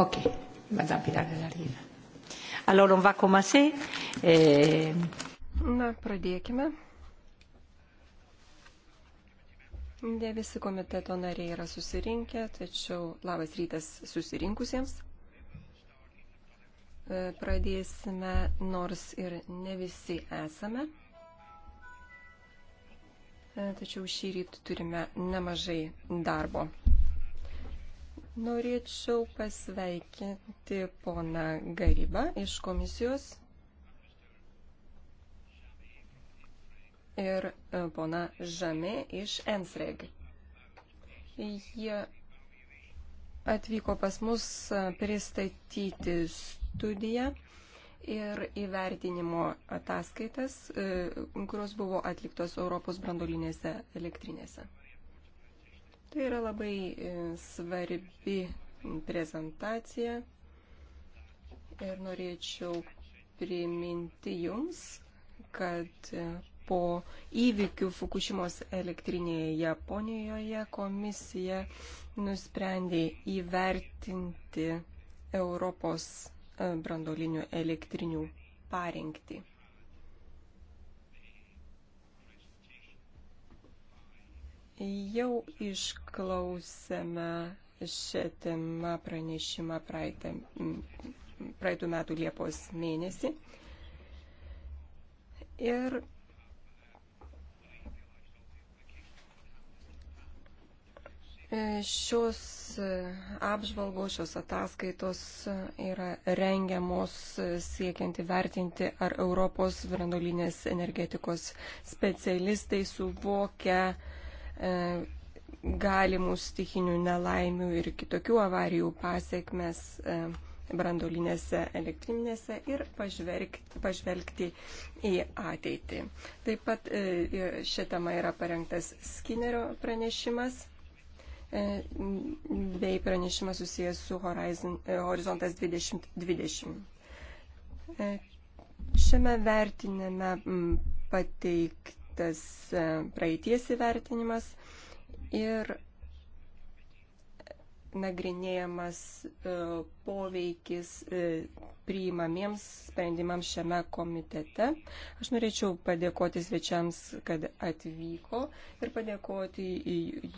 Ok, Madame Pilar de la Riva. Alors, on va commencer. Eh... Na, pradėkime. Ne visi komiteto nariai yra susirinkę, tačiau labas rytas susirinkusiems. E, pradėsime, nors ir ne visi esame. E, tačiau šį rytą turime nemažai darbo. Norėčiau pasveikinti poną Garybą iš komisijos ir e, poną Žamė iš Ensreg. Jie atvyko pas mus e, pristatyti studiją ir įvertinimo ataskaitas, e, kurios buvo atliktos Europos brandolinėse elektrinėse. Tai yra labai e, svarbi prezentacija ir norėčiau priminti jums, kad e, po įvykių Fukushimos elektrinėje Japonijoje komisija nusprendė įvertinti Europos e, brandolinių elektrinių parengtį. Jau išklausėme šią temą pranešimą praeitą, praeitų metų Liepos mėnesį. Ir šios apžvalgos, šios ataskaitos yra rengiamos siekiant įvertinti, ar Europos branduolinės energetikos specialistai suvokia, E, galimų stichinių nelaimių ir kitokių avarijų pasiekmes e, brandolinėse elektrinėse ir pažvelgti, pažvelgti į ateitį. Taip pat e, šią temą yra parengtas Skinnerio pranešimas bei pranešimas susijęs su Horizon, Horizontas 2020. Šiame vertinime pateikti atliktas e, praeities įvertinimas ir nagrinėjamas e, poveikis e, priimamiems sprendimams šiame komitete. Aš norėčiau padėkoti svečiams, kad atvyko ir padėkoti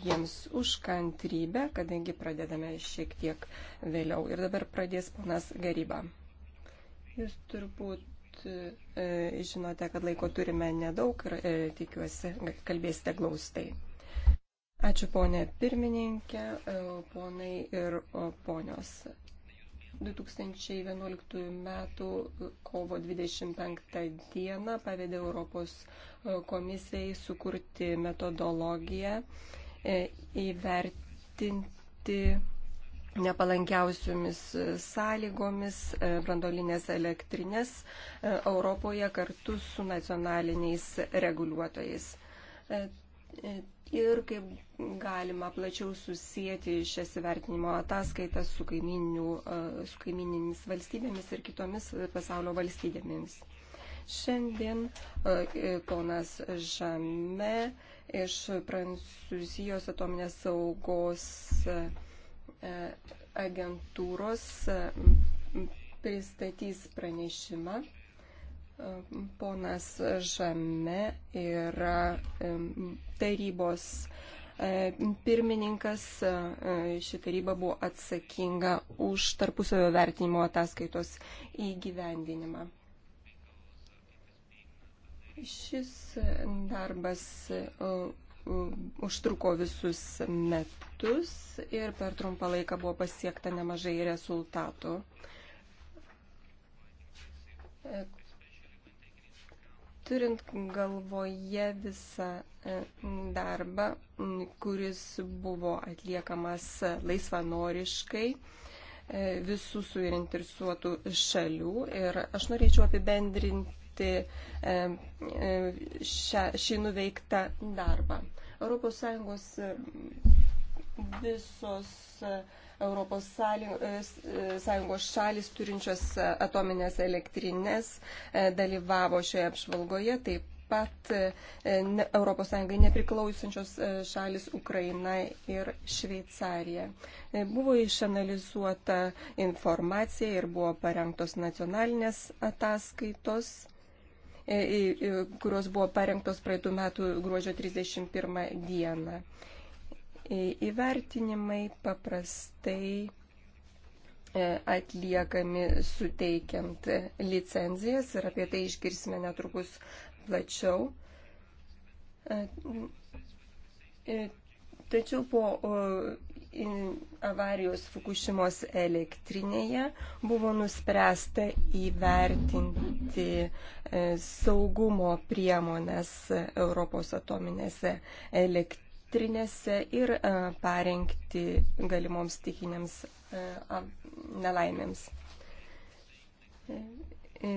jiems už kantrybę, kadangi pradedame šiek tiek vėliau. Ir dabar pradės ponas Garyba. Jūs turbūt E, žinote, kad laiko turime nedaug ir e, tikiuosi, kalbėsite glaustai. Ačiū ponė pirmininkė, e, ponai ir ponios. 2011 m. kovo 25 d. pavėdė Europos komisijai sukurti metodologiją įvertinti nepalankiausiomis e, sąlygomis e, brandolinės elektrinės e, Europoje kartu su nacionaliniais reguliuotojais. Ir kaip galima plačiau susijęti šias įvertinimo ataskaitas su, su kaimininėmis valstybėmis ir kitomis pasaulio valstybėmis. Šiandien ponas Žame iš Prancūzijos atominės saugos E, agentūros e, pristatys pranešimą. E, ponas Žame yra tarybos pirmininkas. Ši taryba buvo atsakinga už tarpusavio vertinimo ataskaitos įgyvendinimą. Šis darbas užtruko visus metus ir per trumpą laiką buvo pasiekta nemažai rezultatų. Turint galvoje visą e, darbą, kuris buvo atliekamas laisvanoriškai e, visų suinteresuotų šalių ir aš norėčiau apibendrinti atlikti e, e, šią, šį nuveiktą darbą. ES e, visos Europos Sąjungos šalis turinčios atominės elektrinės dalyvavo šioje apžvalgoje, taip pat Europos Sąjungai nepriklausančios šalis Ukraina ir Šveicarija. Buvo išanalizuota informacija ir buvo parengtos nacionalinės ataskaitos E, kurios buvo parengtos praeitų metų gruodžio 31 dieną. E, įvertinimai paprastai e, atliekami suteikiant licenzijas ir apie tai išgirsime netrukus plačiau. Tačiau po avarijos Fukushimos elektrinėje buvo nuspręsta įvertinti e, saugumo priemonės Europos atominėse elektrinėse ir e, parengti galimoms tikinėms e, nelaimėms. E,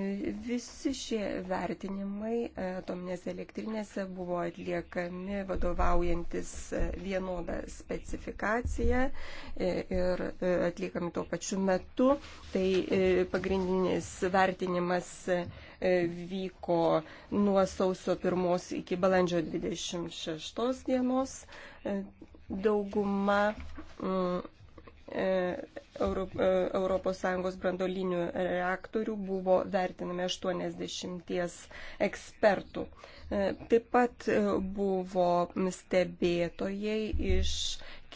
visi šie vertinimai atominėse elektrinėse buvo atliekami vadovaujantis vienodą specifikaciją e, ir e, atliekami tuo pačiu metu. Tai pagrindinis vertinimas vyko nuo sausio 1 iki balandžio 26 dienos. Dauguma ES e, brandolinių reaktorių buvo vertinami 80 ekspertų. E, taip pat e, buvo stebėtojai iš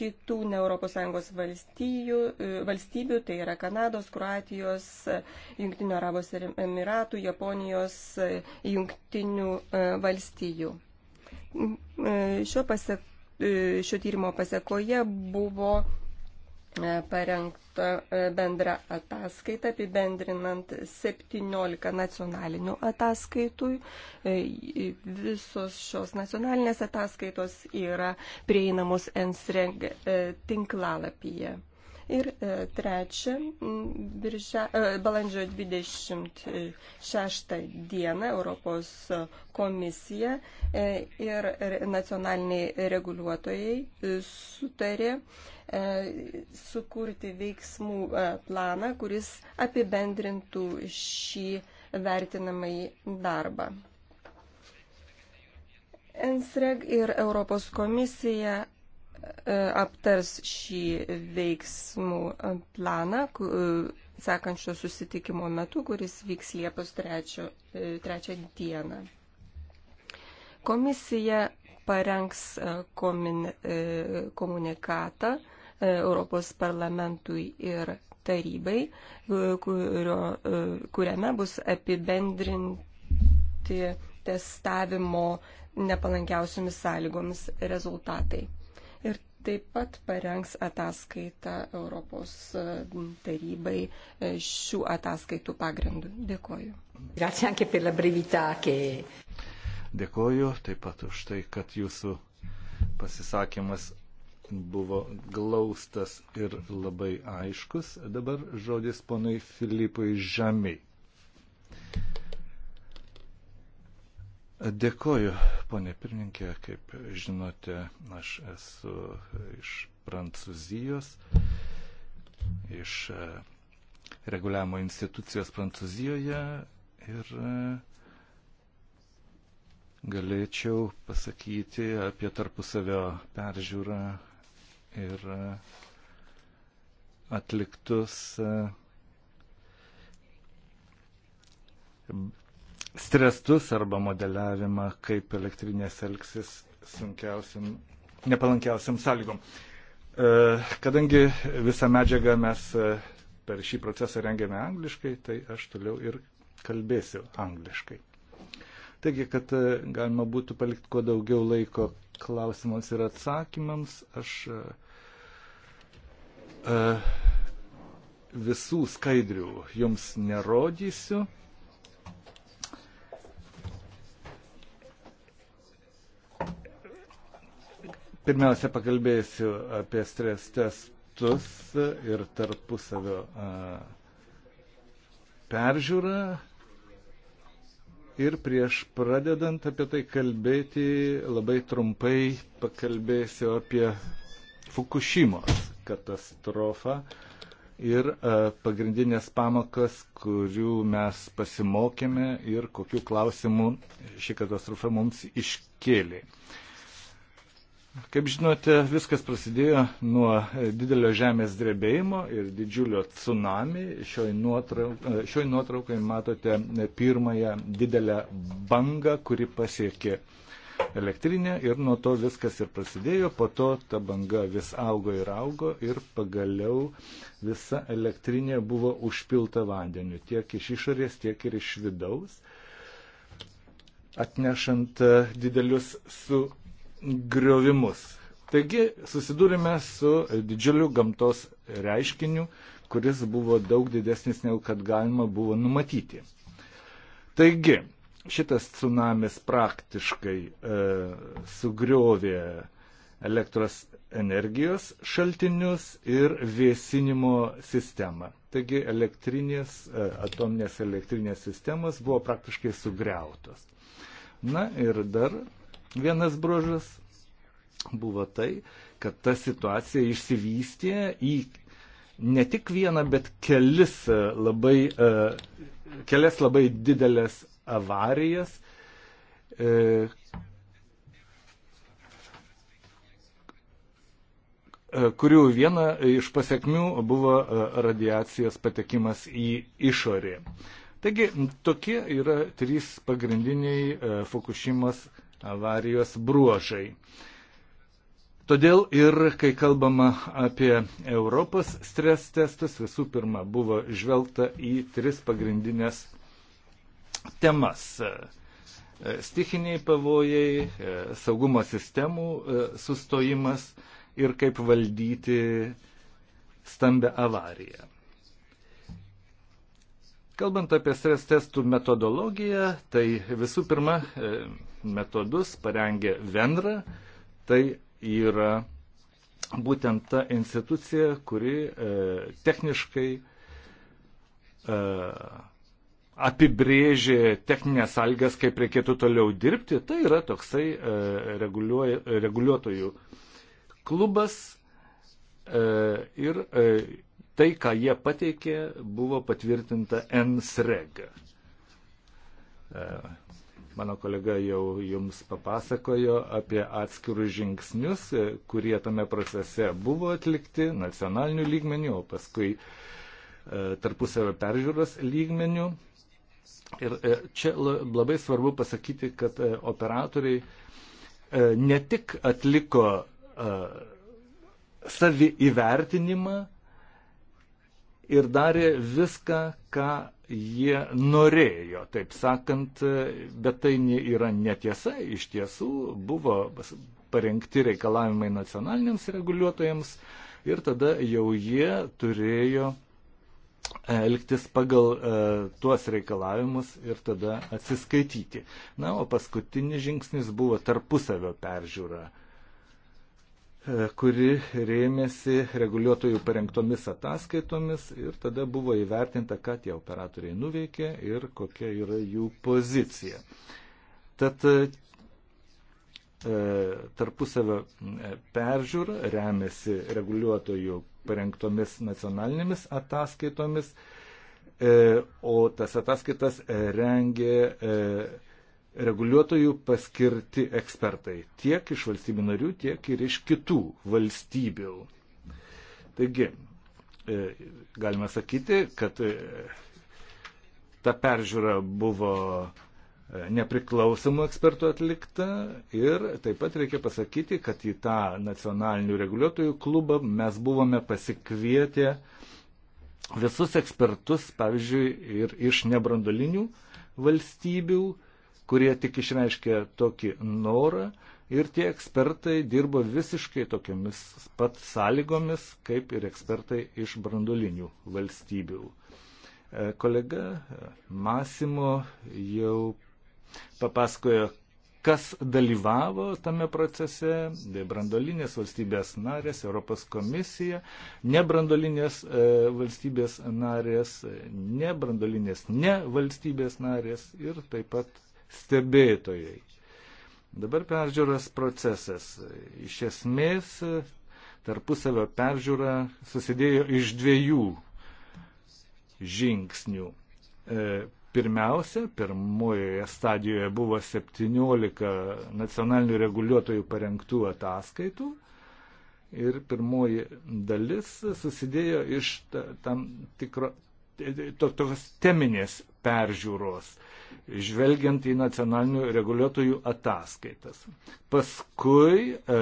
kitų ne ES valstybių, valstybių, tai yra Kanados, Kroatijos, Junktinio Arabos Emiratų, Japonijos, Junktinių valstijų. Šio, pasek, šio tyrimo pasiekoje buvo E, parengta e, bendra ataskaita, apibendrinant 17 nacionalinių ataskaitų. E, visos šios nacionalinės ataskaitos yra prieinamos NSREG tinklalapyje. Ir trečia, biržia, balandžio 26 dieną Europos komisija ir nacionaliniai reguliuotojai sutarė E, sukurti veiksmų e, planą, kuris apibendrintų šį vertinamąjį darbą. ENSREG ir Europos komisija e, aptars šį veiksmų planą sekančio susitikimo metu, kuris vyks Liepos 3, 3 dieną. Komisija parengs komunikatą Europos parlamentui ir tarybai, kurio, kuriame bus apibendrinti testavimo nepalankiausiomis sąlygomis rezultatai. Ir taip pat parengs ataskaitą Europos e, tarybai e, šių ataskaitų pagrindų. Dėkoju. Dėkoju taip pat už tai, kad jūsų pasisakymas buvo glaustas ir labai aiškus. Dabar žodis ponai Filipui Žemiai. Dėkoju, ponė pirmininkė, kaip žinote, aš esu iš Prancūzijos, iš e, reguliavimo institucijos Prancūzijoje ir e, galėčiau pasakyti apie tarpusavio peržiūrą ir e, atliktus e, strestus arba modeliavimą, kaip elektrinės elgsis sunkiausiam, nepalankiausiam sąlygom. E, kadangi visą medžiagą mes per šį procesą rengėme angliškai, tai aš toliau ir kalbėsiu angliškai. Taigi, kad e, galima būtų palikti kuo daugiau laiko klausimams ir atsakymams, aš e, e, visų skaidrių jums nerodysiu. Pirmiausia, pakalbėsiu apie stres testus ir tarpusavio peržiūrą. Ir prieš pradedant apie tai kalbėti, labai trumpai pakalbėsiu apie Fukushimos katastrofą ir e, pagrindinės pamokas, kurių mes pasimokėme ir kokiu klausimu ši katastrofa mums iškėlė. Kaip žinote, viskas prasidėjo nuo didelio žemės drebėjimo ir didžiulio tsunami. Šioj, nuotrauk, e, šioj nuotraukai matote pirmąją didelę bangą, kuri pasiekė elektrinę ir nuo to viskas ir prasidėjo. Po to ta banga vis augo ir augo ir pagaliau visa elektrinė buvo užpilta vandeniu tiek iš išorės, tiek ir iš vidaus atnešant didelius su griovimus. Taigi susidūrėme su didžiuliu gamtos reiškiniu, kuris buvo daug didesnis, negu kad galima buvo numatyti. Taigi, šitas tsunamis praktiškai e, sugriovė elektros energijos šaltinius ir vėsinimo sistemą. Taigi elektrinės, e, atominės elektrinės sistemos buvo praktiškai sugriautos. Na ir dar Vienas bruožas buvo tai, kad ta situacija išsivystė į ne tik vieną, bet kelis e, labai, e, kelias labai didelės avarijas, e, kurių viena iš pasiekmių buvo radiacijos patekimas į išorį. Taigi, tokie yra trys pagrindiniai Fukushimas avarijos bruožai. Todėl ir, kai kalbama apie Europos stres testus, visų pirma buvo žvelgta į tris pagrindinės temas. Stichiniai pavojai, saugumo sistemų sustojimas ir kaip valdyti stambę avariją. Kalbant apie stres testų metodologiją, tai visų pirma, e, metodus parengė Vendra, tai yra būtent ta institucija, kuri e, techniškai e, apibrėžė techninės algas, kaip reikėtų toliau dirbti. Tai yra toksai e, reguliuoja, reguliuotojų klubas e, ir e, tai, ką jie pateikė, buvo patvirtinta NSREG. E, mano kolega jau jums papasakojo apie atskirus žingsnius, e, kurie tame procese buvo atlikti nacionaliniu lygmeniu, o paskui e, tarpusavio peržiūros lygmeniu. Ir čia labai svarbu pasakyti, kad operatoriai ne tik atliko savi įvertinimą, ir darė viską, ką jie norėjo, taip sakant, bet tai yra netiesa, iš tiesų buvo parengti reikalavimai nacionaliniams reguliuotojams ir tada jau jie turėjo e, elgtis pagal e, tuos reikalavimus ir tada atsiskaityti. Na, o paskutinis žingsnis buvo tarpusavio peržiūra kuri rėmėsi reguliuotojų parengtomis ataskaitomis ir tada buvo įvertinta, ką tie operatoriai nuveikė ir kokia yra jų pozicija. Tad e, tarpusavio e, peržiūra remiasi reguliuotojų parengtomis nacionalinėmis ataskaitomis, e, o tas ataskaitas rengė reguliuotojų paskirti ekspertai tiek iš valstybių narių, tiek ir iš kitų valstybių. Taigi, e, galima sakyti, kad e, ta peržiūra buvo e, nepriklausomų ekspertų atlikta ir taip pat reikia pasakyti, kad į tą nacionalinių reguliuotojų klubą mes buvome pasikvietę visus ekspertus, pavyzdžiui, ir iš nebrandolinių valstybių, kurie tik išreiškė tokį norą ir tie ekspertai dirbo visiškai tokiamis pat sąlygomis, kaip ir ekspertai iš brandolinių valstybių. E, kolega Masimo jau papasakojo, kas dalyvavo tame procese - brandolinės valstybės narės, Europos komisija, nebrandolinės e, valstybės narės, e, nebrandolinės ne valstybės narės ir taip pat stebėtojai. Dabar peržiūros procesas. Iš esmės tarpusavio peržiūra susidėjo iš dviejų žingsnių. E, pirmiausia, pirmojoje stadijoje buvo 17 nacionalinių reguliuotojų parengtų ataskaitų ir pirmoji dalis susidėjo iš tam tikro, e, e, tokios teminės peržiūros. E, žvelgiant į nacionalinių reguliuotojų ataskaitas. Paskui e,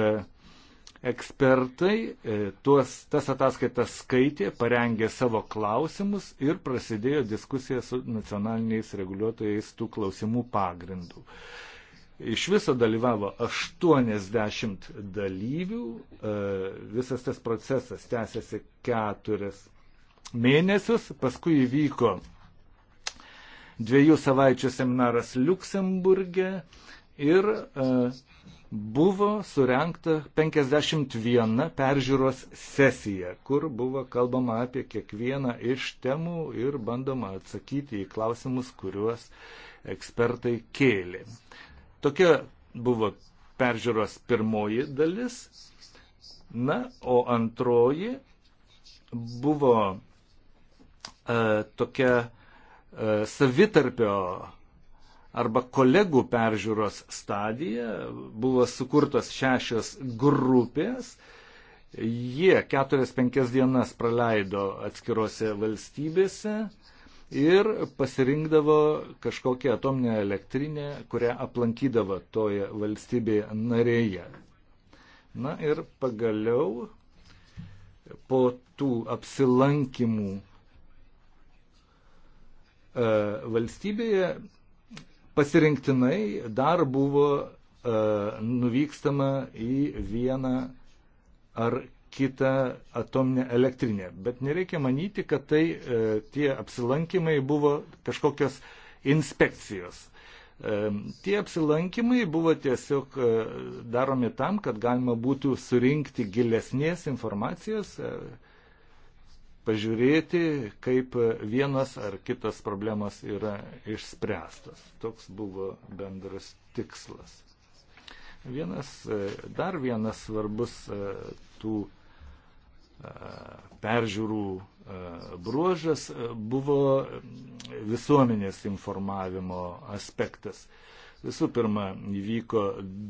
ekspertai e, tuos, tas ataskaitas skaitė, parengė savo klausimus ir prasidėjo diskusija su nacionaliniais reguliuotojais tų klausimų pagrindų. Iš viso dalyvavo 80 dalyvių, e, visas tas procesas tęsiasi keturias mėnesius, paskui įvyko dviejų savaičių seminaras Luksemburgė ir e, buvo surenkta 51 peržiūros sesija, kur buvo kalbama apie kiekvieną iš temų ir bandoma atsakyti į klausimus, kuriuos ekspertai kėlė. Tokia buvo peržiūros pirmoji dalis. Na, o antroji buvo e, tokia E, savitarpio arba kolegų peržiūros stadija buvo sukurtos šešios grupės. Jie keturias penkias dienas praleido atskirose valstybėse ir pasirinkdavo kažkokią atominę elektrinę, kurią aplankydavo toje valstybėje narėje. Na ir pagaliau po tų apsilankimų E, valstybėje pasirinktinai dar buvo e, nuvykstama į vieną ar kitą atominę elektrinę. Bet nereikia manyti, kad tai e, tie apsilankimai buvo kažkokios inspekcijos. Tie apsilankimai buvo tiesiog daromi tam, kad galima būtų surinkti gilesnės informacijos pažiūrėti, kaip vienas ar kitas problemas yra išspręstas. Toks buvo bendras tikslas. Vienas, e, dar vienas svarbus e, tų e, peržiūrų bruožas buvo visuomenės informavimo aspektas. Visų pirma, įvyko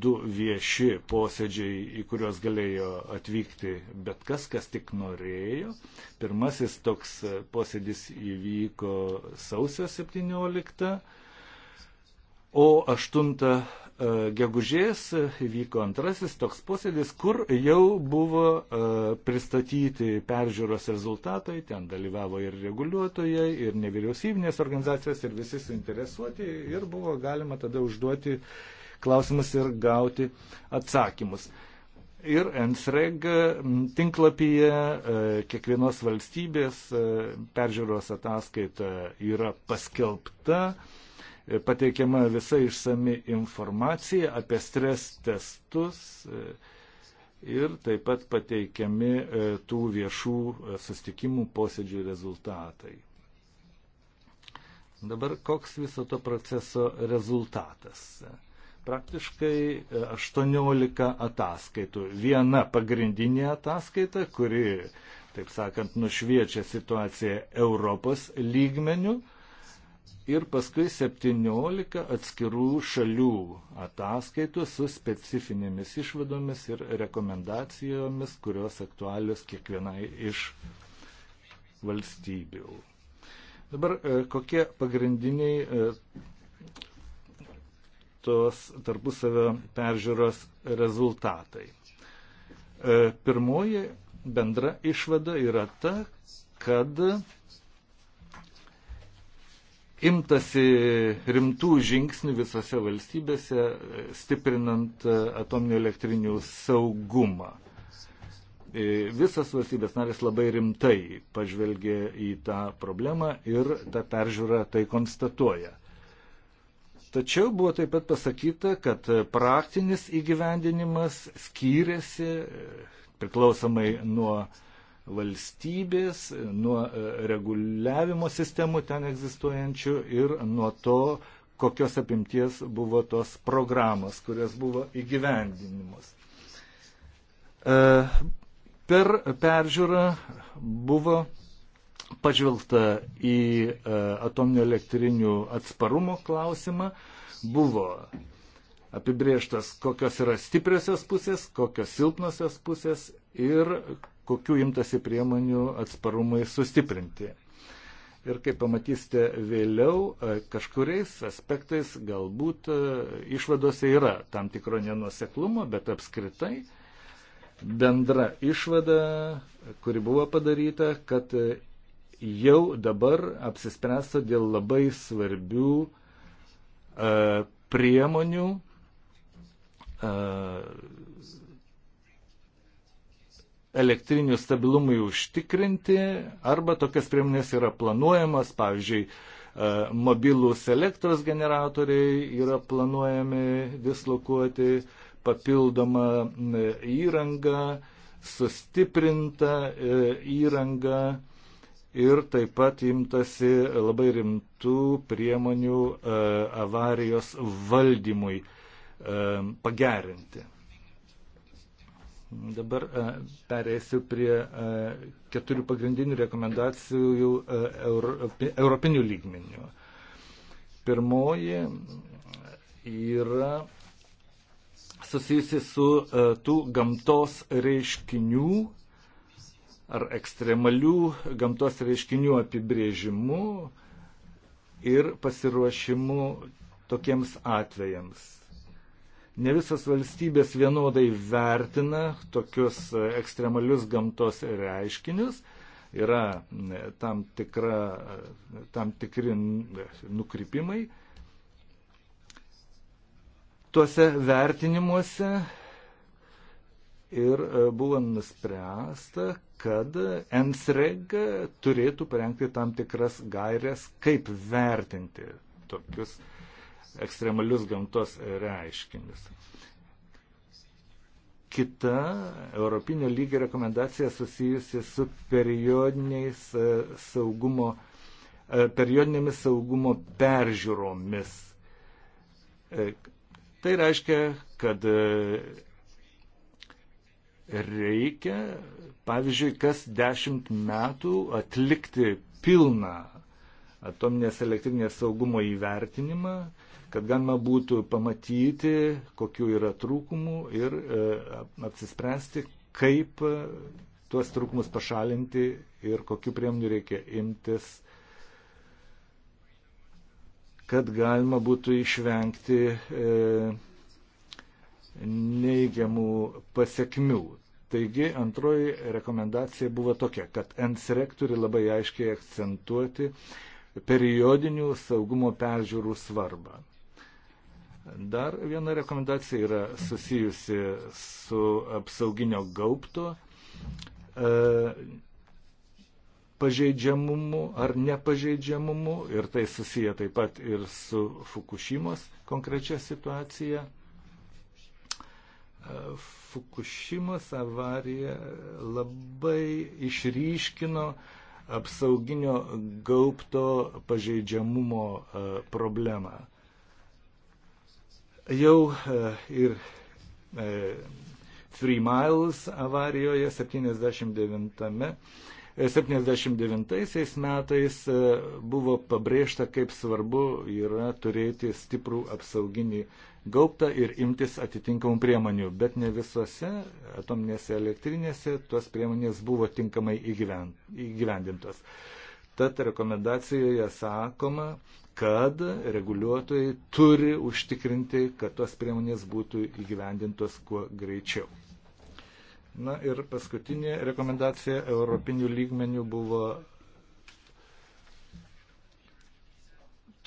du vieši posėdžiai, į kuriuos galėjo atvykti bet kas, kas tik norėjo. Pirmasis toks posėdis įvyko sausio 17, o 8 E, gegužės vyko antrasis toks posėdis, kur jau buvo e, pristatyti peržiūros rezultatai, ten dalyvavo ir reguliuotojai, ir nevyriausybinės organizacijos, ir visi suinteresuoti, ir buvo galima tada užduoti klausimus ir gauti atsakymus. Ir NSREG tinklapyje e, kiekvienos valstybės peržiūros ataskaita yra paskelbta pateikiama visa išsami informacija apie stres testus e, ir taip pat pateikiami e, tų viešų e, sustikimų posėdžių rezultatai. Dabar koks viso to proceso rezultatas? Praktiškai 18 ataskaitų. Viena pagrindinė ataskaita, kuri, taip sakant, nušviečia situaciją Europos lygmenių, ir paskui 17 atskirų šalių ataskaitų su specifinėmis išvadomis ir rekomendacijomis, kurios aktualios kiekvienai iš valstybių. Dabar e, kokie pagrindiniai e, tos tarpusavio peržiūros rezultatai. E, pirmoji bendra išvada yra ta, kad imtasi rimtų žingsnių visose valstybėse, e, stiprinant e, atominių elektrinių saugumą. E, visas valstybės narės labai rimtai pažvelgė į tą problemą ir ta peržiūra tai konstatuoja. Tačiau buvo taip pat pasakyta, kad praktinis įgyvendinimas skyrėsi priklausomai nuo uh, valstybės, nuo e, reguliavimo sistemų ten egzistuojančių ir nuo to, kokios apimties buvo tos programos, kurios buvo įgyvendinimus. E, per peržiūrą buvo pažvelgta į e, atominio elektrinių atsparumo klausimą, buvo apibrieštas, kokios yra stipriosios pusės, kokios silpnosios pusės ir kokiu imtasi priemonių atsparumui sustiprinti. Ir kaip pamatysite vėliau, e, kažkuriais aspektais galbūt e, išvadose yra tam tikro nenuseklumo, bet apskritai bendra išvada, kuri buvo padaryta, kad e, jau dabar apsispręsta dėl labai svarbių priemonių elektrinių stabilumui užtikrinti, arba tokias priemonės yra planuojamas, pavyzdžiui, e, mobilūs elektros generatoriai yra planuojami dislokuoti, papildoma e, įranga, sustiprinta e, įranga ir taip pat imtasi labai rimtų priemonių avarijos valdymui pagerinti. Dabar e, pereisiu prie e, keturių pagrindinių rekomendacijų e, europinių lygmenių. Pirmoji yra susijusi su tų gamtos reiškinių ar ekstremalių gamtos reiškinių apibrėžimu ir pasiruošimu tokiems atvejams Ne visas valstybės vienodai vertina tokius ekstremalius gamtos reiškinius. Yra tam, tikra, tam tikri nukrypimai. Tuose vertinimuose ir e, buvo nuspręsta, kad NSREG turėtų parengti tam tikras gairias, kaip vertinti tokius uh, ekstremalius gamtos reiškinius. Kita Europinio lygio rekomendacija susijusi su periodiniais e, saugumo, e, periodinėmis saugumo peržiūromis. E, tai reiškia, kad reikia, pavyzdžiui, kas dešimt metų atlikti pilną atominės elektrinės saugumo įvertinimą kad galima būtų pamatyti, kokiu yra trūkumų ir e, apsispręsti, kaip e, tuos trūkumus pašalinti ir kokiu priemonių reikia imtis, kad galima būtų išvengti e, neigiamų pasiekmių. Taigi antroji rekomendacija buvo tokia, kad NSREC turi labai aiškiai akcentuoti periodinių saugumo peržiūrų svarbą. Dar viena rekomendacija yra susijusi su apsauginio gaubto e, pažeidžiamumu ar nepažeidžiamumu ir tai susiję taip pat ir su Fukushimos konkrečia situacija. E, Fukushimos avarija labai išryškino apsauginio gaubto pažeidžiamumo e, problemą. Jau e, ir e, Three Miles avarijoje 79 79 e, metais buvo pabrėžta, kaip svarbu yra turėti stiprų apsauginį gaubtą ir imtis atitinkamų priemonių, bet ne visose atominėse elektrinėse tos priemonės buvo tinkamai įgyvendintos. Tad rekomendacijoje sakoma, kad reguliuotojai turi užtikrinti, kad tos priemonės būtų įgyvendintos kuo greičiau. Na ir paskutinė rekomendacija europinių lygmenių buvo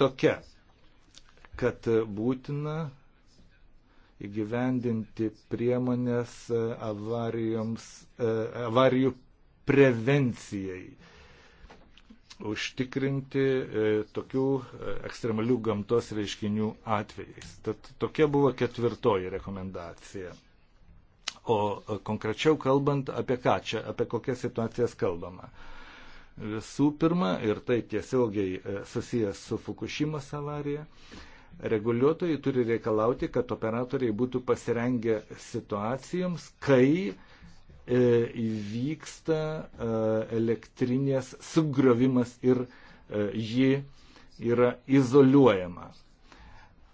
tokia, kad būtina įgyvendinti priemonės avarijoms, e, avarijų prevencijai užtikrinti e, tokių e, ekstremalių gamtos reiškinių atvejais. Tad tokia buvo ketvirtoji rekomendacija. O e, konkrečiau kalbant, apie ką čia, apie kokias situacijas kalbama. Visų pirma, ir tai tiesiogiai susijęs su Fukushimos avarija, reguliuotojai turi reikalauti, kad operatoriai būtų pasirengę situacijoms, kai uh, E, vyksta e, elektrinės sugriovimas ir e, ji yra izoliuojama.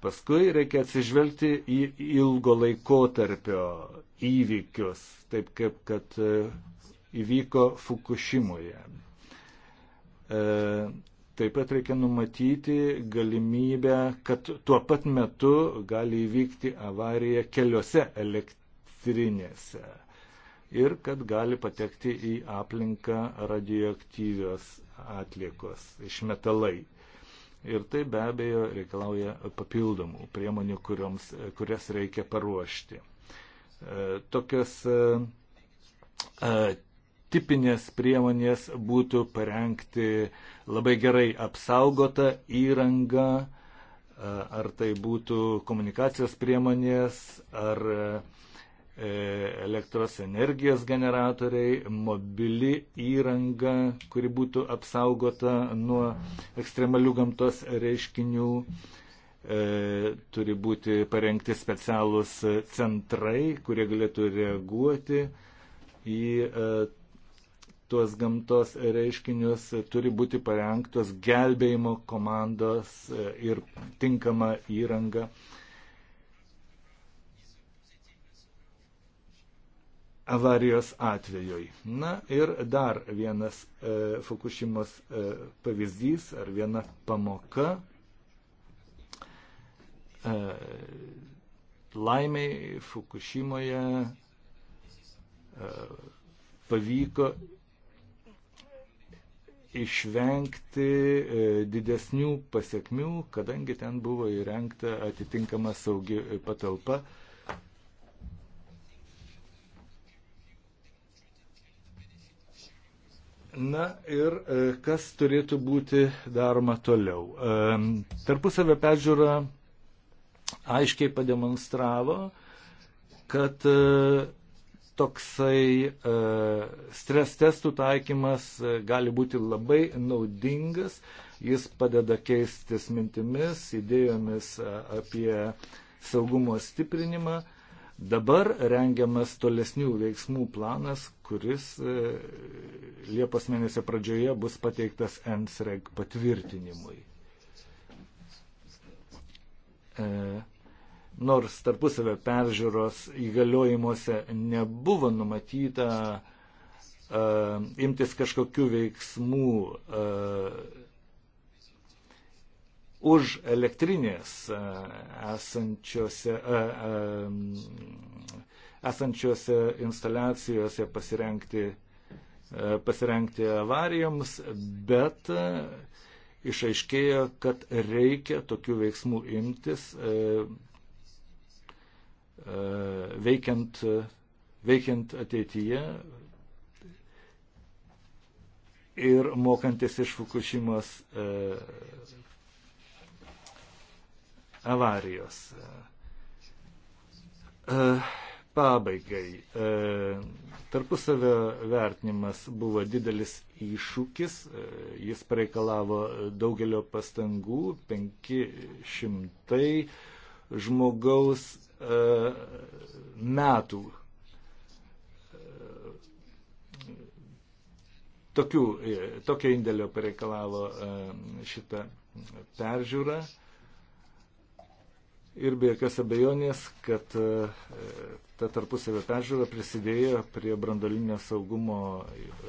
Paskui reikia atsižvelgti į ilgo laikotarpio įvykius, taip kaip kad įvyko Fukushimoje. Taip pat reikia numatyti galimybę, kad tuo pat metu gali įvykti avarija keliose elektrinėse ir kad gali patekti į aplinką radioaktyvios atliekos išmetalai. Ir tai be abejo reikalauja papildomų priemonių, kurioms, kurias reikia paruošti. E, tokios e, e, tipinės priemonės būtų parengti labai gerai apsaugotą įrangą, ar tai būtų komunikacijos priemonės, ar E, elektros energijos generatoriai, mobili įranga, kuri būtų apsaugota nuo ekstremalių gamtos reiškinių, e, turi būti parengti specialūs centrai, kurie galėtų reaguoti į e, tuos gamtos reiškinius turi būti parengtos gelbėjimo komandos ir tinkama įranga. avarijos atvejui. Na ir dar vienas e, Fukushimos e, pavyzdys ar viena pamoka. E, laimiai Fukushimoje e, pavyko išvengti e, didesnių pasiekmių, kadangi ten buvo įrengta atitinkama saugi patalpa. E, Na ir e, kas turėtų būti daroma toliau. E, tarpusavio peržiūra aiškiai pademonstravo, kad e, toksai stres testų taikymas gali būti labai naudingas. Jis padeda keistis mintimis, idėjomis apie saugumo stiprinimą Dabar rengiamas tolesnių veiksmų planas, kuris e, Liepos mėnesio pradžioje bus pateiktas NSREG patvirtinimui. E, nors tarpusavio peržiūros įgaliojimuose nebuvo numatyta e, imtis kažkokių veiksmų už elektrinės e, esančiose, e, e, esančiose instaliacijose pasirengti, pasirengti avarijoms, bet išaiškėjo, kad reikia tokių veiksmų imtis veikiant, veikiant ateityje ir mokantis iš Fukushimos avarijos. E, pabaigai. E, tarpusavio vertinimas buvo didelis iššūkis, e, jis pareikalavo daugelio pastangų, 500 žmogaus metų tokių, tokio indėlio pareikalavo šitą peržiūrą. Ir be jokios abejonės, kad e, ta tarpusavio peržiūra prisidėjo prie brandolinio saugumo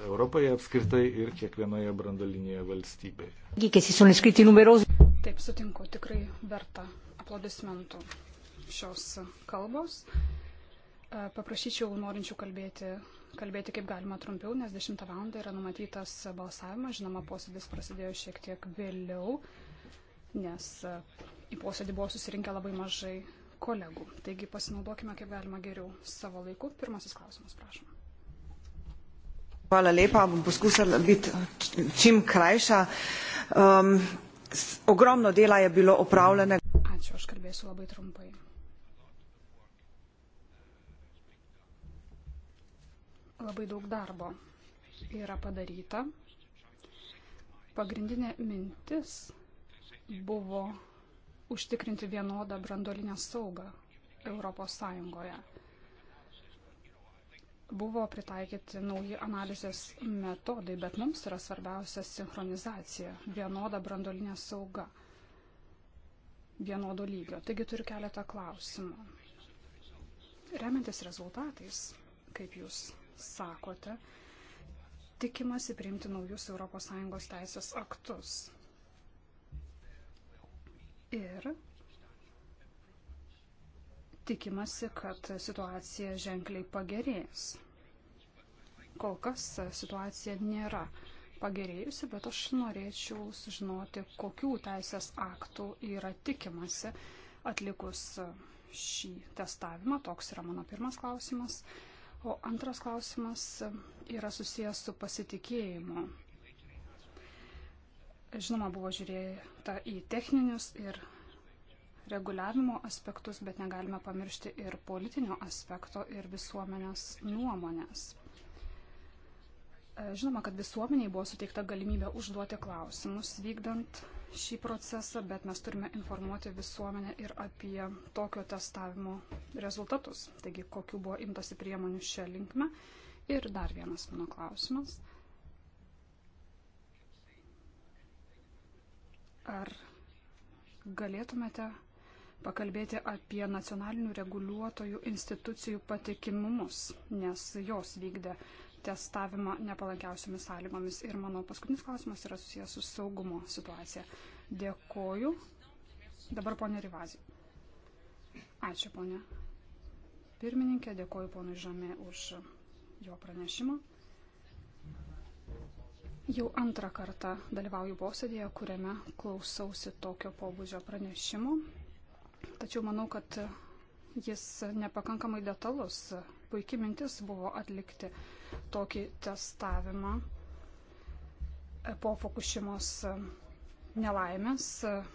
Europoje apskritai ir kiekvienoje brandolinėje valstybėje. Taip sutinku, tikrai verta aplodismentų šios kalbos. E, paprašyčiau norinčių kalbėti, kalbėti kaip galima trumpiau, nes 10 val. yra numatytas balsavimas. Žinoma, posėdis prasidėjo šiek tiek vėliau, nes į posėdį buvo susirinkę labai mažai kolegų. Taigi pasinaudokime kaip galima geriau savo laiku. Pirmasis klausimas, prašom. Hvala lepa, bom poskusila biti čim krajša. Um, ogromno dela je bilo opravljene. Ačiū, aš kalbėsiu labai trumpai. Labai daug darbo yra padaryta. Pagrindinė mintis buvo užtikrinti vienodą brandolinę saugą ES. Buvo pritaikyti nauji analizės metodai, bet mums yra svarbiausia sinchronizacija, vienoda brandolinė sauga, vienodo lygio. Taigi turiu keletą klausimų. Remiantis rezultatais, kaip jūs sakote, tikimasi priimti naujus ES teisės aktus Ir tikimasi, kad situacija ženkliai pagerės. Kol kas situacija nėra pagerėjusi, bet aš norėčiau sužinoti, kokių teisės aktų yra tikimasi atlikus šį testavimą. Toks yra mano pirmas klausimas. O antras klausimas yra susijęs su pasitikėjimu Žinoma, buvo žiūrėta į techninius ir reguliavimo aspektus, bet negalime pamiršti ir politinio aspekto ir visuomenės nuomonės. Žinoma, kad visuomeniai buvo suteikta galimybė užduoti klausimus vykdant šį procesą, bet mes turime informuoti visuomenę ir apie tokio testavimo rezultatus. Taigi, kokiu buvo imtasi priemonių šią linkmę. Ir dar vienas mano klausimas. Ar galėtumėte pakalbėti apie nacionalinių reguliuotojų institucijų patikimumus, nes jos vykdė testavimą nepalankiausiamis sąlygomis. Ir mano paskutinis klausimas yra susijęs su saugumo situacija. Dėkoju. Dabar ponė Rivazė. Ačiū ponė. Pirmininkė, dėkoju ponui Žamė už jo pranešimą. Jau antrą kartą dalyvauju posėdėje, kuriame klausausi tokio pobūdžio pranešimo. Tačiau manau, kad jis nepakankamai detalus. Puikiai mintis buvo atlikti tokį testavimą po Fukushimos nelaimės.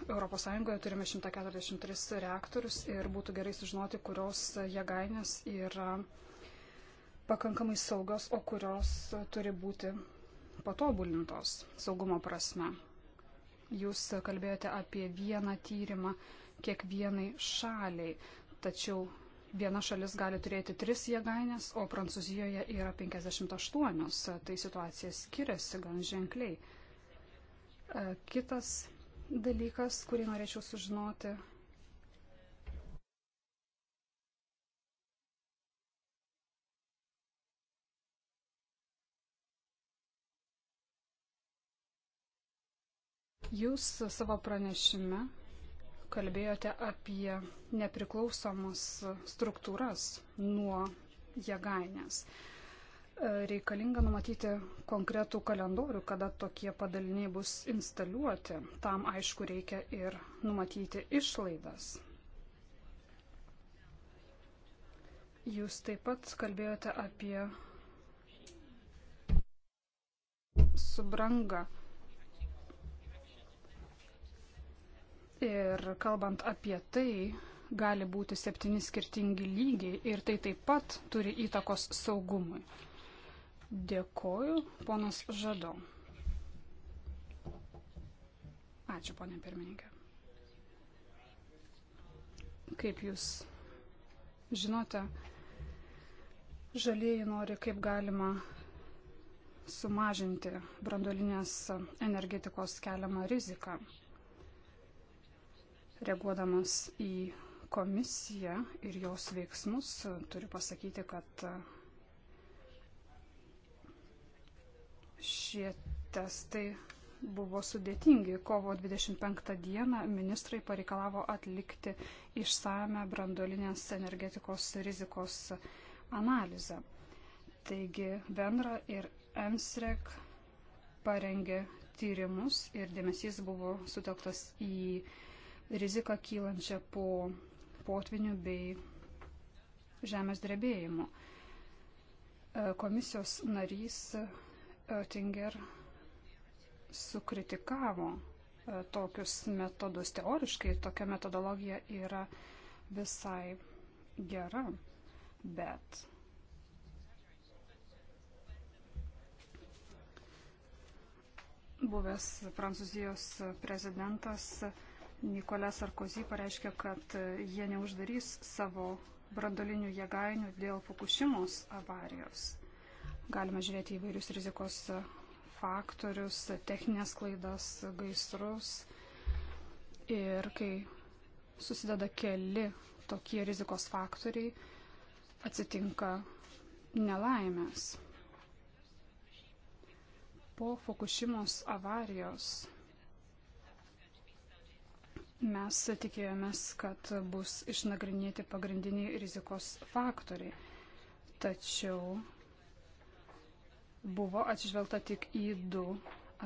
ES turime 143 reaktorius ir būtų gerai sužinoti, kurios jėgainės yra pakankamai saugios, o kurios turi būti patobulintos saugumo prasme. Jūs kalbėjote apie vieną tyrimą kiekvienai šaliai, tačiau viena šalis gali turėti tris jėgainės, o Prancūzijoje yra 58. Tai situacija skiriasi gan ženkliai. Kitas dalykas, kurį norėčiau sužinoti, Jūs savo pranešime kalbėjote apie nepriklausomas struktūras nuo jėgainės. E, reikalinga numatyti konkretų kalendorių, kada tokie padaliniai bus instaliuoti. Tam aišku reikia ir numatyti išlaidas. Jūs taip pat kalbėjote apie subrangą Ir kalbant apie tai, gali būti septyni skirtingi lygiai ir tai taip pat turi įtakos saugumui. Dėkoju, ponas Žado. Ačiū, ponė pirmininkė. Kaip jūs žinote, žalieji nori kaip galima sumažinti brandolinės energetikos keliamą riziką. Reaguodamas į komisiją ir jos veiksmus, turiu pasakyti, kad e, šie testai buvo sudėtingi. Kovo 25 dieną ministrai pareikalavo atlikti išsame brandolinės energetikos rizikos analizę. Taigi Vendra ir Emsrek parengė tyrimus ir dėmesys buvo sutelktas į riziką kylančią po potvinių bei žemės drebėjimų. E, komisijos narys e, Oettinger sukritikavo e, tokius metodus teoriškai, tokia metodologija yra visai gera, bet buvęs Prancūzijos prezidentas Nikolė Sarkozy pareiškė, kad jie neuždarys savo brandolinių jėgainių dėl Fukushimos avarijos. Galime žiūrėti įvairius rizikos faktorius, techninės klaidas, gaisrus. Ir kai susideda keli tokie rizikos faktoriai, atsitinka nelaimės. Po Fukushimos avarijos Mes tikėjomės, kad bus išnagrinėti pagrindiniai rizikos faktoriai. Tačiau buvo atsižvelgta tik į du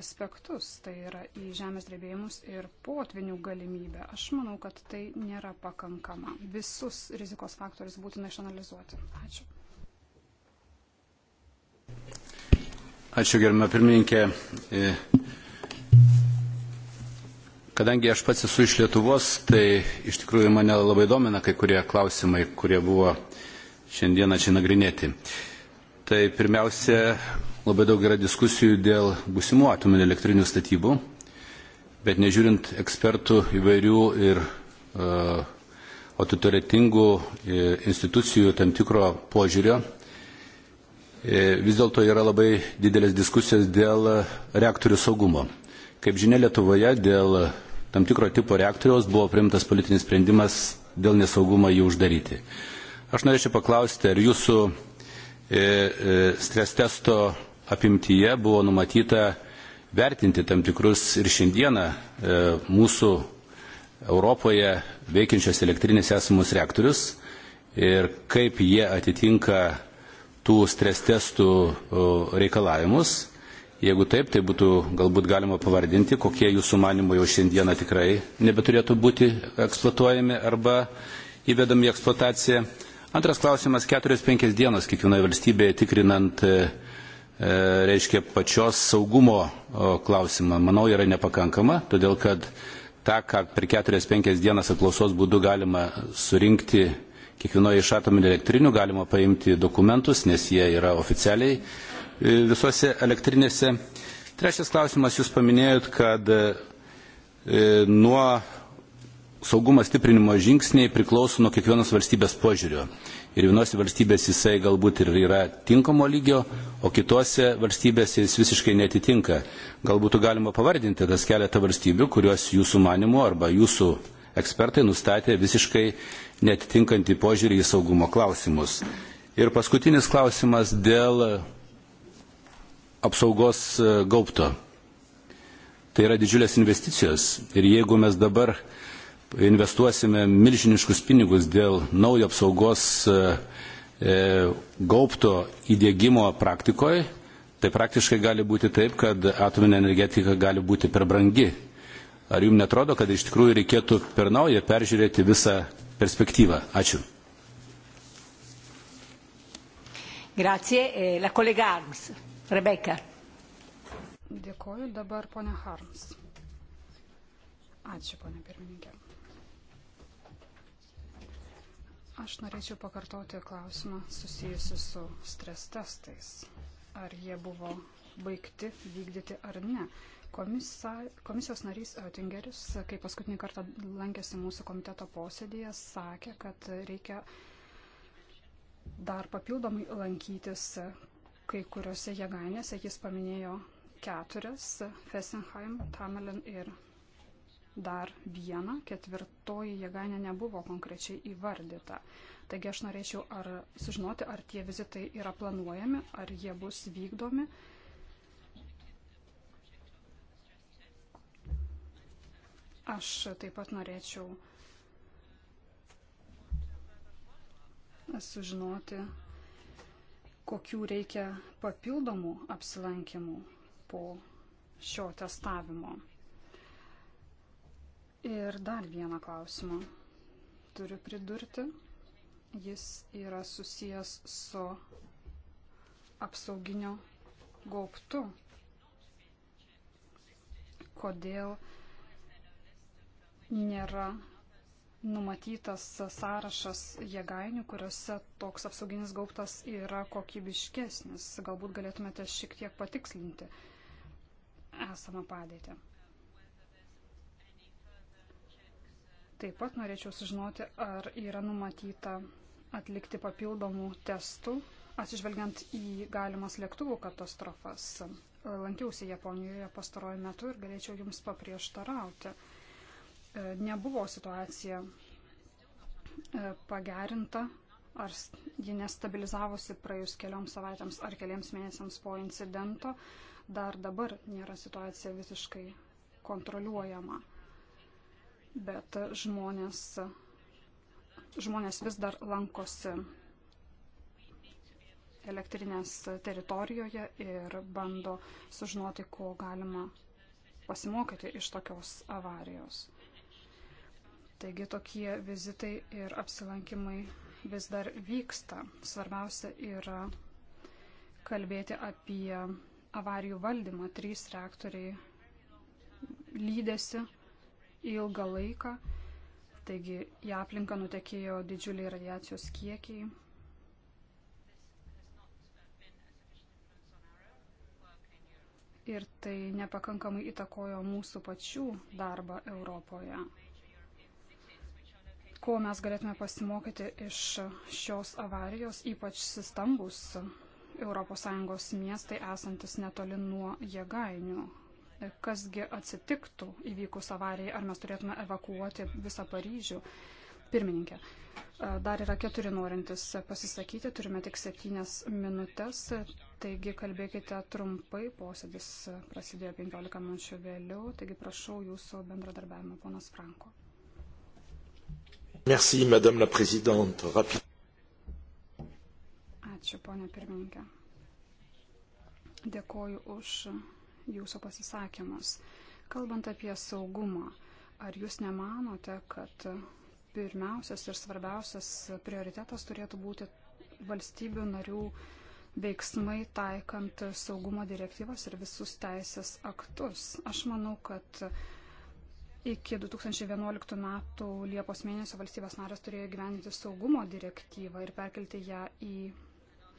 aspektus, tai yra į žemės drebėjimus ir potvinių galimybę. Aš manau, kad tai nėra pakankama. Visus rizikos faktorius būtina išanalizuoti. Ačiū. Ačiū, gerbama pirmininkė. E, Kadangi aš pats esu iš Lietuvos, tai iš tikrųjų mane labai domina kai kurie klausimai, kurie buvo šiandieną čia nagrinėti. Tai pirmiausia, labai daug yra diskusijų dėl būsimų atominių elektrinių statybų, bet nežiūrint ekspertų įvairių ir uh, autoritetingų e, institucijų tam tikro požiūrio, e, vis dėlto yra labai didelės diskusijos dėl reaktorių saugumo. Kaip žinia, Lietuvoje dėl tam tikro tipo reaktoriaus buvo priimtas politinis sprendimas dėl nesaugumo jį uždaryti. Aš norėčiau paklausti, ar jūsų e, e, stres testo apimtyje buvo numatyta vertinti tam tikrus ir šiandieną e, mūsų Europoje veikiančios elektrinės esamus reaktorius ir kaip jie atitinka tų stres testų reikalavimus Jeigu taip, tai būtų galbūt galima pavardinti, kokie jūsų manimo jau šiandieną tikrai nebeturėtų būti eksploatuojami arba įvedami į eksploataciją. Antras klausimas - 4-5 dienos kiekvienoje valstybėje tikrinant, e, e reiškia, pačios saugumo klausimą, manau, yra nepakankama, todėl kad tą, ką per 4-5 dienas apklausos būdu galima surinkti kiekvienoje iš atominių elektrinių, galima paimti dokumentus, nes jie yra oficialiai E, visose elektrinėse. Trečias klausimas, jūs paminėjot, kad e, nuo saugumo stiprinimo žingsniai priklauso nuo kiekvienos valstybės požiūrio. Ir vienose valstybėse jisai galbūt ir yra tinkamo lygio, o kitose valstybėse jis visiškai netitinka. Galbūt galima pavardinti tas keletą valstybių, kurios jūsų manimu arba jūsų ekspertai nustatė visiškai netitinkantį požiūrį į saugumo klausimus. Ir paskutinis klausimas dėl apsaugos e, gaubto. Tai yra didžiulės investicijos ir jeigu mes dabar investuosime milžiniškus pinigus dėl naujo apsaugos e, e, gaubto įdėgymo praktikoje, tai praktiškai gali būti taip, kad atominė energetika gali būti per brangi. Ar jums netrodo, kad iš tikrųjų reikėtų per naują peržiūrėti visą perspektyvą? Ačiū. Grazie. La collega Arms. Rebeka. Dėkoju dabar ponia Harms. Ačiū, ponia pirmininkė. Aš norėčiau pakartoti klausimą susijusiu su stres testais. Ar jie buvo baigti vykdyti ar ne. Komisa, komisijos narys Oettingeris, kai paskutinį kartą lankėsi mūsų komiteto posėdėje, sakė, kad reikia dar papildomai lankytis Kai kuriuose jėgainėse jis paminėjo keturias - Fessenheim, Tamelin ir dar vieną. Ketvirtoji jėgainė nebuvo konkrečiai įvardyta. Taigi aš norėčiau ar sužinoti, ar tie vizitai yra planuojami, ar jie bus vykdomi. Aš taip pat norėčiau sužinoti, kokių reikia papildomų apsilankimų po šio testavimo. Ir dar vieną klausimą turiu pridurti. Jis yra susijęs su apsauginio gaubtu. Kodėl nėra numatytas sąrašas jėgainių, kuriuose toks apsauginis gaubtas yra kokybiškesnis. Galbūt galėtumėte šiek tiek patikslinti esamą padėtį. Taip pat norėčiau sužinoti, ar yra numatyta atlikti papildomų testų, atsižvelgiant į galimas lėktuvų katastrofas. Lankiausi Japonijoje pastaruoju metu ir galėčiau jums paprieštarauti. E, nebuvo situacija e, pagerinta, ar ji nestabilizavosi praėjus kelioms savaitėms ar keliams mėnesiams po incidento, dar dabar nėra situacija visiškai kontroliuojama. Bet žmonės, žmonės vis dar lankosi elektrinės teritorijoje ir bando sužinoti, ko galima pasimokyti iš tokios avarijos. Taigi tokie vizitai ir apsilankimai vis dar vyksta. Svarbiausia yra kalbėti apie avarijų valdymą. Trys reaktoriai lydėsi ilgą laiką, taigi į aplinką nutekėjo didžiuliai radiacijos kiekiai. Ir tai nepakankamai įtakojo mūsų pačių darbą Europoje ko mes galėtume pasimokyti iš šios avarijos, ypač stambus ES miestai esantis netoli nuo jėgainių. Kasgi atsitiktų įvykus avarijai, ar mes turėtume evakuoti visą Paryžių? Pirmininkė, dar yra keturi norintys pasisakyti, turime tik septynias minutės, taigi kalbėkite trumpai, posėdis prasidėjo 15 minučių vėliau, taigi prašau jūsų bendradarbiavimo, ponas Franko. Merci, Madame la Présidente. Rapid... Ačiū, ponė pirmininkė. Dėkoju už jūsų pasisakymus. Kalbant apie saugumą, ar jūs nemanote, kad pirmiausias ir svarbiausias prioritetas turėtų būti valstybių narių veiksmai taikant saugumo direktyvas ir visus teisės aktus. Aš manau, kad Iki 2011 metų Liepos mėnesio valstybės narės turėjo gyveninti saugumo direktyvą ir perkelti ją į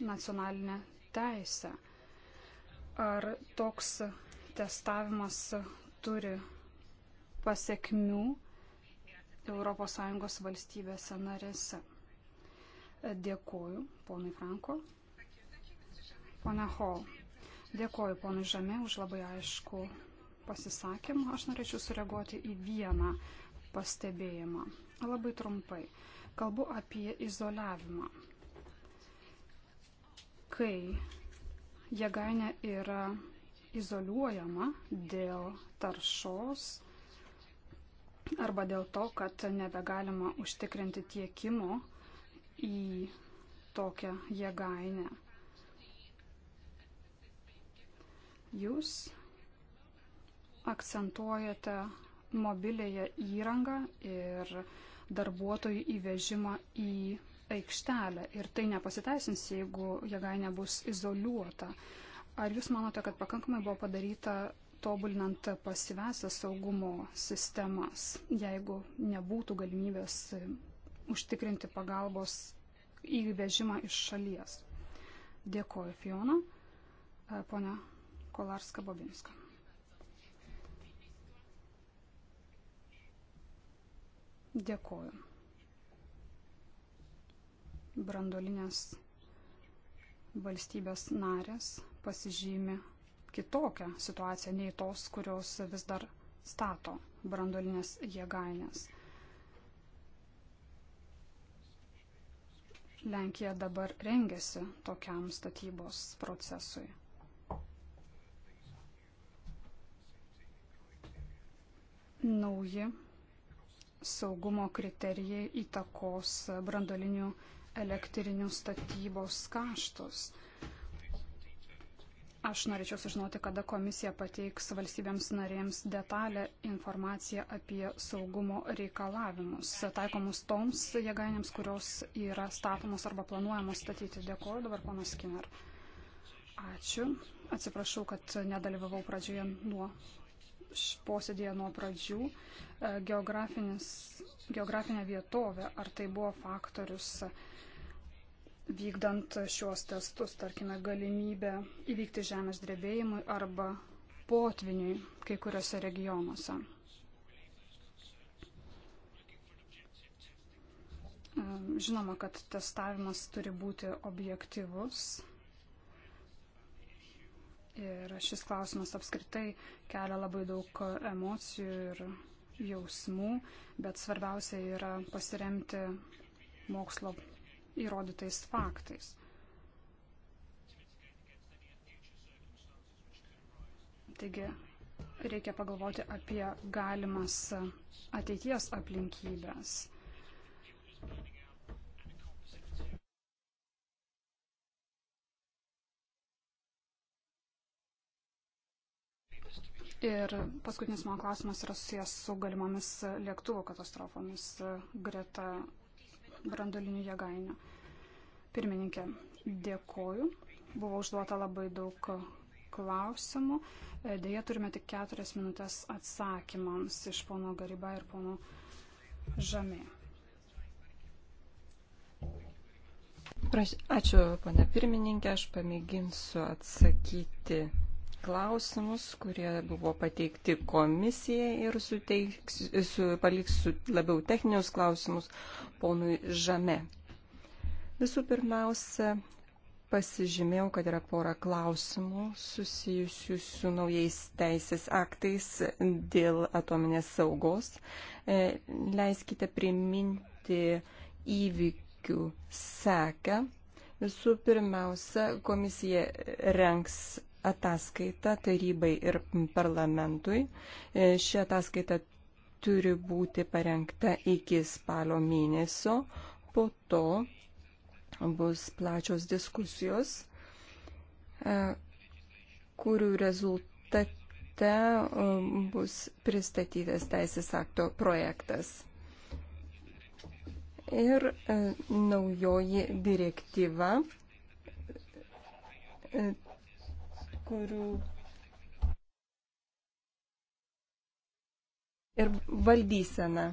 nacionalinę teisę. Ar toks testavimas turi pasiekmių ES valstybėse narėse? Dėkuoju, ponui Franko. Pone Hall, dėkuoju ponui Žemė už labai aišku pasisakymų, aš norėčiau sureaguoti į vieną pastebėjimą. Labai trumpai. Kalbu apie izoliavimą. Kai jėgainė yra izoliuojama dėl taršos arba dėl to, kad nebegalima užtikrinti tiekimo į tokią jėgainę. Jūs akcentuojate mobilėje įrangą ir darbuotojų įvežimą į aikštelę. Ir tai nepasiteisins, jeigu jėgainė bus izoliuota. Ar jūs manote, kad pakankamai buvo padaryta tobulinant pasivesią saugumo sistemas, jeigu nebūtų galimybės užtikrinti pagalbos įvežimą iš šalies? Dėkoju, Fiona. Pone Kolarska Bobinska. Dėkuoju. Brandolinės valstybės narės pasižymi kitokią situaciją nei tos, kurios vis dar stato brandolinės jėgainės. Lenkija dabar rengiasi tokiam statybos procesui. Nauji saugumo kriterijai įtakos brandolinių elektrinių statybos kaštus. Aš norėčiau sužinoti, kada komisija pateiks valstybėms narėms detalę informaciją apie saugumo reikalavimus, taikomus toms jėgainėms, kurios yra statomos arba planuojamos statyti. Dėkuoju dabar, panas Skinner. Ačiū. Atsiprašau, kad nedalyvavau pradžioje nuo posėdėje nuo pradžių e, geografinę vietovę, ar tai buvo faktorius vykdant šiuos testus, tarkime, galimybę įvykti žemės drebėjimui arba potviniui kai kuriuose regionuose. E, žinoma, kad testavimas turi būti objektivus Ir šis klausimas apskritai kelia labai daug emocijų ir jausmų, bet svarbiausia yra pasiremti mokslo įrodytais faktais. Taigi reikia pagalvoti apie galimas ateities aplinkybės. Ir paskutinis mano klausimas yra susijęs su galimomis lėktuvo katastrofomis e, greta brandolinių jėgainių. Pirmininkė, dėkoju. Buvo užduota labai daug klausimų. E, Deja, turime tik keturias minutės atsakymams iš pono Gariba ir pono Žamė. Ačiū, pane pirmininkė, aš pamėginsiu atsakyti klausimus, kurie buvo pateikti komisijai ir suteiks, su, paliksiu labiau techninius klausimus ponui Žame. Visų pirmiausia, pasižymėjau, kad yra pora klausimų susijusių su naujais teisės aktais dėl atominės saugos. E, leiskite priminti įvykių seką. Visų pirmiausia, komisija renks ataskaitą tarybai ir parlamentui. E, ši ataskaita turi būti parengta iki spalio mėnesio. Po to bus plačios diskusijos, e, kurių rezultate e, bus pristatytas teisės akto projektas. Ir naujoji direktyva kurių ir valdysena.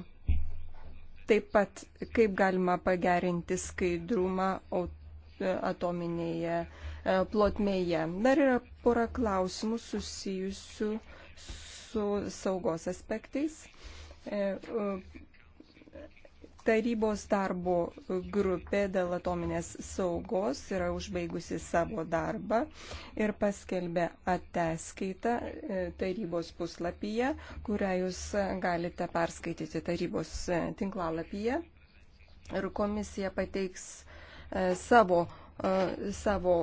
Taip pat, kaip galima pagerinti skaidrumą atominėje e, plotmėje. Dar yra pora klausimų susijusių su saugos aspektais. E, Tarybos darbo grupė dėl atominės saugos yra užbaigusi savo darbą ir paskelbė ataskaitą e, tarybos puslapyje, kurią jūs galite perskaityti tarybos e, tinklalapyje. Ir komisija pateiks e, savo, savo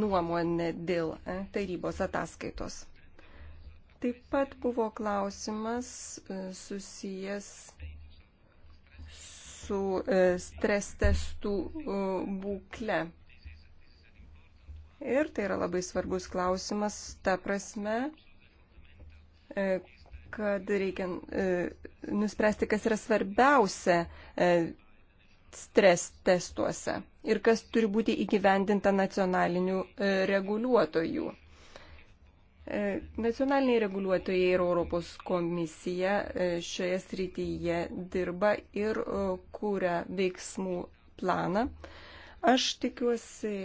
nuomonę dėl tarybos ataskaitos. Taip pat buvo klausimas susijęs su e, stres testų e, būkle. Ir tai yra labai svarbus klausimas, ta prasme, e, kad reikia nuspręsti, kas yra svarbiausia stres testuose ir kas turi būti įgyvendinta nacionalinių reguliuotojų. E, nacionaliniai reguliuotojai ir Europos komisija e, šioje srityje dirba ir e, kūrė veiksmų planą. Aš tikiuosi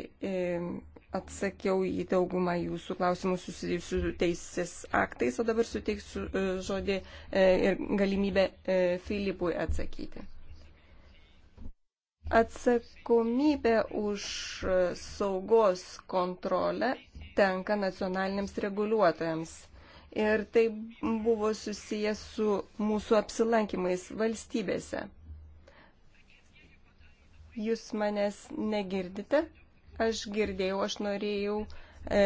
atsakiau į daugumą jūsų klausimų susijusių su teisės aktais, o dabar suteiksiu žodį ir galimybę Filipui atsakyti. Atsakomybė už saugos kontrolę tenka nacionaliniams reguliuotojams. Ir tai buvo susijęs su mūsų apsilankimais valstybėse. Jūs manęs negirdite? Aš girdėjau, aš norėjau e,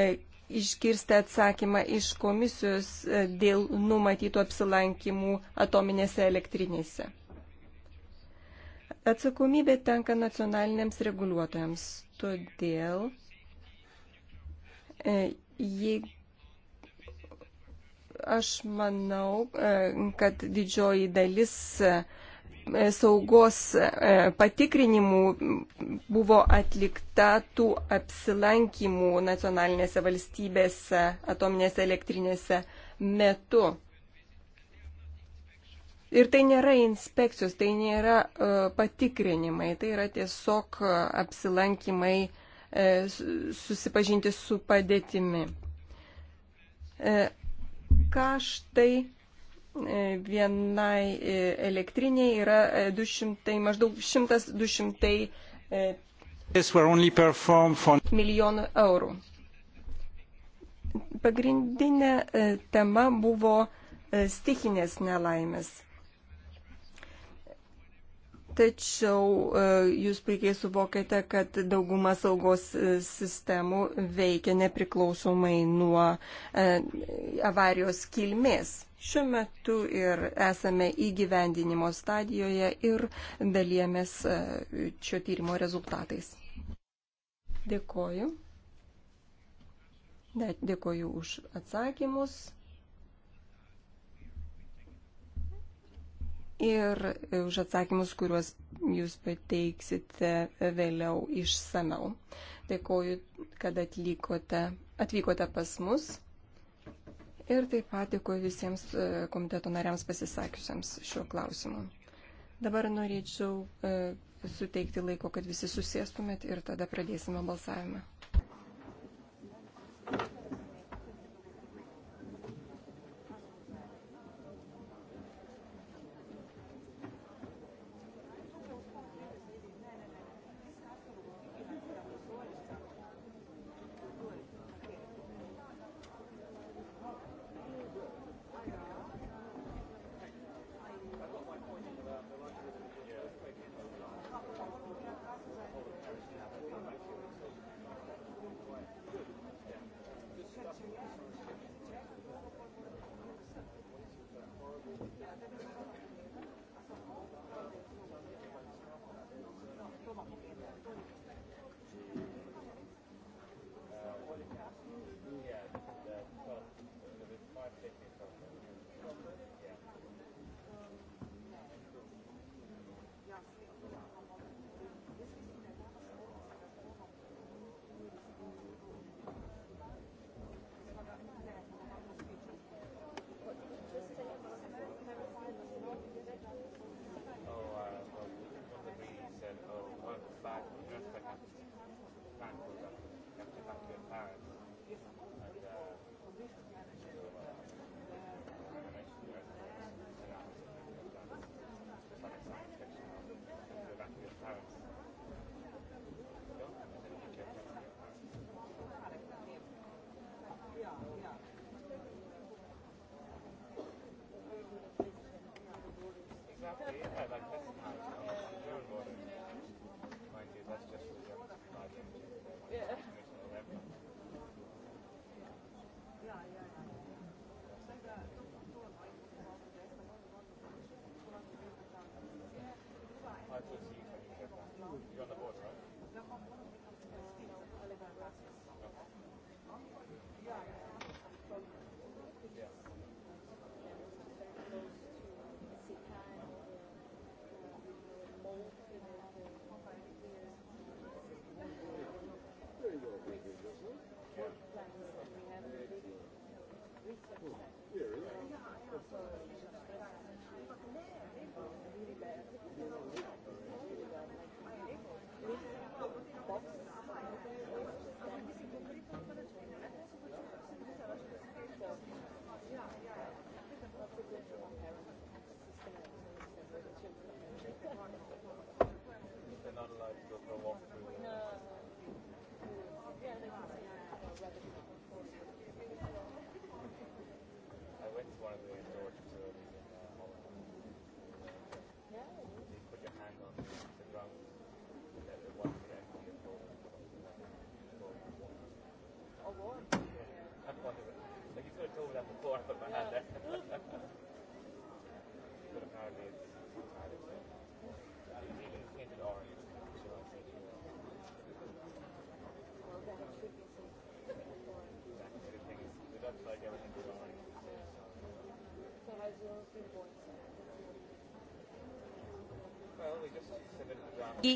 išgirsti atsakymą iš komisijos e, dėl numatytų apsilankimų atominėse elektrinėse. Atsakomybė tenka nacionaliniams reguliuotojams. Todėl E, jei aš manau, e, kad didžioji dalis e, saugos patikrinimų buvo atlikta tų apsilankimų nacionalinėse valstybėse atominėse elektrinėse metu. Ir tai nėra inspekcijos, tai nėra patikrinimai, tai yra tiesiog apsilankimai uh, E, susipažinti su padėtimi. E, kaštai e, vienai elektriniai yra 200, maždaug 100-200 milijonų eurų. Pagrindinė tema buvo stichinės nelaimės tačiau e, jūs puikiai suvokite, kad dauguma saugos e, sistemų veikia nepriklausomai nuo e, avarijos kilmės. Šiuo metu ir esame įgyvendinimo stadijoje ir dalėmės šio tyrimo rezultatais. Dėkoju. Dėkoju už atsakymus. ir už atsakymus, kuriuos jūs pateiksite vėliau išsameu. Dėkoju, kad atlykote, atvykote pas mus ir taip pat dėkoju visiems e, komiteto nariams pasisakiusiems šiuo klausimu. Dabar norėčiau e, suteikti laiko, kad visi susėstumėt ir tada pradėsime balsavimą. Thank you.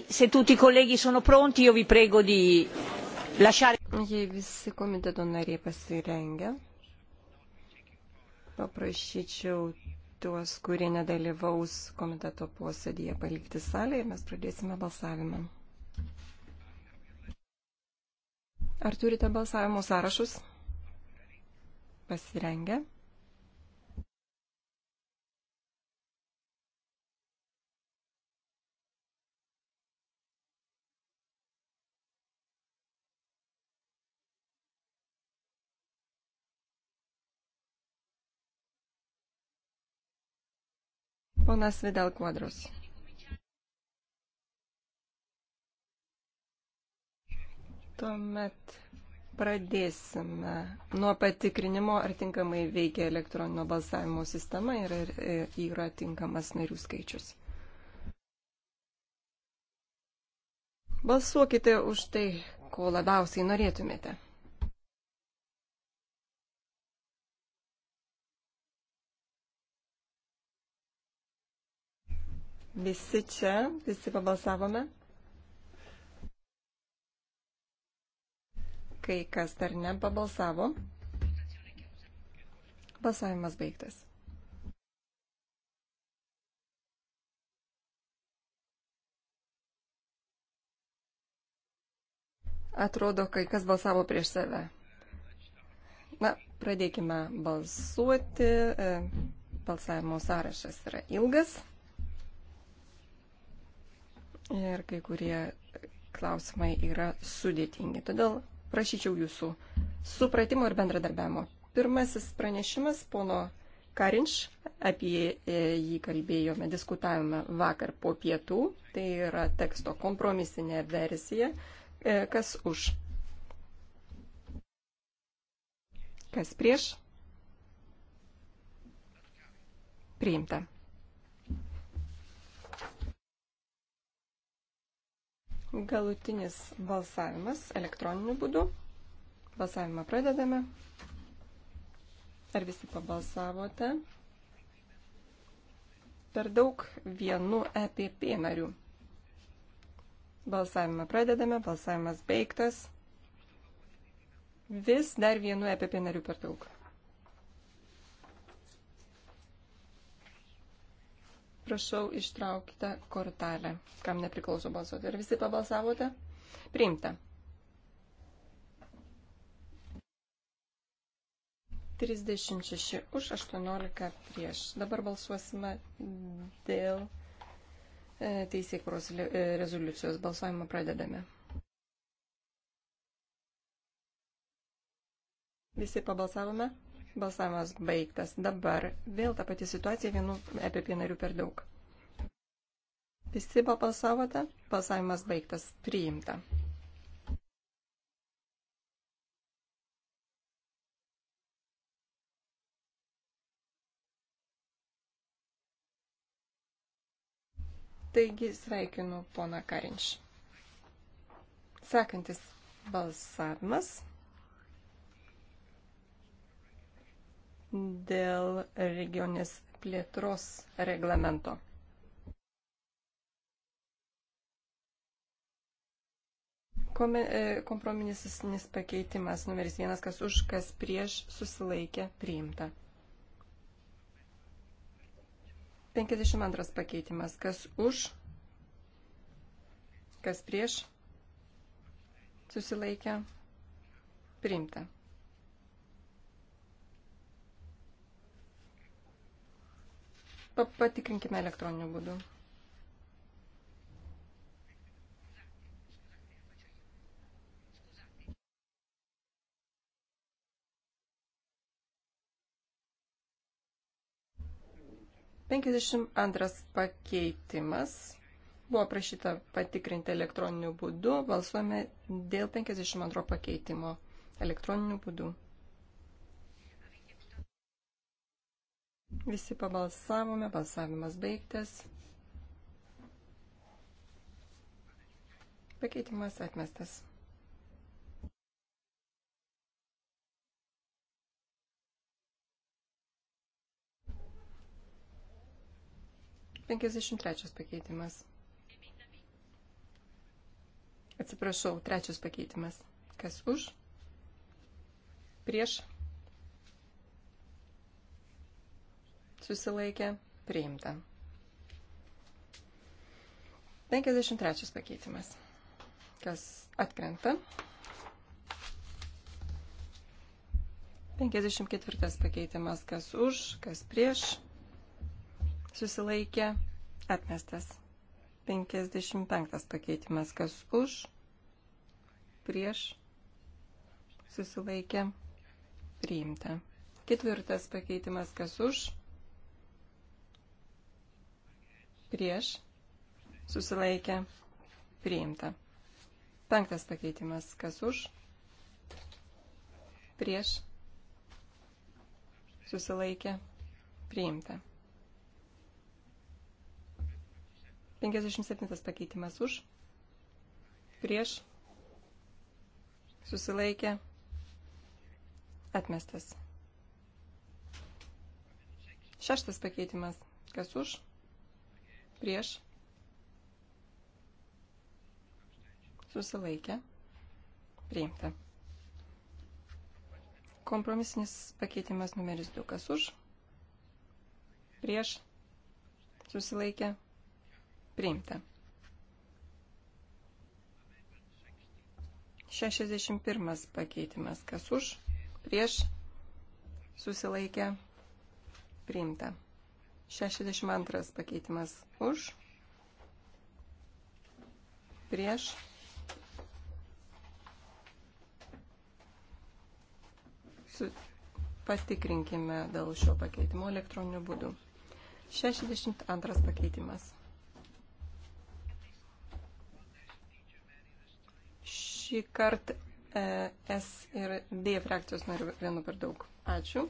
Se tutti i colleghi sono pronti, io vi prego di lasciare. Jei visi komiteto nariai pasirengia, paprašyčiau tuos, kurie nedalyvaus komiteto posėdėje, palikti salę ir mes pradėsime balsavimą. Ar turite balsavimo sąrašus? Pasirengę? Ponas Vidal Kvadros. Tuomet pradėsime nuo patikrinimo, ar tinkamai veikia elektroninio balsavimo sistema ir ar e, yra tinkamas narių skaičius. Balsuokite už tai, ko labiausiai norėtumėte. Visi čia, visi pabalsavome. Kai kas dar nepabalsavo, balsavimas baigtas. Atrodo, kai kas balsavo prieš save. Na, pradėkime balsuoti. E, balsavimo sąrašas yra ilgas ir kai kurie klausimai yra sudėtingi. Todėl prašyčiau jūsų supratimo ir bendradarbiavimo. Pirmasis pranešimas pono Karinš, apie e, jį kalbėjome, diskutavome vakar po pietų, tai yra teksto kompromisinė versija. E, kas už? Kas prieš? Priimta. Galutinis balsavimas elektroniniu būdu. Balsavimą pradedame. Ar visi pabalsavote? Per daug vienu EPP narių. Balsavimą pradedame, balsavimas baigtas. Vis dar vienu EPP nariu per daug. Prašau, ištraukite kortelę, kam nepriklauso balsuoti. Ar visi pabalsavote? Priimta. 36 už 18 prieš. Dabar balsuosime dėl e, teisėkros e, rezoliucijos. Balsavimą pradedame. Visi pabalsavome? Balsavimas baigtas. Dabar vėl ta pati situacija, vienu EPP narių per daug. Visi balsavote, balsavimas baigtas, priimta. Taigi sveikinu poną Karinš. Sekantis balsavimas. dėl regionės plėtros reglamento. E, kompromisinis pakeitimas numeris vienas, kas už, kas prieš susilaikė priimta. 52 pakeitimas, kas už, kas prieš susilaikė priimta. pa patikrinkime elektroniniu būdu. Penkisdešimt antras pakeitimas. Buvo prašyta patikrinti elektroniniu būdu. Balsuojame dėl 52 pakeitimo elektroniniu būdu. Visi pabalsavome, balsavimas baigtas. Pakeitimas atmestas. Penkiasdešimt trečias pakeitimas. Atsiprašau, trečias pakeitimas. Kas už? Prieš? susilaikė, priimta. 53 pakeitimas. Kas atkrenta? 54 pakeitimas, kas už, kas prieš, susilaikė, atmestas. 55 pakeitimas, kas už, prieš, susilaikė, priimta. Ketvirtas pakeitimas, kas už, prieš, susilaikę, priimta. Penktas pakeitimas, kas už, prieš, susilaikę, priimta. 57 pakeitimas už, prieš, susilaikė, atmestas. Šeštas pakeitimas, kas už, prieš prieš, susilaikė, priimta. Kompromisinis pakeitimas numeris 2, kas už, prieš, susilaikė, priimta. 61 pakeitimas, kas už, prieš, susilaikė, priimta. 62 pakeitimas, už, prieš, su, patikrinkime dėl šio pakeitimo elektroniniu būdu. 62 pakeitimas. Šį kartą e, S ir D frakcijos narių vienu per daug. Ačiū.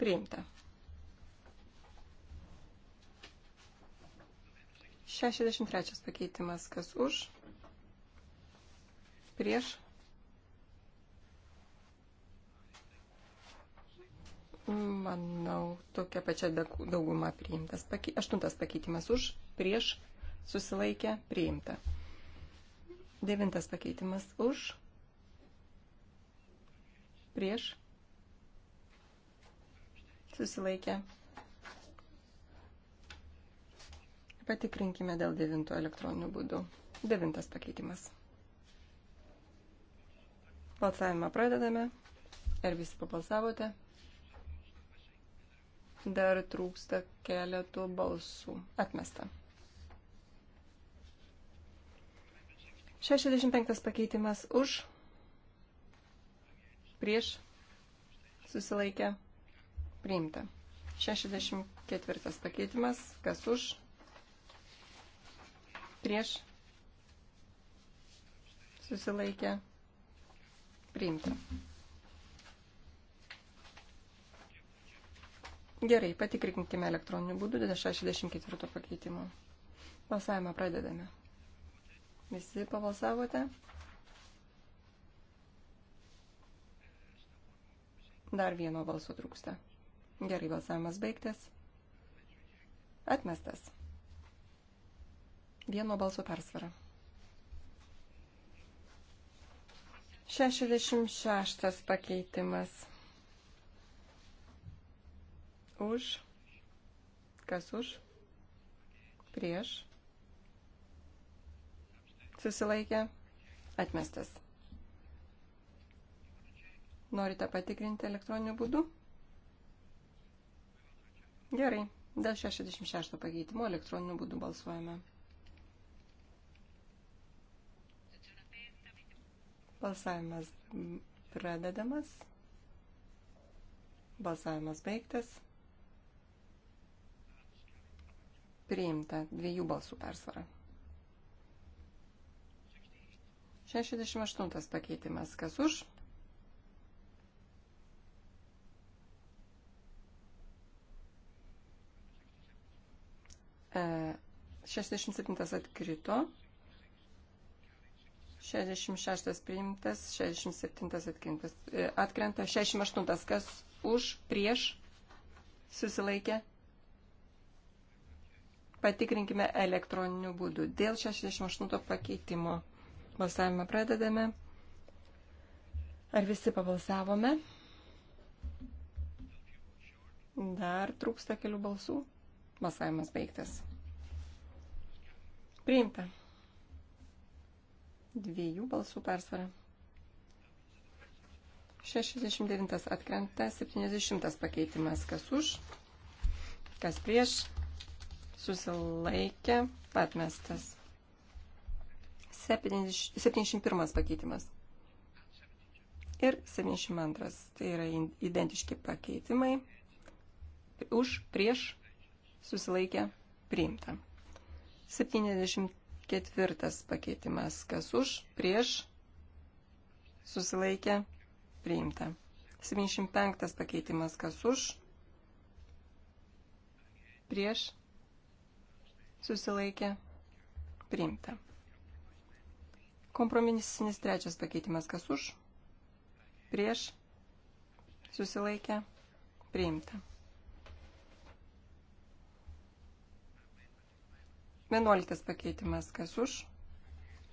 Priimta. 63 pakeitimas, kas už, prieš. Manau, tokia pačia dauguma priimtas. Pake, aštuntas pakeitimas už, prieš, susilaikė, priimta. Devintas pakeitimas už, prieš, susilaikė, priimta Patikrinkime dėl devinto elektroninių būdų. Devintas pakeitimas. Balsavimą pradedame. Ar visi papalsavote? Dar trūksta keletų balsų. Atmesta. 65 pakeitimas už. Prieš. Susilaikę. Priimta. 64 pakeitimas. Kas už? prieš susilaikę priimta. Gerai, patikrinkime elektroniniu būdu 64 pakeitimo. Balsavimą pradedame. Visi pabalsavote? Dar vieno balso trūksta. Gerai, balsavimas baigtas. Atmestas vieno balso persvarą. 66 pakeitimas. Už. Kas už? Prieš. Susilaikė. Atmestas. Norite patikrinti elektroniniu būdu? Gerai. Dėl 66 pakeitimo elektroniniu būdu balsuojame. Balsavimas pradedamas. Balsavimas baigtas. Priimta dviejų balsų persvara. 68 pakeitimas. Kas už? E, 67 atkrito. 66 priimtas, 67 atkintas, e, atkrenta, 68 kas už, prieš, susilaikė. Patikrinkime elektroniniu būdu. Dėl 68 pakeitimo balsavimą pradedame. Ar visi pabalsavome? Dar trūksta kelių balsų. Balsavimas baigtas. Priimta dviejų balsų persvarą. 69 atkrenta, 70 pakeitimas, kas už, kas prieš, susilaikė, atmestas. 71 pakeitimas ir 72, tai yra identiški pakeitimai, už, prieš, susilaikė, priimta. 73 Ketvirtas pakeitimas. Kas už, prieš, susilaikė, priimta. 75 pakeitimas. Kas už, prieš, susilaikė, priimta. Kompromisinis trečias pakeitimas. Kas už, prieš, susilaikė, priimta. Vienuoliktas pakeitimas. Kas už?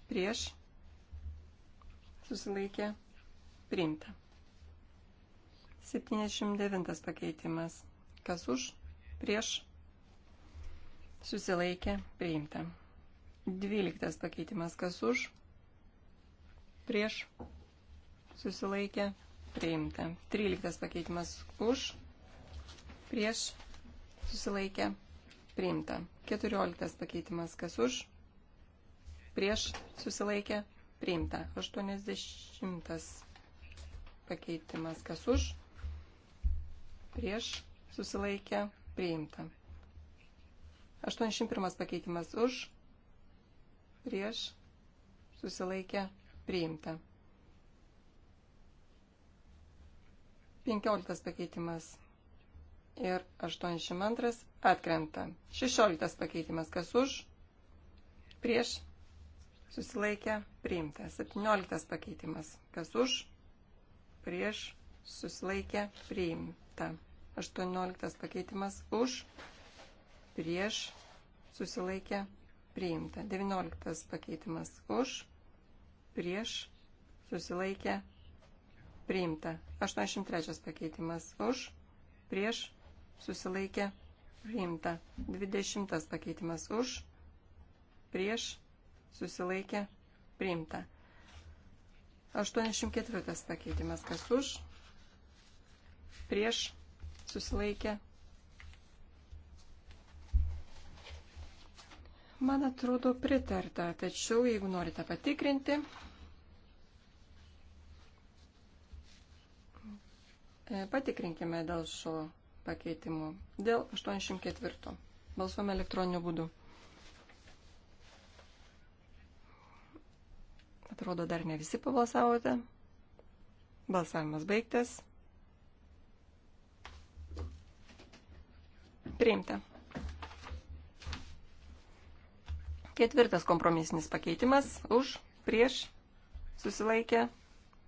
Prieš? Susilaikė? Priimta. 79 pakeitimas. Kas už? Prieš? Susilaikė? Priimta. 12 pakeitimas. Kas už? Prieš? Susilaikė? Priimta. 13 pakeitimas. Už? Prieš? Susilaikė? Priimta priimta. 14 pakeitimas, kas už, prieš, susilaikė, priimta. 80 pakeitimas, kas už, prieš, susilaikė, priimta. 81 pakeitimas už, prieš, susilaikė, priimta. 15 pakeitimas ir 82 atkrenta. 16 pakeitimas kas už, prieš, susilaikė, priimta. 17 pakeitimas kas už, prieš, susilaikė, priimta. 18 pakeitimas už, prieš, susilaikė, priimta. 19 pakeitimas už, prieš, susilaikė, priimta. 83 pakeitimas už, prieš, susilaikė, priimta. 20 pakeitimas už, prieš, susilaikė, priimta. 84 pakeitimas kas už, prieš, susilaikė. Man atrodo pritarta, tačiau jeigu norite patikrinti, e, patikrinkime dėl šio pakeitimų. Dėl 84. Balsuojame elektroniniu būdu. Atrodo, dar ne visi pabalsavote. Balsavimas baigtas. Priimta. Ketvirtas kompromisinis pakeitimas už, prieš, susilaikė,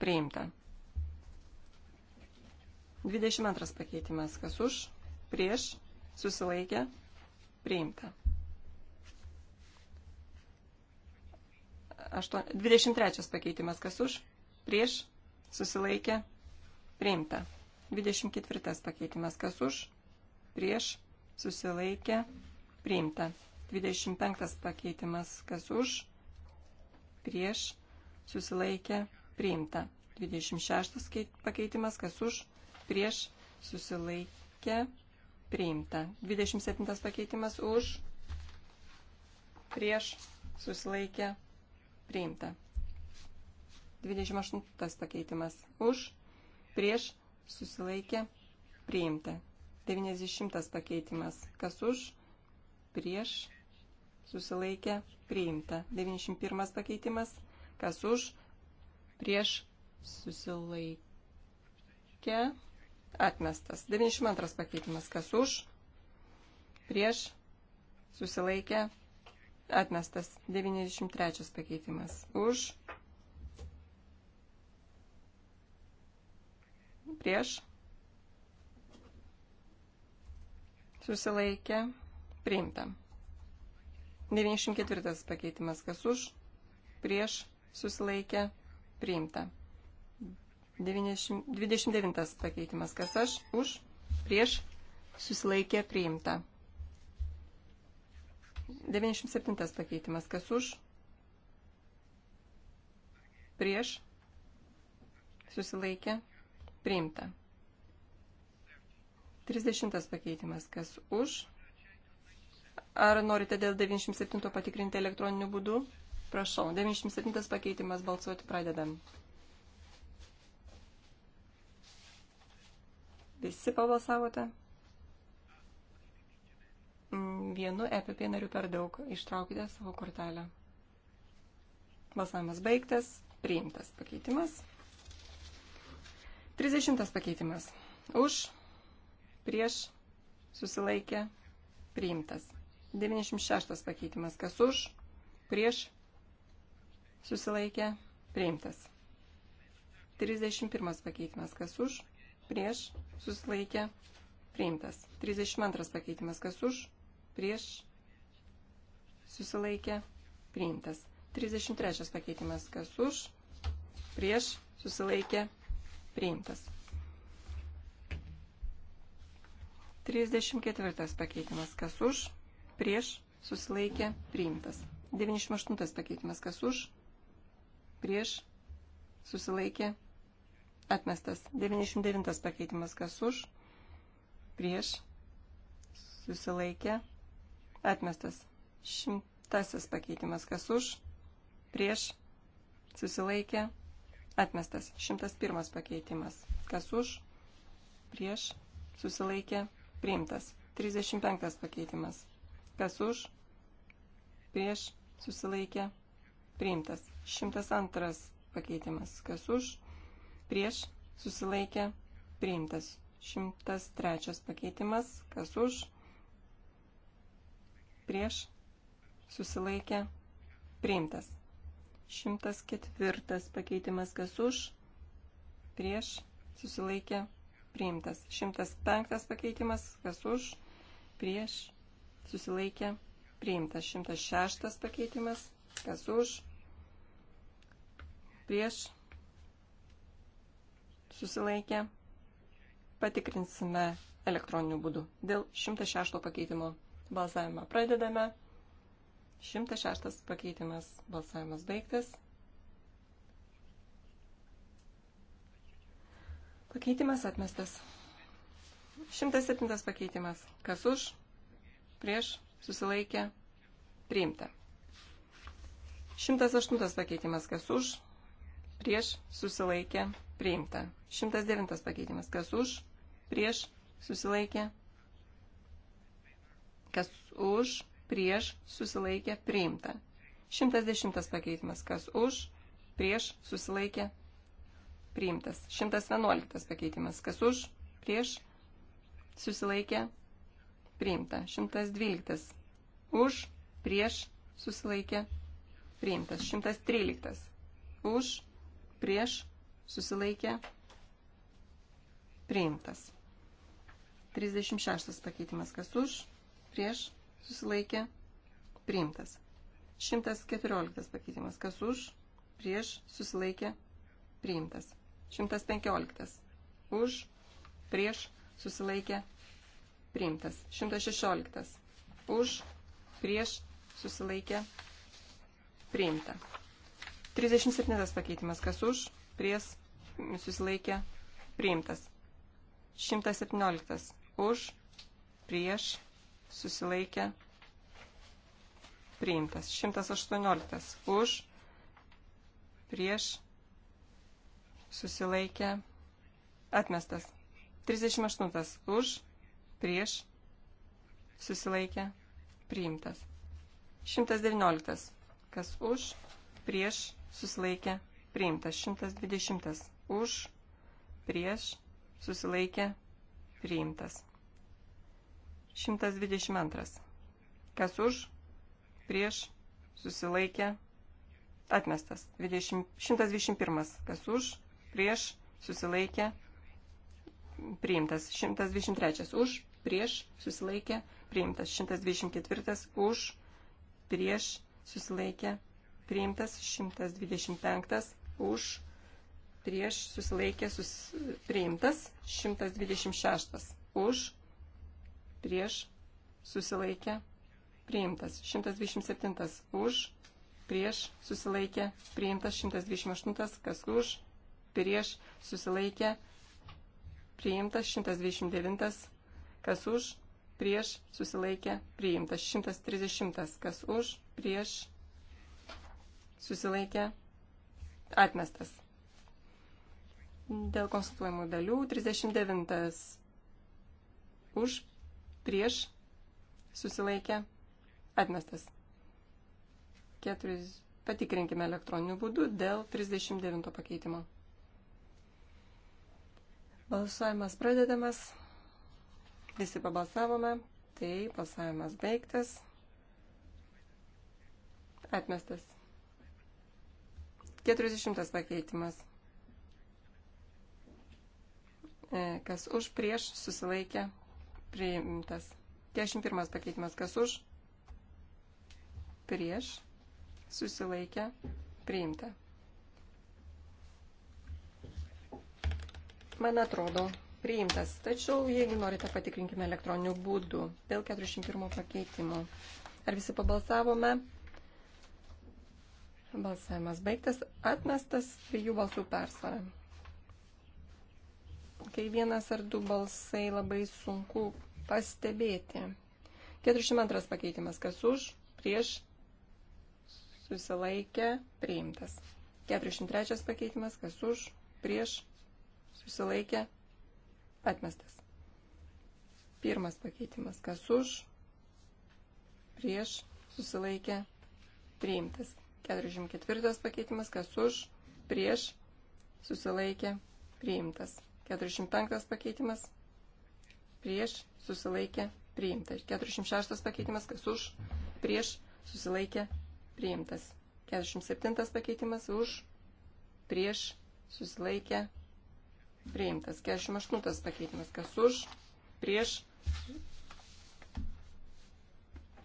priimta. 22 pakeitimas. Kas už, prieš, susilaikė, priimta. 23 pakeitimas. Kas už, prieš, susilaikė, priimta. 24 pakeitimas. Kas už, prieš, susilaikė, priimta. 25 pakeitimas. Kas už, prieš, susilaikė, priimta. 26 pakeitimas. Kas už, prieš, susilaikė, priimta. 26 pakeitimas. Kas už, prieš susilaikę priimta. 27 pakeitimas už prieš susilaikę priimta. 28 pakeitimas už prieš susilaikę priimta. 90 pakeitimas kas už prieš susilaikę priimta. 91 pakeitimas kas už prieš susilaikę priimta atmestas. 92 pakeitimas, kas už, prieš, susilaikė, atmestas. 93 pakeitimas, už, prieš, susilaikė, priimta. 94 pakeitimas, kas už, prieš, susilaikė, priimta. 90, 29 pakeitimas. Kas aš? Už? Prieš? Susilaikė priimta. 97 pakeitimas. Kas už? Prieš? Susilaikė priimta. 30 pakeitimas. Kas už? Ar norite dėl 97 patikrinti elektroniniu būdu? Prašau. 97 pakeitimas. Balsuoti pradedam. Visi pabalsavote? Vienu EPP nariu per daug. Ištraukite savo kortelę. Balsavimas baigtas. Priimtas pakeitimas. 30 pakeitimas. Už, prieš, susilaikė, priimtas. 96 pakeitimas. Kas už, prieš, susilaikė, priimtas. 31 pakeitimas. Kas už, prieš, susilaikė, priimtas. 32 pakeitimas, kas už, prieš, susilaikė, priimtas. 33 pakeitimas, kas už, prieš, susilaikė, priimtas. 34 pakeitimas, kas už, prieš, susilaikė, priimtas. 98 pakeitimas, kas už, prieš, susilaikė, priimtas Atmestas. 99 pakeitimas. Kas už? Prieš. Susilaikė. Atmestas. Šimtasis pakeitimas. Kas už? Prieš. Susilaikė. Atmestas. Šimtas pirmas pakeitimas. Kas už? Prieš. Susilaikė. Priimtas. 35 pakeitimas. Kas už? Prieš. Susilaikė. Priimtas. 102 pakeitimas. Kas už? prieš, susilaikė, priimtas. 103 pakeitimas, kas už, prieš, susilaikė, priimtas. 104 pakeitimas, kas už, prieš, susilaikė, priimtas. 105 pakeitimas, kas už, prieš, susilaikė, priimtas. 106 pakeitimas, kas už, prieš, susilaikė. Patikrinsime elektroniniu būdu. Dėl 106 pakeitimo balsavimą pradedame. 106 pakeitimas balsavimas baigtas. Pakeitimas atmestas. 107 pakeitimas. Kas už, prieš, susilaikė, priimta. 108 pakeitimas. Kas už, prieš, susilaikė, priimta priimta. 109 pakeitimas. Kas už, prieš, susilaikė. Kas už, prieš, susilaikė, priimta. 110 pakeitimas. Kas už, prieš, susilaikė, priimtas. 111 pakeitimas. Kas už, prieš, susilaikė, priimta. 112. Už, prieš, susilaikė, priimtas. 113. Už, prieš, susilaikė, priimtas. 36 pakeitimas kas už, prieš, susilaikė, priimtas. 114 pakeitimas kas už, prieš, susilaikė, priimtas. 115 už, prieš, susilaikė, priimtas. 116 už, prieš, susilaikė, priimta. 37 pakeitimas kas už, prieš susilaikė priimtas. 117 už prieš susilaikė priimtas. 118 už prieš susilaikė atmestas. 38 už prieš susilaikė priimtas. 119 kas už prieš susilaikė priimtas priimtas. 120 už, prieš, susilaikė, priimtas. 122. Kas už, prieš, susilaikė, atmestas. 20, 121. Kas už, prieš, susilaikė, priimtas. 123. Už, prieš, susilaikė, priimtas. 124. Už, prieš, susilaikė, priimtas. 125 už, prieš susilaikė sus... priimtas 126 už, prieš susilaikė priimtas 127 už, prieš susilaikė priimtas 128 kas už, prieš susilaikė priimtas 129 kas už, prieš susilaikė priimtas 130 kas už, prieš susilaikė priimtas Atmestas. Dėl konsultuojamų dalių 39 už, prieš, susilaikė, atmestas. Keturis, patikrinkime elektroniniu būdu dėl 39 pakeitimo. Balsavimas pradedamas. Visi pabalsavome. Tai balsavimas baigtas. Atmestas. 40 pakeitimas. E, kas už, prieš, susilaikė, priimtas. 41 pakeitimas. Kas už, prieš, susilaikė, priimta. Man atrodo, priimtas. Tačiau, jeigu norite, patikrinkime elektroniniu būdu dėl 41 pakeitimo. Ar visi pabalsavome? Balsavimas baigtas, atmestas dviejų balsų persvara. Kai vienas ar du balsai labai sunku pastebėti. 402 pakeitimas, kas už, prieš, susilaikė, priimtas. 403 pakeitimas, kas už, prieš, susilaikė, atmestas. Pirmas pakeitimas, kas už, prieš, susilaikė, priimtas. 44 pakeitimas, kas už, prieš, susilaikė, priimtas. 45 pakeitimas, prieš, susilaikė, priimtas. 46 pakeitimas, kas už, prieš, susilaikė, priimtas. 47 pakeitimas, už, prieš, susilaikė, priimtas. 48 pakeitimas, kas už, prieš,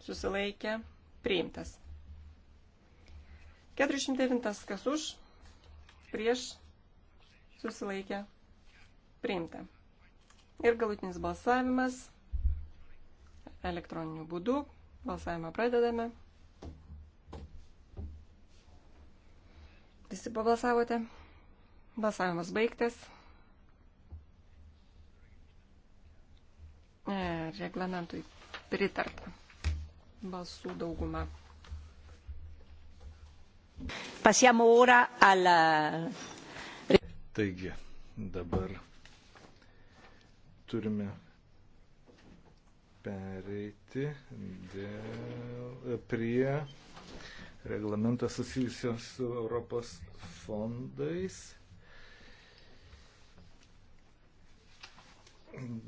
susilaikė, priimtas. 409 kas už, prieš susilaikę priimta. Ir galutinis balsavimas elektroniniu būdu. Balsavimą pradedame. Visi pabalsavote. Balsavimas baigtas. E, reglamentui pritarta balsų dauguma. Pasiamo ora alla. Eh, Taigi, dabar turime pereiti dėl, prie reglamentą susijusio su Europos fondais.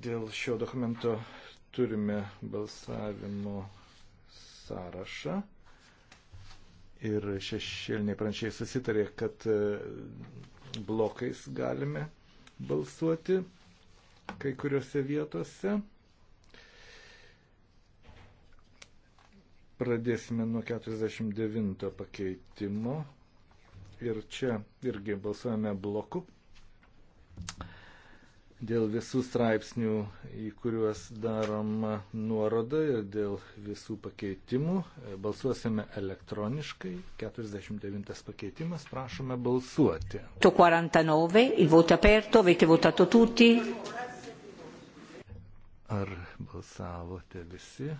Dėl šio dokumento turime balsavimo sąrašą ir šešėliniai pranšiai susitarė, kad e, blokais galime balsuoti kai kuriuose vietose. Pradėsime nuo 49 pakeitimo ir čia irgi balsuojame bloku dėl visų straipsnių, į kuriuos daroma nuoroda ir dėl visų pakeitimų. Balsuosime elektroniškai. 49 pakeitimas, prašome balsuoti. 49, il voto aperto, avete votato tutti. Ar balsavote visi?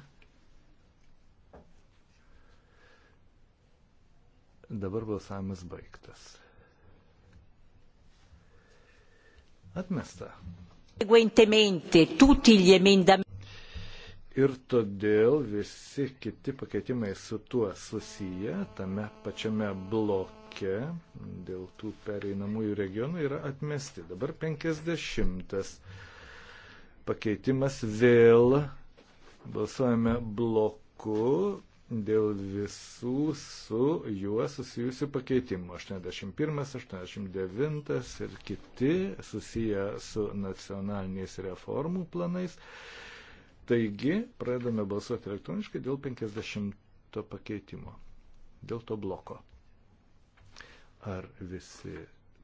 Dabar balsavimas baigtas. Atmesta. Ir todėl visi kiti pakeitimai su tuo susiję tame pačiame bloke dėl tų pereinamųjų regionų yra atmesti. Dabar 50 pakeitimas vėl balsuojame bloku dėl visų su juo susijusių pakeitimų. 81, 89 ir kiti susiję su nacionaliniais reformų planais. Taigi, pradedame balsuoti elektroniškai dėl 50 pakeitimo, dėl to bloko. Ar visi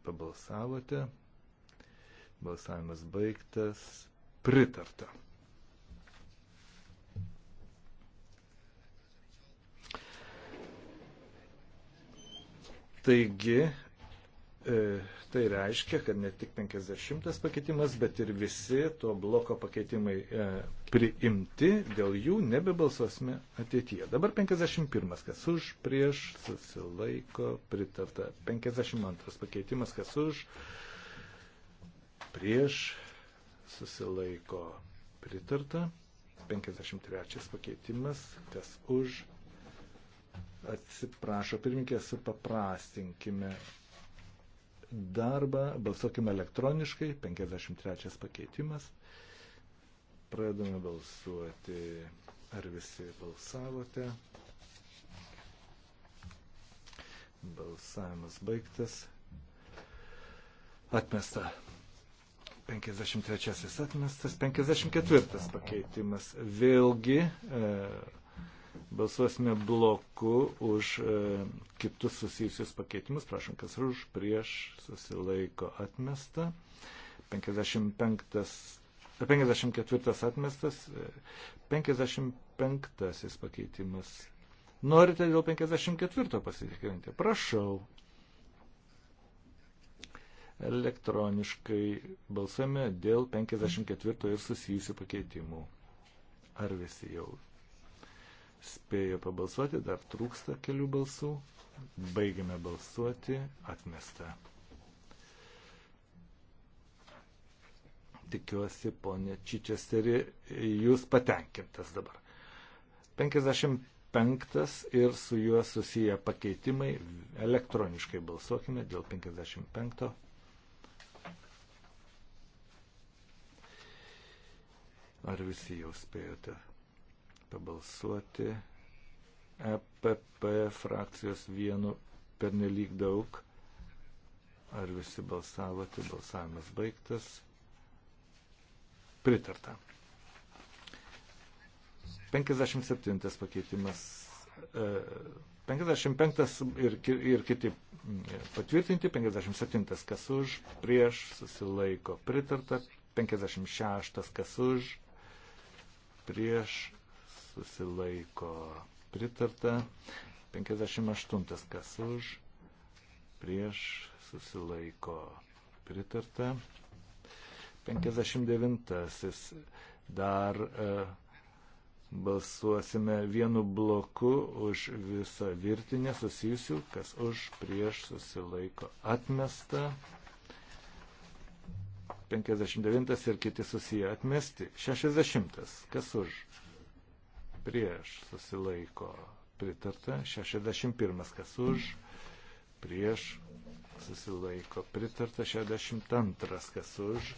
pabalsavote? Balsavimas baigtas. Pritarta. Taigi, e, tai reiškia, kad ne tik 50 pakeitimas, bet ir visi to bloko pakeitimai e, priimti, dėl jų nebebalsuosime ateityje. Dabar 51, kas už, prieš, susilaiko, pritarta. 52 pakeitimas, kas už, prieš, susilaiko, pritarta. 53 pakeitimas, kas už, Atsiprašo, pirminkė, supaprastinkime darbą, balsuokime elektroniškai, 53 pakeitimas. Pradedame balsuoti, ar visi balsavote. Balsavimas baigtas. Atmesta. 53 atmestas, 54 pakeitimas. Vėlgi e, Balsuosime bloku už e, kitus susijusius pakeitimus. Prašom, kas už, prieš, susilaiko atmesta. 55, 54 atmestas. 55 e, pakeitimas. Norite dėl 54 pasitikrinti? Prašau. Elektroniškai balsuojame dėl 54 ir susijusių pakeitimų. Ar visi jau spėjo pabalsuoti, dar trūksta kelių balsų. Baigiame balsuoti, atmesta. Tikiuosi, ponė Čičesteri, jūs patenkintas dabar. 55 ir su juo susiję pakeitimai. Elektroniškai balsuokime dėl 55. Ar visi jau spėjote pabalsuoti. EPP frakcijos vienu per nelik daug. Ar visi balsavote? Balsavimas baigtas. Pritarta. 57 pakeitimas. 55 e, ir, ir kiti mm, patvirtinti, 57 kas už, prieš susilaiko pritarta, 56 kas už, prieš susilaiko pritarta. 58 kas už, prieš susilaiko pritarta. 59 dar e, balsuosime vienu bloku už visą virtinę susijusių, kas už prieš susilaiko atmesta. 59 ir kiti susiję atmesti. 60. Kas už? prieš susilaiko pritarta, 61 kas už, prieš susilaiko pritarta, 62 kas už,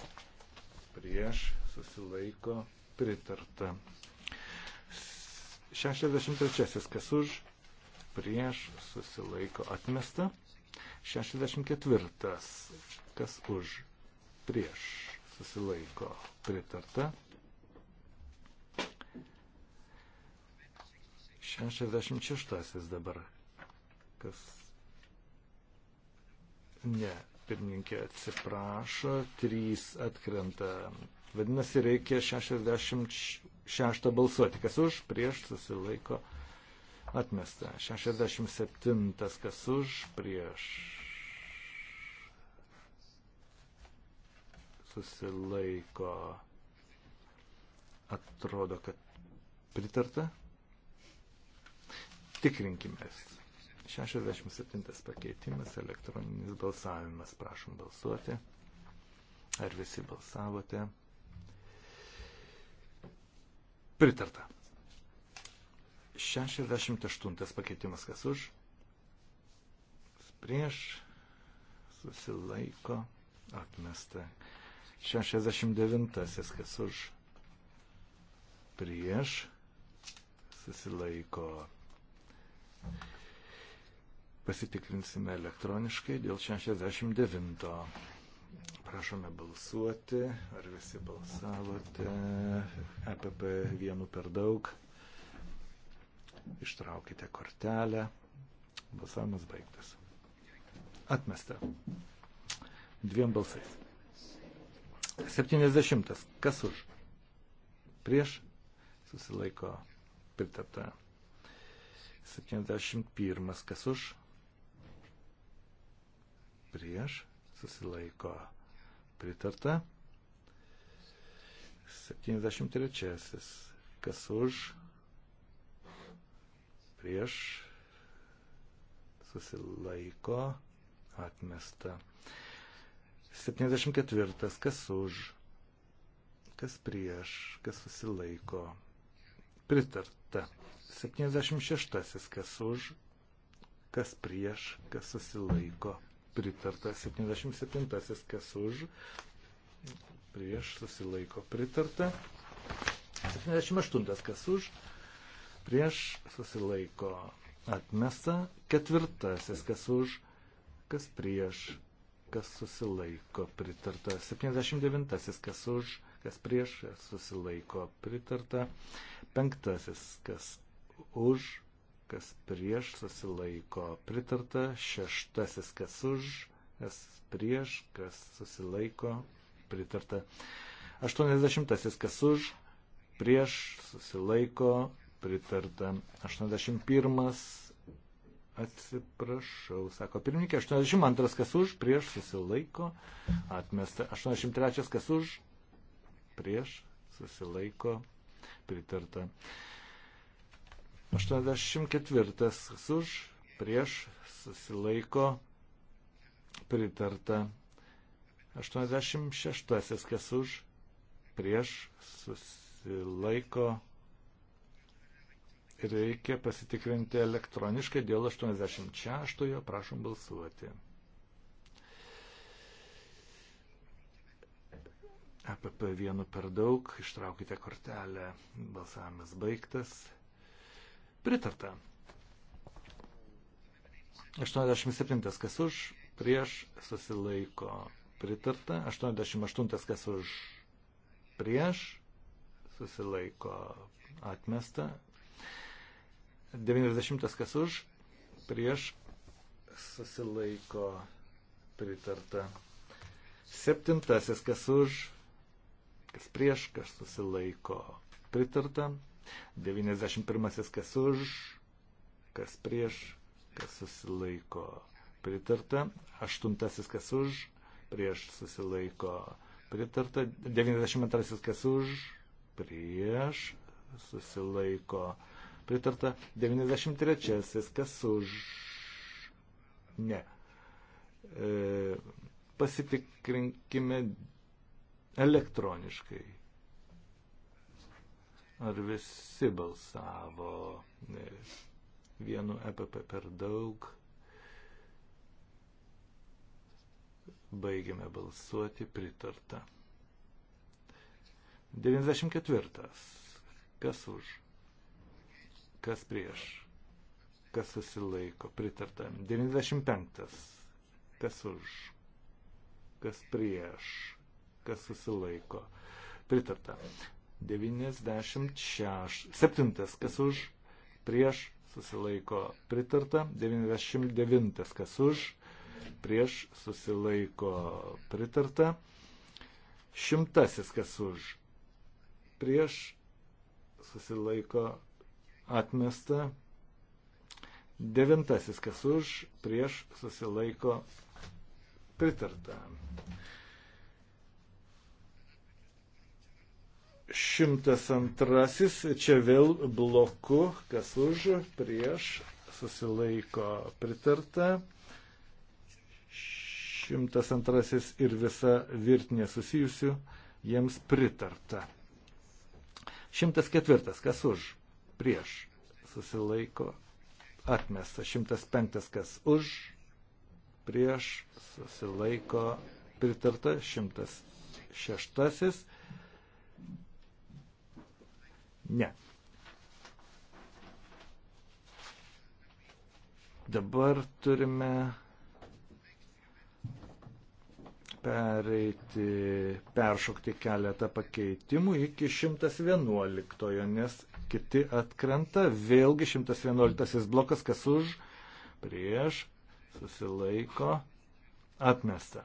prieš susilaiko pritarta. 63 kas už, prieš susilaiko atmesta, 64 kas už, prieš susilaiko pritarta, 66 dabar. Kas? Ne, pirmininkė atsiprašo, 3 atkrenta. Vadinasi, reikia 66 balsuoti. Kas už, prieš susilaiko atmesta. 67 kas už, prieš susilaiko. Atrodo, kad pritarta. Tikrinkime. 67 pakeitimas, elektroninis balsavimas. Prašom balsuoti. Ar visi balsavote? Pritarta. 68 pakeitimas kas už? Prieš susilaiko atmesta. 69 kas už? Prieš susilaiko atmesta Pasitikrinsime elektroniškai dėl 69. Prašome balsuoti. Ar visi balsavote? EPP vienu per daug. Ištraukite kortelę. Balsavimas baigtas. Atmesta. Dviem balsais. 70. Kas už? Prieš susilaiko pritarta. 71. Kas už? Prieš. Susilaiko. Pritarta. 73. Kas už? Prieš. Susilaiko. Atmesta. 74. Kas už? Kas prieš? Kas susilaiko? Pritarta. 76. Kas už, kas prieš, kas susilaiko. Pritarta. 77. Kas už, prieš, susilaiko. Pritarta. 78. Kas už, prieš, susilaiko. Atmesta. Ketvirtasis. Kas už, kas prieš, kas susilaiko. Pritarta. 79. Kas už, kas prieš, susilaiko. Pritarta. Penktasis. Kas už, kas prieš susilaiko pritarta, šeštasis kas už, kas prieš, kas susilaiko pritarta. Aštuoniasdešimtasis kas už, prieš susilaiko pritarta. Aštuoniasdešimt pirmas Atsiprašau, sako pirmininkė, 82 kas už, prieš susilaiko, atmesta, 83 kas už, prieš susilaiko, pritarta. 84 už, prieš, susilaiko, pritarta. 86 kas už, prieš, susilaiko, reikia pasitikrinti elektroniškai dėl 86, prašom balsuoti. APP e vienu per daug, ištraukite kortelę, balsavimas baigtas. Pritarta. 87 kas už, prieš susilaiko. Pritarta. 88 kas už, prieš susilaiko. Atmesta. 90 kas už, prieš susilaiko. Pritarta. Septintasis kas už, kas prieš, kas susilaiko. Pritarta. 91 kas už, kas prieš, kas susilaiko pritarta, 8 kas už, prieš susilaiko pritarta, 92 kas už, prieš susilaiko pritarta, 93 kas už, ne. E, pasitikrinkime elektroniškai. Ar visi balsavo? Vienu EPP per daug. Baigiame balsuoti, pritarta. 94. Kas už? Kas prieš? Kas susilaiko? Pritarta. 95. Kas už? Kas prieš? Kas susilaiko? Pritarta. 96. Septintas, kas už, prieš, susilaiko pritarta. 99, kas už, prieš, susilaiko pritarta. Šimtasis, kas už, prieš, susilaiko atmesta. Devintasis, kas už, prieš, susilaiko pritarta. 102. Čia vėl bloku, kas už, prieš, susilaiko pritarta. 102 ir visa virtinė susijusių jiems pritarta. 104. Kas už, prieš, susilaiko atmesta. 105. Kas už, prieš, susilaiko pritarta. 106 Ne. Dabar turime pereiti, peršokti keletą pakeitimų iki 111, nes kiti atkrenta. Vėlgi 111 blokas, kas už, prieš, susilaiko, atmesta.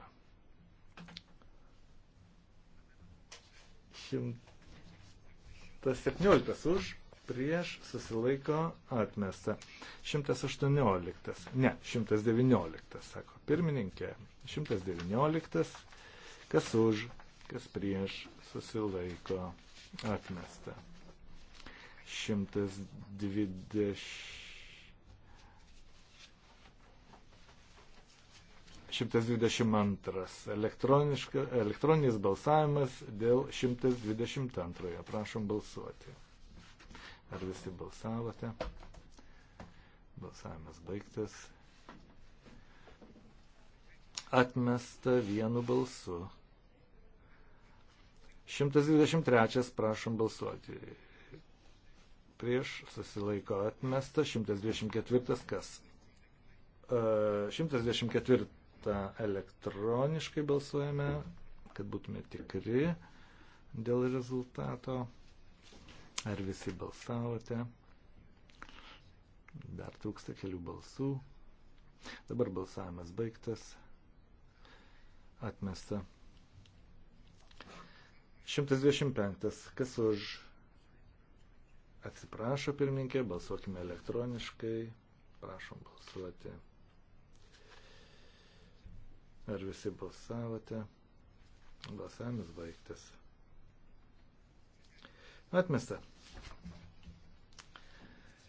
100. 117 už, prieš susilaiko atmesta. 118, ne, 119, sako pirmininkė. 119, kas už, kas prieš susilaiko atmesta. 120. 122. Elektroninis balsavimas dėl 122. Prašom balsuoti. Ar visi balsavote? Balsavimas baigtas. Atmesta vienu balsu. 123. Prašom balsuoti. Prieš susilaiko atmesta. 124. Kas? 124 e, kartą elektroniškai balsuojame, kad būtume tikri dėl rezultato. Ar visi balsavote? Dar trūksta kelių balsų. Dabar balsavimas baigtas. Atmesta. 125. Kas už? Atsiprašo pirmininkė, balsuokime elektroniškai. Prašom balsuoti. Ar visi balsavote? Balsavimas baigtas. Atmesta.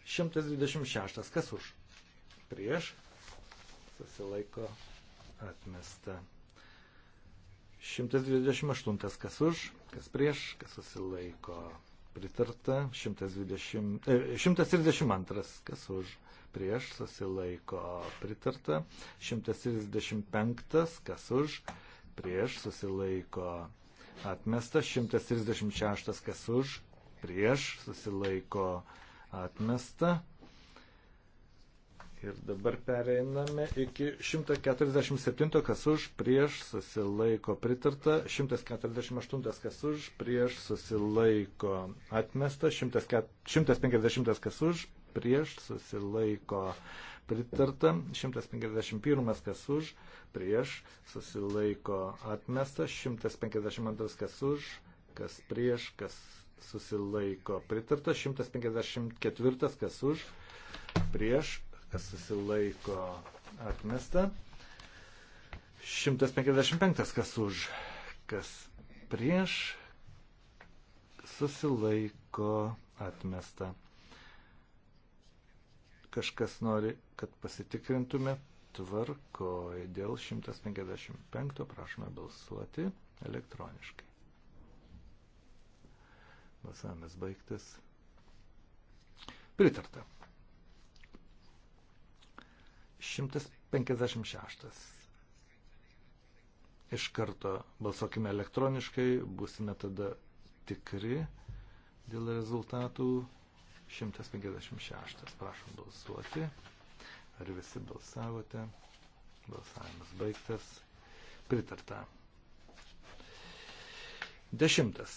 126. Kas už? Prieš. Susilaiko atmesta. 128. Kas už? Kas prieš? Kas susilaiko? Pritarta. 120, eh, 132. Kas už? prieš susilaiko pritarta, 135 kas už, prieš susilaiko atmesta, 136 kas už, prieš susilaiko atmesta. Ir dabar pereiname iki 147, kas už, prieš susilaiko pritarta, 148, kas už, prieš susilaiko atmesta, 150, kas už, prieš, susilaiko pritarta, 151 kas už, prieš, susilaiko atmestas, 152 kas už, kas prieš, kas susilaiko pritarta, 154 kas už, prieš, kas susilaiko atmesta, 155 kas už, kas prieš, susilaiko atmesta kažkas nori, kad pasitikrintume. Tvarkoje dėl 155 prašome balsuoti elektroniškai. Balsavimas baigtas. Pritarta. 156. Iš karto balsuokime elektroniškai, būsime tada tikri dėl rezultatų 156. Prašom balsuoti. Ar visi balsavote? Balsavimas baigtas. Pritarta. Dešimtas.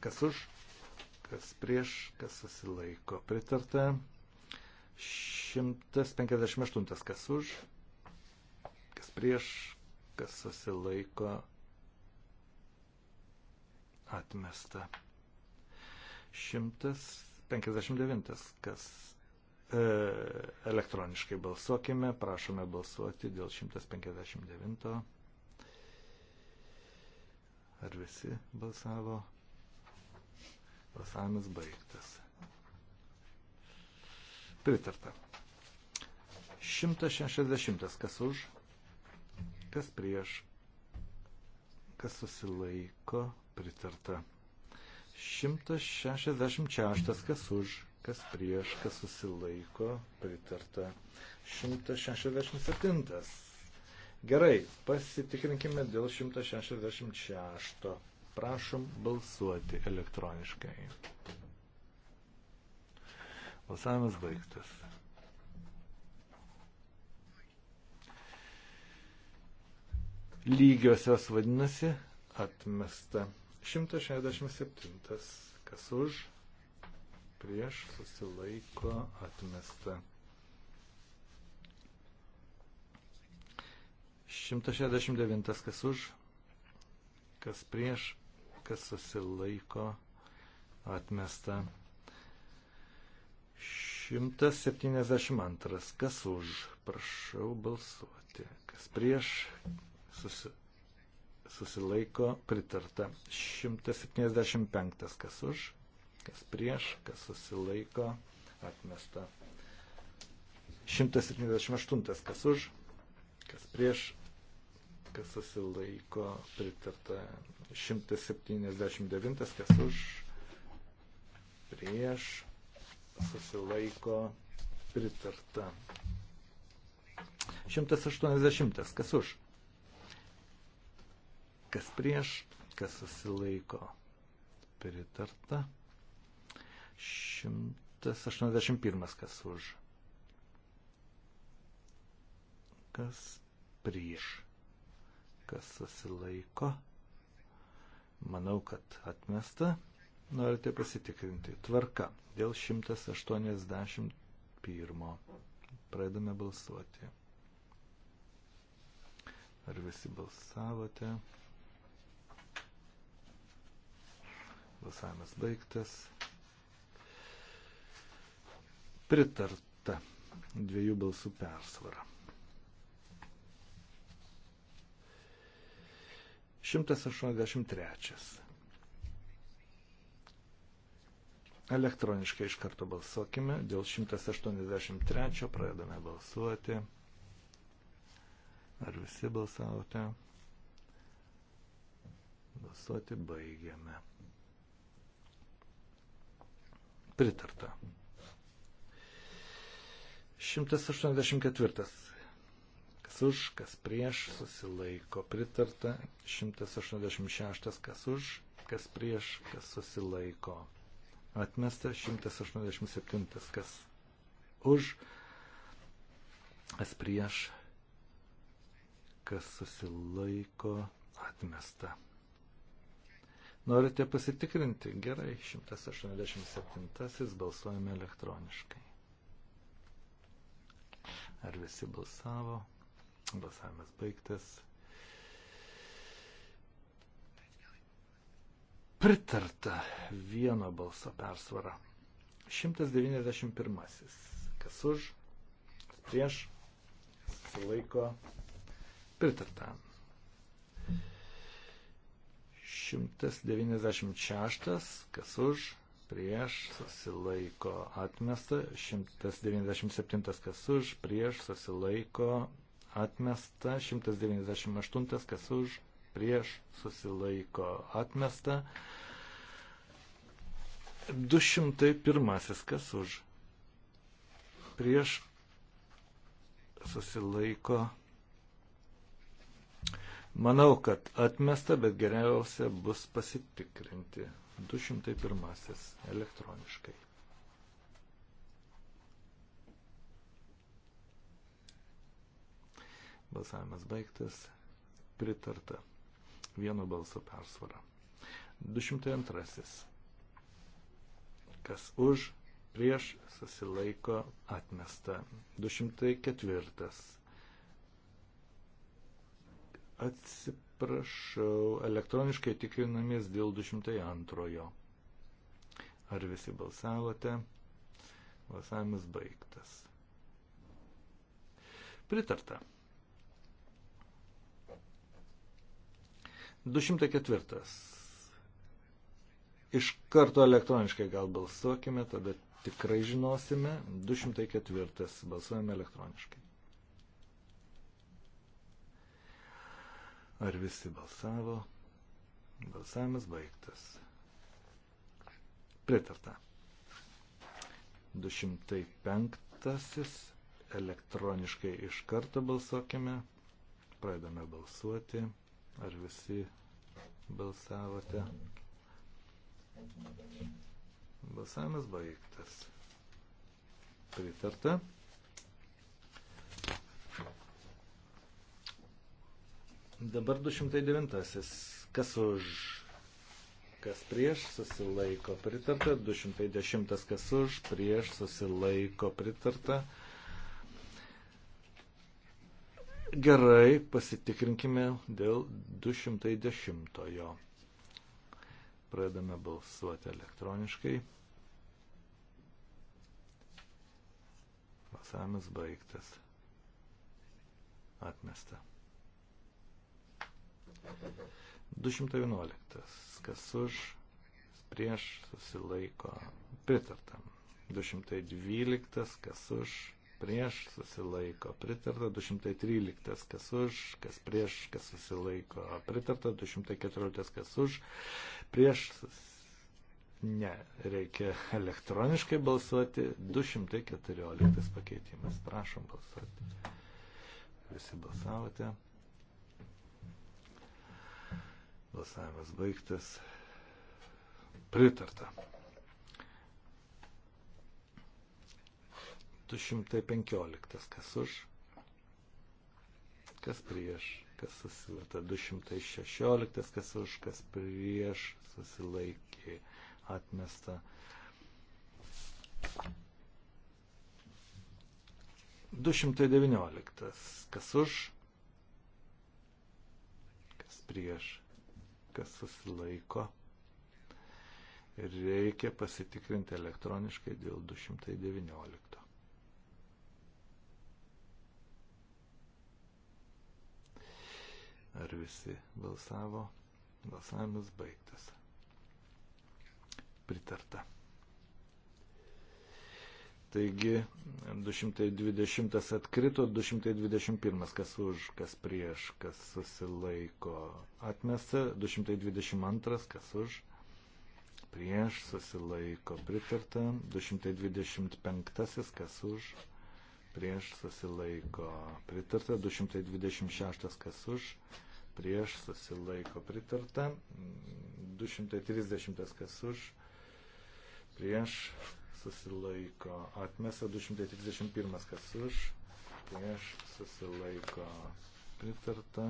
Kas už, kas prieš, kas susilaiko. Pritarta. 158. Kas už, kas prieš, kas susilaiko. Atmesta. 159. Kas e, elektroniškai balsuokime, prašome balsuoti dėl 159. Ar visi balsavo? Balsavimas baigtas. Pritarta. 160. Kas už? Kas prieš? Kas susilaiko? Pritarta. 166, kas už, kas prieš, kas susilaiko, pritarta. 167. Gerai, pasitikrinkime dėl 166. Prašom balsuoti elektroniškai. Balsavimas baigtas. Lygiosios vadinasi atmesta. 167. Kas už, prieš susilaiko atmesta. 169. Kas už, kas prieš, kas susilaiko atmesta. 172. Kas už, prašau balsuoti. Kas prieš, susilaiko susilaiko pritarta. 175 kas už, kas prieš, kas susilaiko atmesta. 178 kas už, kas prieš, kas susilaiko pritarta. 179 kas už, prieš, susilaiko pritarta. 180 kas už kas prieš, kas susilaiko pritarta. 181 kas už. Kas prieš, kas susilaiko. Manau, kad atmesta. Norite pasitikrinti. Tvarka dėl 181. Pradame balsuoti. Ar visi balsavote? Balsavimas baigtas. Pritarta dviejų balsų persvara. 183. Elektroniškai iš karto balsuokime. Dėl 183 pradedame balsuoti. Ar visi balsavote? Balsuoti baigiame. Pritarta. 184. Kas už, kas prieš, susilaiko. Pritarta. 186. Kas už, kas prieš, kas susilaiko. Atmesta 187. Kas už, kas prieš, kas susilaiko. Atmesta. Norite pasitikrinti? Gerai, 187 balsuojame elektroniškai. Ar visi balsavo? Balsavimas baigtas. Pritarta vieno balso persvara. 191. Kas už? Prieš? Sulaiko. Pritarta. 196, kas už, prieš, susilaiko atmesta. 197, kas už, prieš, susilaiko atmesta. 198, kas už, prieš, susilaiko atmesta. 201, kas už, prieš, susilaiko atmesta Manau, kad atmesta, bet geriausia bus pasitikrinti. 201 elektroniškai. Balsavimas baigtas. Pritarta. Vieno balso persvara. 202. Kas už, prieš, susilaiko, atmesta. 204 Atsiprašau, elektroniškai tikrinamės dėl 202. Ar visi balsavote? Balsavimas baigtas. Pritarta. 204. Iš karto elektroniškai gal balsuokime, tada tikrai žinosime. 204. Balsuojame elektroniškai. Ar visi balsavo? Balsavimas baigtas. Pritarta. 205 elektroniškai iš karto balsuokime. Pradame balsuoti. Ar visi balsavote? Balsavimas baigtas. Pritarta. Dabar 209. Kas už, kas prieš susilaiko pritarta. 210. Kas už, prieš susilaiko pritarta. Gerai, pasitikrinkime dėl 210. Pradedame balsuoti elektroniškai. Balsavimas baigtas. Atmesta. 211. Kas už, prieš, susilaiko, pritarta. 212. Kas už, prieš, susilaiko, pritarta. 213. Kas už, kas prieš, kas susilaiko, pritarta. 214. Kas už, prieš, susilaiko. Ne, reikia elektroniškai balsuoti. 214 pakeitimas. Prašom balsuoti. Visi balsavote. Balsavimas baigtas. Pritarta. 215. Kas už? Kas prieš? Kas susilaikė? 216. Kas už? Kas prieš? Susilaikė. Atmesta. 219. Kas už? Kas prieš? kas susilaiko. Reikia pasitikrinti elektroniškai dėl 219. Ar visi balsavo? Balsavimas baigtas. Pritarta. Taigi 220 atkrito, 221 kas už, kas prieš, kas susilaiko atmesta, 222 kas už, prieš susilaiko pritarta, 225 kas už, prieš susilaiko pritarta, 226 kas už, prieš susilaiko pritarta, 230 kas už, prieš susilaiko atmesta, 231 kas už, prieš susilaiko pritarta,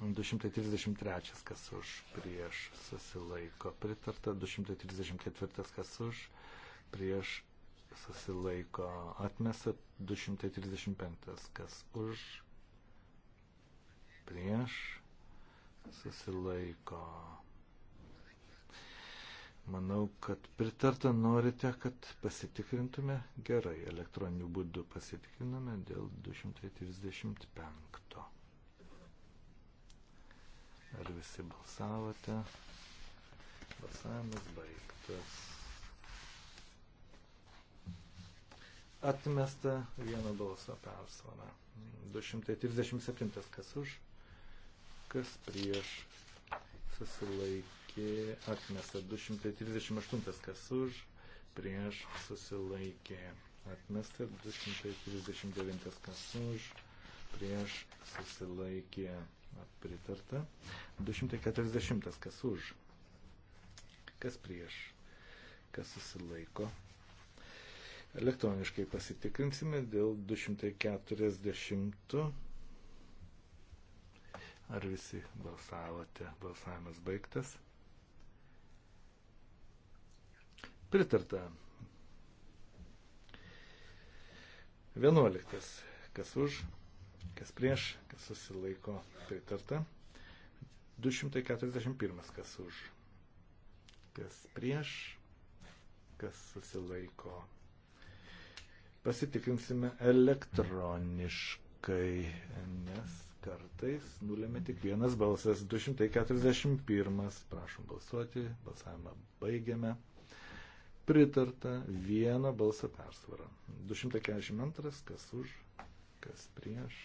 233 kas už, prieš susilaiko pritarta, 234 kas už, prieš susilaiko atmesta, 235 kas už, prieš susilaiko pritarta Manau, kad pritarta norite, kad pasitikrintume gerai. Elektroniniu būdu pasitikriname dėl 235. Ar visi balsavote? Balsavimas baigtas. Atmesta vieno balso persvara. 237 kas už, kas prieš susilaikė susilaikė atmesta. 238 kas už, prieš susilaikė atmesta. 239 kas už, prieš susilaikė pritarta. 240 kas už, kas prieš, kas susilaiko. Elektroniškai pasitikrinsime dėl 240 Ar visi balsavote? Balsavimas baigtas. Pritarta. 11. Kas už, kas prieš, kas susilaiko. Pritarta. 241. Kas už, kas prieš, kas susilaiko. Pasitikrinsime elektroniškai, nes kartais nulėmė tik vienas balsas. 241. Prašom balsuoti. Balsavimą baigiame pritarta vieną balsą persvarą. 242, kas už, kas prieš,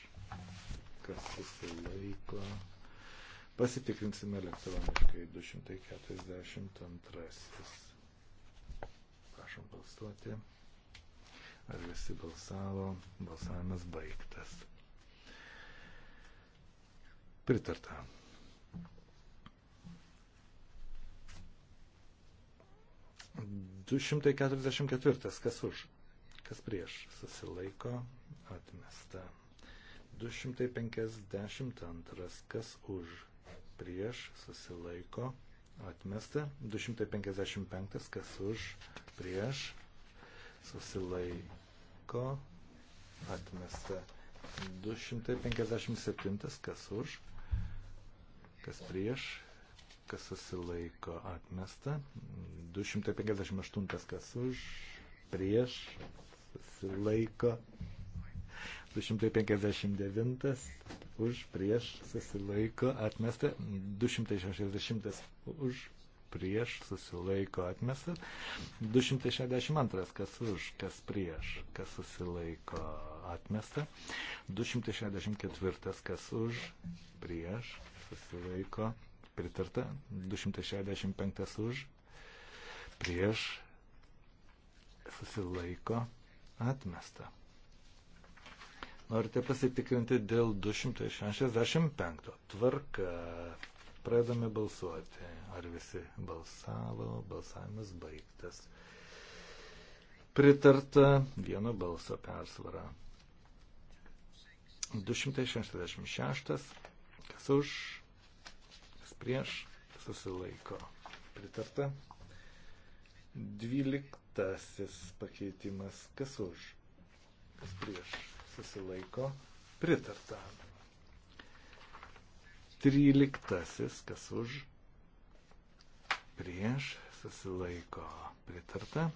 kas susilaiko. Pasitikrinsime elektroniškai 242. Prašom balsuoti. Ar visi balsavo? Balsavimas baigtas. Pritarta. 244. Kas už? Kas prieš? Susilaiko. Atmesta. 252. Kas už? Prieš. Susilaiko. Atmesta. 255. Kas už? Prieš. Susilaiko. Atmesta. 257. Kas už? Kas prieš? kas susilaiko atmesta. 258 kas už, prieš, susilaiko. 259 už, prieš, susilaiko atmesta. 260 už, prieš, susilaiko atmesta. 262 kas už, kas prieš, kas susilaiko atmesta. 264 kas už, prieš, susilaiko atmesta pritarta, 265 už, prieš, susilaiko, atmesta. Norite pasitikrinti dėl 265. Tvarka. Pradame balsuoti. Ar visi balsavo? Balsavimas baigtas. Pritarta vieno balso persvara. 266. Kas už? prieš susilaiko pritarta. Dvyliktasis pakeitimas, kas už, kas prieš susilaiko pritarta. Tryliktasis, kas už, prieš susilaiko pritarta.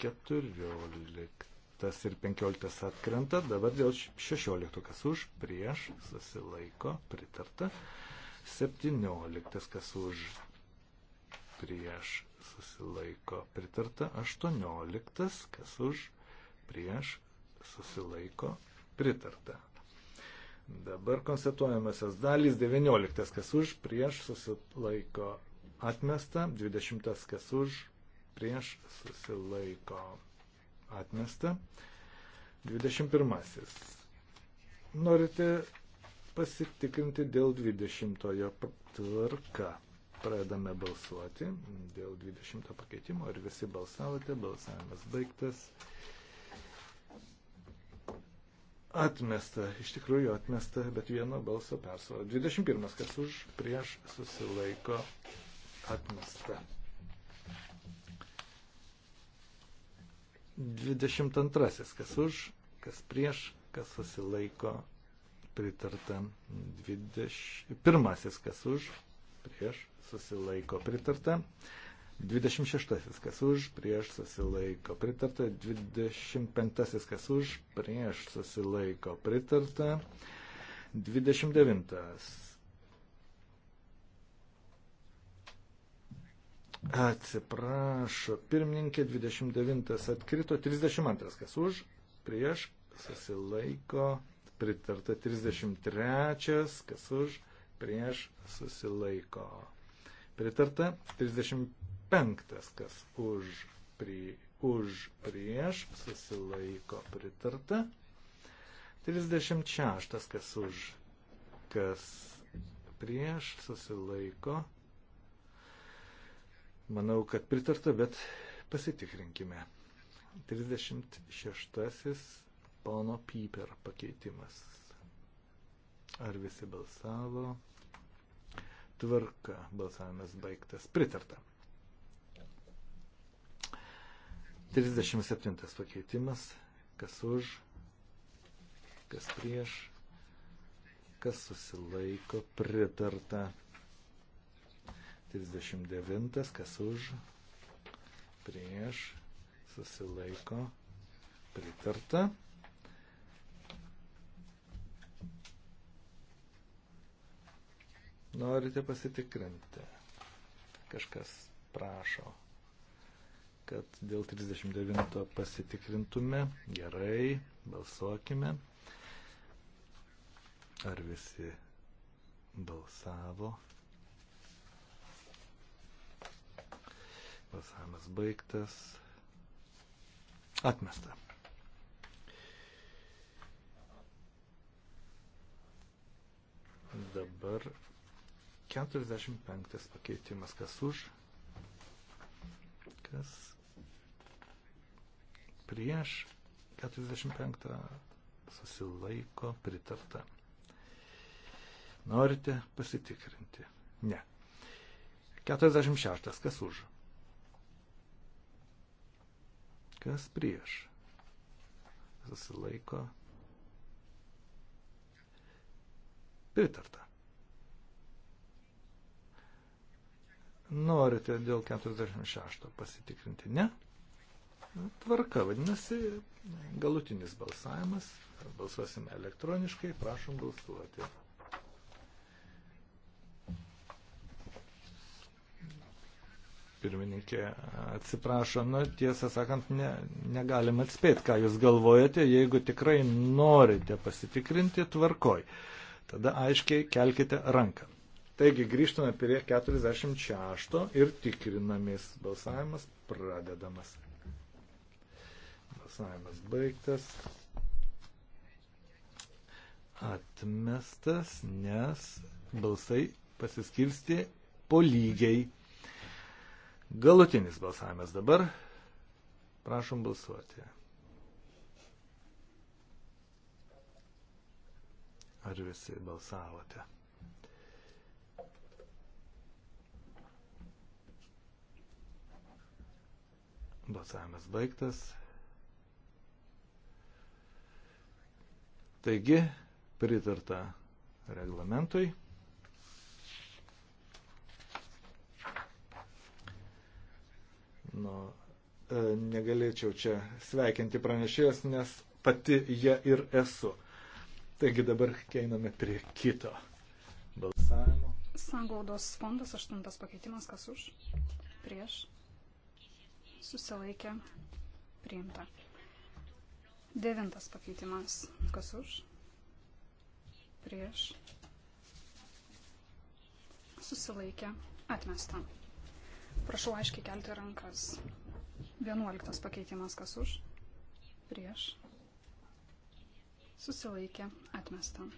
Keturioliktas tas ir 15 atkrenta, dabar dėl 16, kas už, prieš, susilaiko, pritarta, 17, kas už prieš susilaiko pritarta, 18, kas už prieš susilaiko pritarta. Dabar konstatuojamasias dalys 19, kas už prieš susilaiko atmesta, 20, kas už prieš susilaiko atmesta, 21. Norite pasitikrinti dėl 20 tvarka. Pradedame balsuoti dėl 20 pakeitimo ir visi balsavote, balsavimas baigtas. Atmesta, iš tikrųjų atmesta, bet vieno balso persvara. 21, kas už, prieš, susilaiko, atmesta. 22, kas už, kas prieš, kas susilaiko, pritarta 20, pirmasis kas už, prieš susilaiko pritarta, 26 kas už, prieš susilaiko pritarta, 25 kas už, prieš susilaiko pritarta, 29. Atsiprašo, pirmininkė 29 atkrito, 32 kas už, prieš susilaiko pritarta 33, kas už, prieš susilaiko. Pritarta 35, kas už, pri, už prieš susilaiko. Pritarta 36, kas už, kas prieš susilaiko. Manau, kad pritarta, bet pasitikrinkime. 36 pono Piper pakeitimas. Ar visi balsavo? Tvarka, balsavimas baigtas. Pritarta. 37 pakeitimas. Kas už, kas prieš, kas susilaiko, pritarta. 39, kas už, prieš, susilaiko, pritarta. Norite pasitikrinti. Kažkas prašo, kad dėl 39 pasitikrintume. Gerai, balsuokime. Ar visi balsavo? Balsavimas baigtas. Atmesta. Dabar 45 pakeitimas, kas už, kas prieš 45 susilaiko pritarta. Norite pasitikrinti? Ne. 46. Kas už? Kas prieš? Susilaiko. Pritarta. Norite dėl 46 pasitikrinti, ne? Tvarka, vadinasi, galutinis balsavimas. Balsuosime elektroniškai, prašom balsuoti. pirmininkė atsiprašo, nu tiesą sakant, ne, negalim atspėti, ką jūs galvojate, jeigu tikrai norite pasitikrinti tvarkoj. Tada aiškiai kelkite ranką. Taigi grįžtame prie 46 ir tikrinamės. Balsavimas pradedamas. Balsavimas baigtas. Atmestas, nes balsai pasiskirsti po lygiai. Galutinis balsavimas dabar. Prašom balsuoti. Ar visi balsavote? Balsavimas baigtas. Taigi, pritarta reglamentui. Nu, e, negalėčiau čia sveikinti pranešėjas, nes pati ją ir esu. Taigi dabar einame prie kito balsavimo. Sangaudos fondas, aštuntas pakeitimas, kas už? Prieš susilaikė, priimta. Devintas pakeitimas. Kas už? Prieš. Susilaikė, atmesta. Prašau aiškiai kelti rankas. Vienuoliktas pakeitimas. Kas už? Prieš. Susilaikė, atmesta.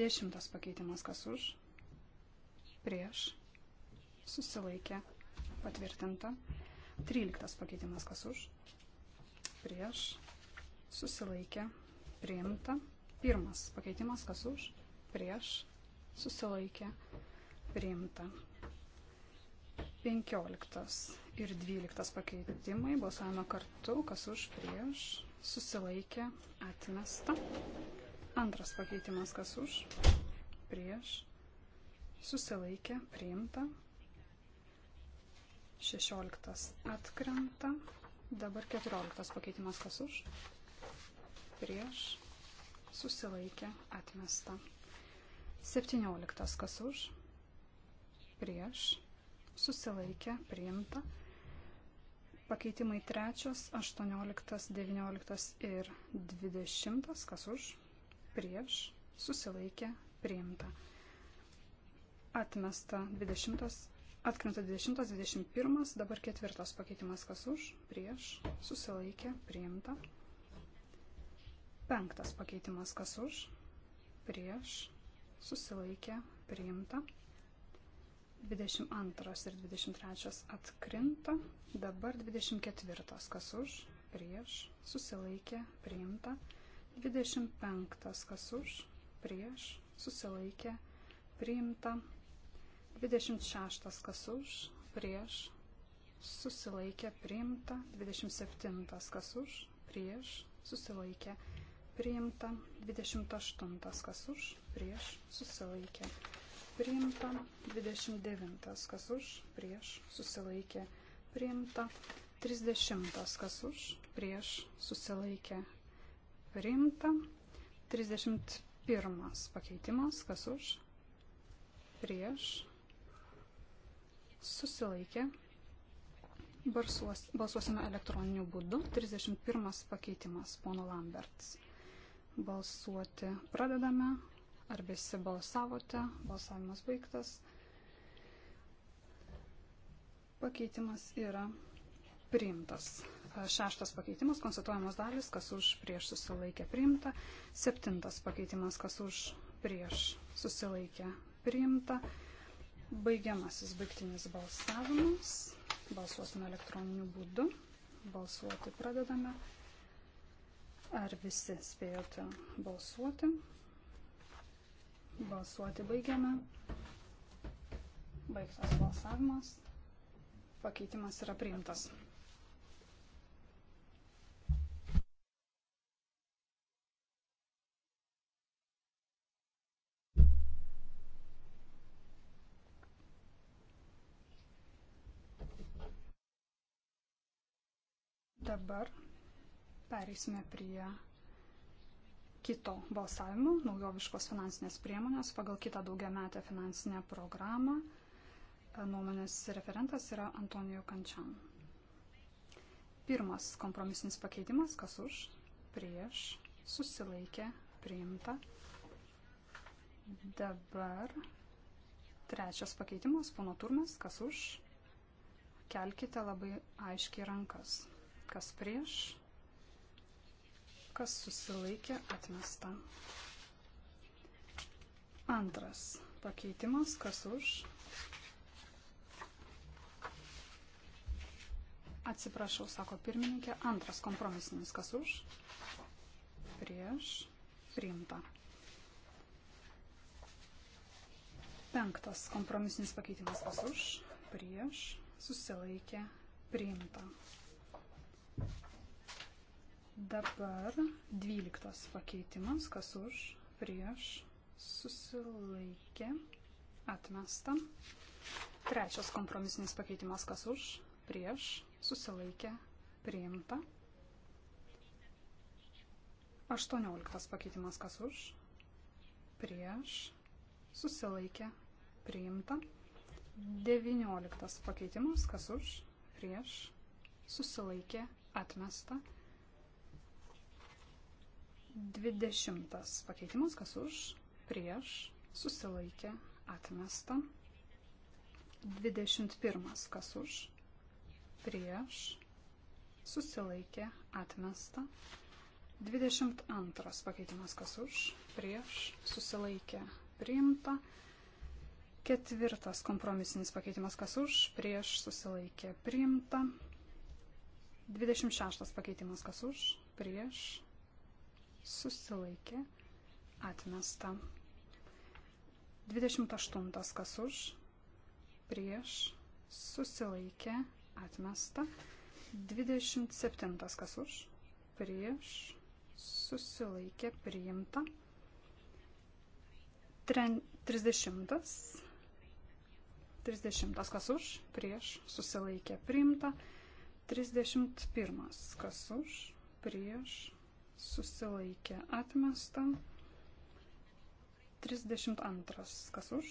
Dešimtas pakeitimas. Kas už? Prieš. Susilaikė, patvirtinta. 13 pakeitimas kas už, prieš, susilaikė, priimta. Pirmas pakeitimas kas už, prieš, susilaikė, priimta. 15 ir 12 pakeitimai balsavimo kartu, kas už, prieš, susilaikė, atmesta. Antras pakeitimas kas už, prieš, susilaikė, priimta. 16 atkrenta. Dabar 14 pakeitimas kas už. Prieš susilaikė atmesta. 17 kas už. Prieš susilaikė priimta. Pakeitimai 3, 18, 19 ir 20 kas už. Prieš susilaikė priimta. Atmesta 20 Atkrenta 20, 21, dabar ketvirtas pakeitimas kas už, prieš, susilaikė, priimta. Penktas pakeitimas kas už, prieš, susilaikė, priimta. 22 ir 23 atkrinta, dabar 24 kas už, prieš, susilaikė, priimta. 25 kas už, prieš, susilaikė, priimta. 26 kas už, prieš, susilaikė priimta. 27 kas už, prieš, susilaikė priimta. 28 kas už, prieš, susilaikė priimta. 29 kas už, prieš, susilaikė priimta. 30 kas už, prieš, susilaikė priimta. 31 pakeitimas kas už, prieš, susilaikė. Barsuos, balsuosime elektroniniu būdu. 31 pakeitimas, pono Lamberts. Balsuoti pradedame. Ar visi balsavote? Balsavimas baigtas. Pakeitimas yra priimtas. Šeštas pakeitimas, konstatuojamos dalis, kas už prieš susilaikė priimta. Septintas pakeitimas, kas už prieš susilaikė priimta. Baigiamasis baigtinis balsavimas. Balsuosime elektroniniu būdu. Balsuoti pradedame. Ar visi spėjote balsuoti? Balsuoti baigiame. Baigtas balsavimas. Pakeitimas yra priimtas. Dabar pereisime prie kito balsavimo, naujoviškos finansinės priemonės pagal kitą daugiametę finansinę programą. Nuomonės referentas yra Antonijo Kančian. Pirmas kompromisinis pakeitimas, kas už, prieš, susilaikė, priimta. Dabar trečias pakeitimas, pono turmes, kas už, kelkite labai aiškiai rankas kas prieš, kas susilaikė atmesta. Antras pakeitimas, kas už. Atsiprašau, sako pirmininkė, antras kompromisinis, kas už. Prieš, priimta. Penktas kompromisinis pakeitimas, kas už. Prieš, susilaikė, priimta. Dabar dvyliktas pakeitimas, kas už, prieš, susilaikė, atmesta. Trečias kompromisinis pakeitimas, kas už, prieš, susilaikė, priimta. Aštuonioliktas pakeitimas, kas už, prieš, susilaikė, priimta. Devynioliktas pakeitimas, kas už, prieš, susilaikė, atmesta. 20 pakeitimas, kas už, prieš, susilaikė, atmesta. 21 kas už, prieš, susilaikė, atmesta. 22 pakeitimas kas už, prieš, susilaikė, priimta. Ketvirtas kompromisinis pakeitimas kas už, prieš, susilaikė, priimta. 26 pakeitimas kas už, prieš, susilaikė, atmesta. 28. Kas už, prieš, susilaikė, atmesta. 27. Kas už, prieš, susilaikė, priimta. 30. 30. Kas už, prieš, susilaikė, priimta. 31. Kas už, prieš, susilaikė atmesta. 32. Kas už,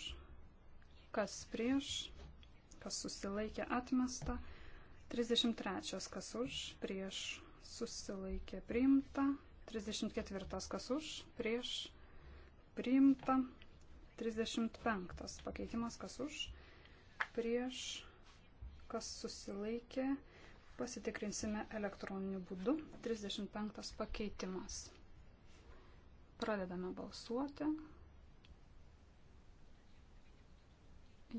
kas prieš, kas susilaikė atmesta. 33. Kas už, prieš, susilaikė priimta. 34. Kas už, prieš, priimta. 35. Pakeitimas kas už, prieš, kas susilaikė priimta Pasitikrinsime elektroniniu būdu. 35 pakeitimas. Pradedame balsuoti.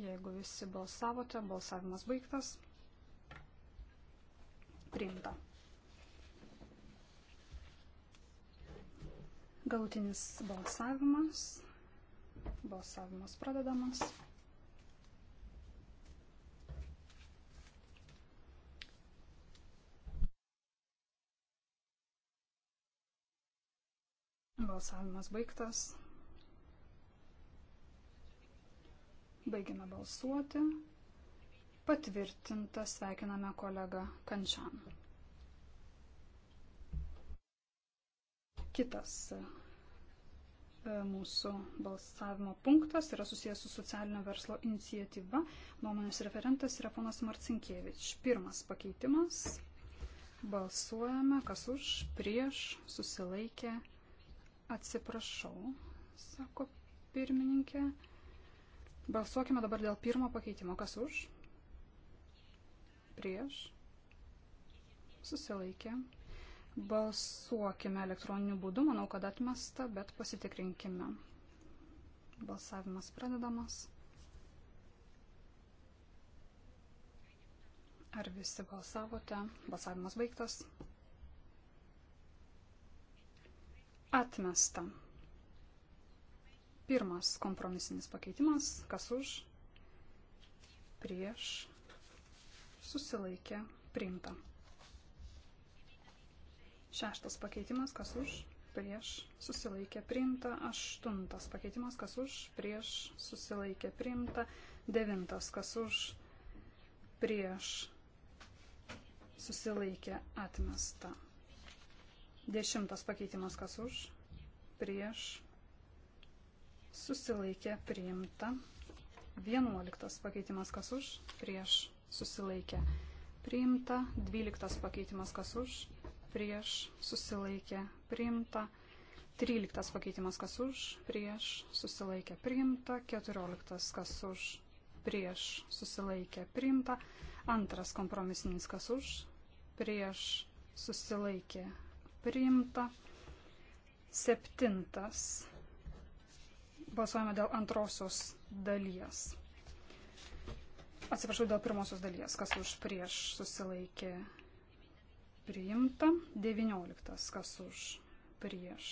Jeigu visi balsavote, balsavimas baigtas. Priimta. Galutinis balsavimas. Balsavimas pradedamas. Balsavimas baigtas. Baigime balsuoti. Patvirtinta sveikiname kolegą Kančian. Kitas e, mūsų balsavimo punktas yra susijęs su socialinio verslo inicijatyva. Nuomonės referentas yra ponas Marcinkievič. Pirmas pakeitimas. Balsuojame, kas už, prieš, susilaikė, Atsiprašau, sako pirmininkė. Balsuokime dabar dėl pirmo pakeitimo. Kas už? Prieš. Susilaikė. Balsuokime elektroniniu būdu. Manau, kad atmesta, bet pasitikrinkime. Balsavimas pradedamas. Ar visi balsavote? Balsavimas baigtas. Atmesta. Pirmas kompromisinis pakeitimas. Kas už? Prieš. Susilaikė. Priimta. Šeštas pakeitimas. Kas už? Prieš. Susilaikė. Priimta. Aštuntas pakeitimas. Kas už? Prieš. Susilaikė. Priimta. Devintas. Kas už? Prieš. Susilaikė. Atmesta. Dešimtas pakeitimas kas už, prieš, susilaikė, priimta. Vienuoliktas pakeitimas kas už, prieš, susilaikė, priimta. Dvyliktas pakeitimas kas už, prieš, susilaikė, priimta. Tryliktas pakeitimas kas už, prieš, susilaikė, priimta. Keturioliktas kas už, prieš, susilaikė, priimta. Antras kompromisinis kas už, prieš, susilaikė, priimta. Septintas. Balsuojame dėl antrosios dalies. Atsiprašau, dėl pirmosios dalies. Kas už prieš susilaikė priimta. Devinioliktas. Kas už prieš.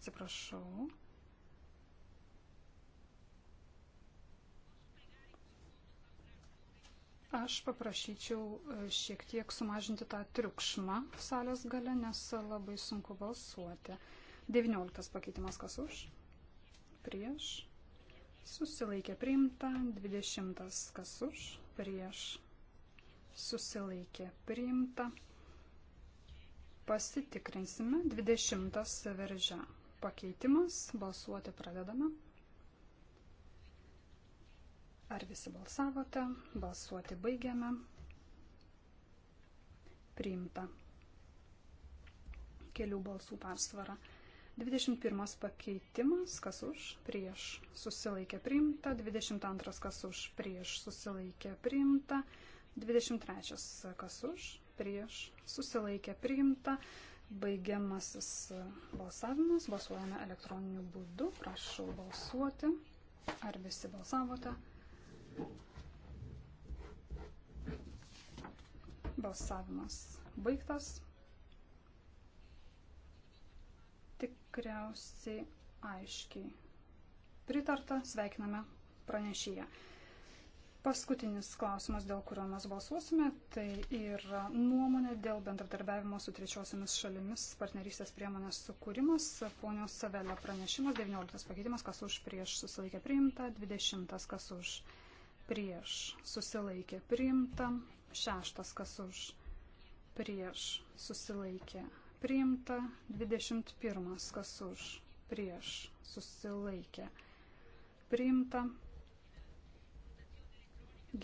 Atsiprašau. Aš paprašyčiau e, šiek tiek sumažinti tą triukšmą salės gale, nes labai sunku balsuoti. 19 pakeitimas kas už? Prieš. Susilaikė priimta. 20 kas už? Prieš. Susilaikė priimta. Pasitikrinsime. 20 veržia. Pakeitimas. Balsuoti pradedame. Ar visi balsavote? Balsuoti baigiame. Priimta. Kelių balsų persvara. 21 pakeitimas, kas už, prieš, susilaikė priimta. 22 kas už, prieš, susilaikė priimta. 23 kas už, prieš, susilaikė priimta. Baigiamasis balsavimas. Balsuojame elektroniniu būdu. Prašau balsuoti. Ar visi balsavote? Balsavimas baigtas. Tikriausiai aiškiai pritarta. Sveikiname pranešėją. Paskutinis klausimas, dėl kurio mes balsuosime, tai yra nuomonė dėl bendradarbiavimo su trečiosiamis šalimis partnerystės priemonės sukūrimas. Ponios Savelio pranešimas, 19 pakeitimas, kas už prieš susilaikė priimta, 20 kas už prieš susilaikė priimta, šeštas kas už prieš susilaikė priimta, 21 kas už prieš susilaikė priimta.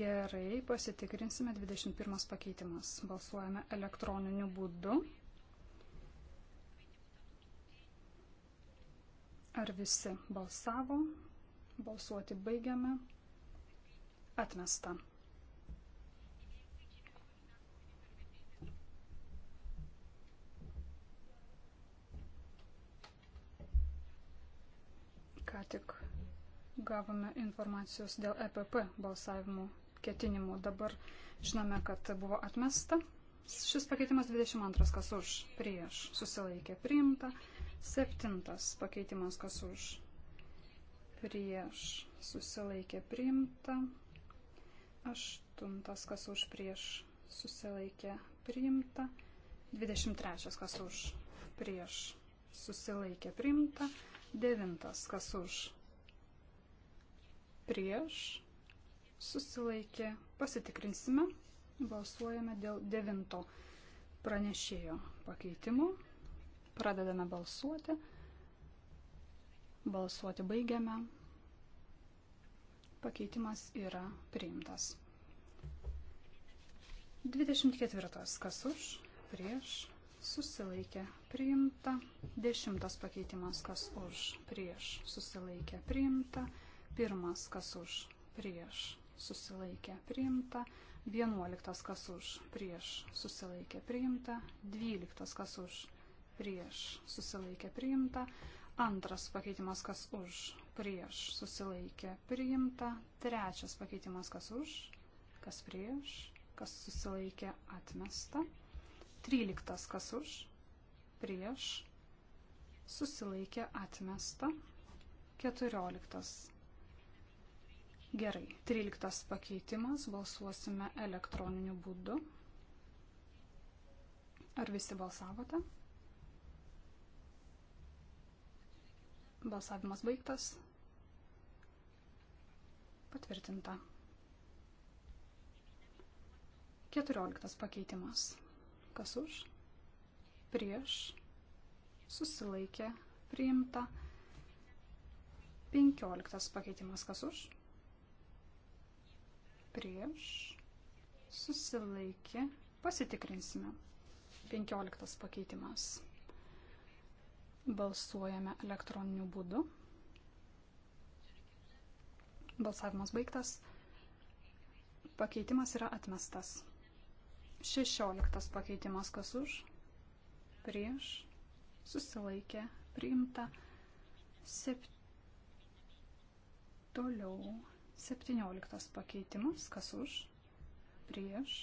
Gerai, pasitikrinsime 21 pakeitimas. Balsuojame elektroniniu būdu. Ar visi balsavo? Balsuoti baigiame. Atmesta. Ką tik gavome informacijos dėl EPP balsavimų ketinimų. Dabar žinome, kad buvo atmesta. Šis pakeitimas 22, kas už, prieš, susilaikė, priimta. Septintas pakeitimas, kas už, prieš, susilaikė, priimta. Aštuntas, kas už prieš susilaikė priimta. 23, kas už prieš susilaikė priimta. 9, kas už prieš susilaikė. Pasitikrinsime. Balsuojame dėl 9 pranešėjo pakeitimo. Pradedame balsuoti. Balsuoti baigiame. Pakeitimas yra priimtas. 24. Kas už, prieš, susilaikė, priimta. 10. Pakeitimas. Kas už, prieš, susilaikė, priimta. 1. Kas už, prieš, susilaikė, priimta. 11. Kas už, prieš, susilaikė, priimta. 12. Kas už, prieš, susilaikė, priimta. Antras pakeitimas, kas už, prieš susilaikė priimta, trečias pakeitimas kas už, kas prieš, kas susilaikė atmesta, tryliktas kas už, prieš, susilaikė atmesta, keturioliktas. Gerai, tryliktas pakeitimas, balsuosime elektroniniu būdu. Ar visi balsavote? Balsavimas baigtas. Patvirtinta. 14 pakeitimas. Kas už? Prieš. Susilaikė. Priimta. 15 pakeitimas. Kas už? Prieš. Susilaikė. Pasitikrinsime. 15 pakeitimas. Balsuojame elektroniniu būdu. Balsavimas baigtas. Pakeitimas yra atmestas. 16 pakeitimas kas už, prieš, susilaikė, priimta. Sep... Toliau 17 pakeitimas kas už, prieš,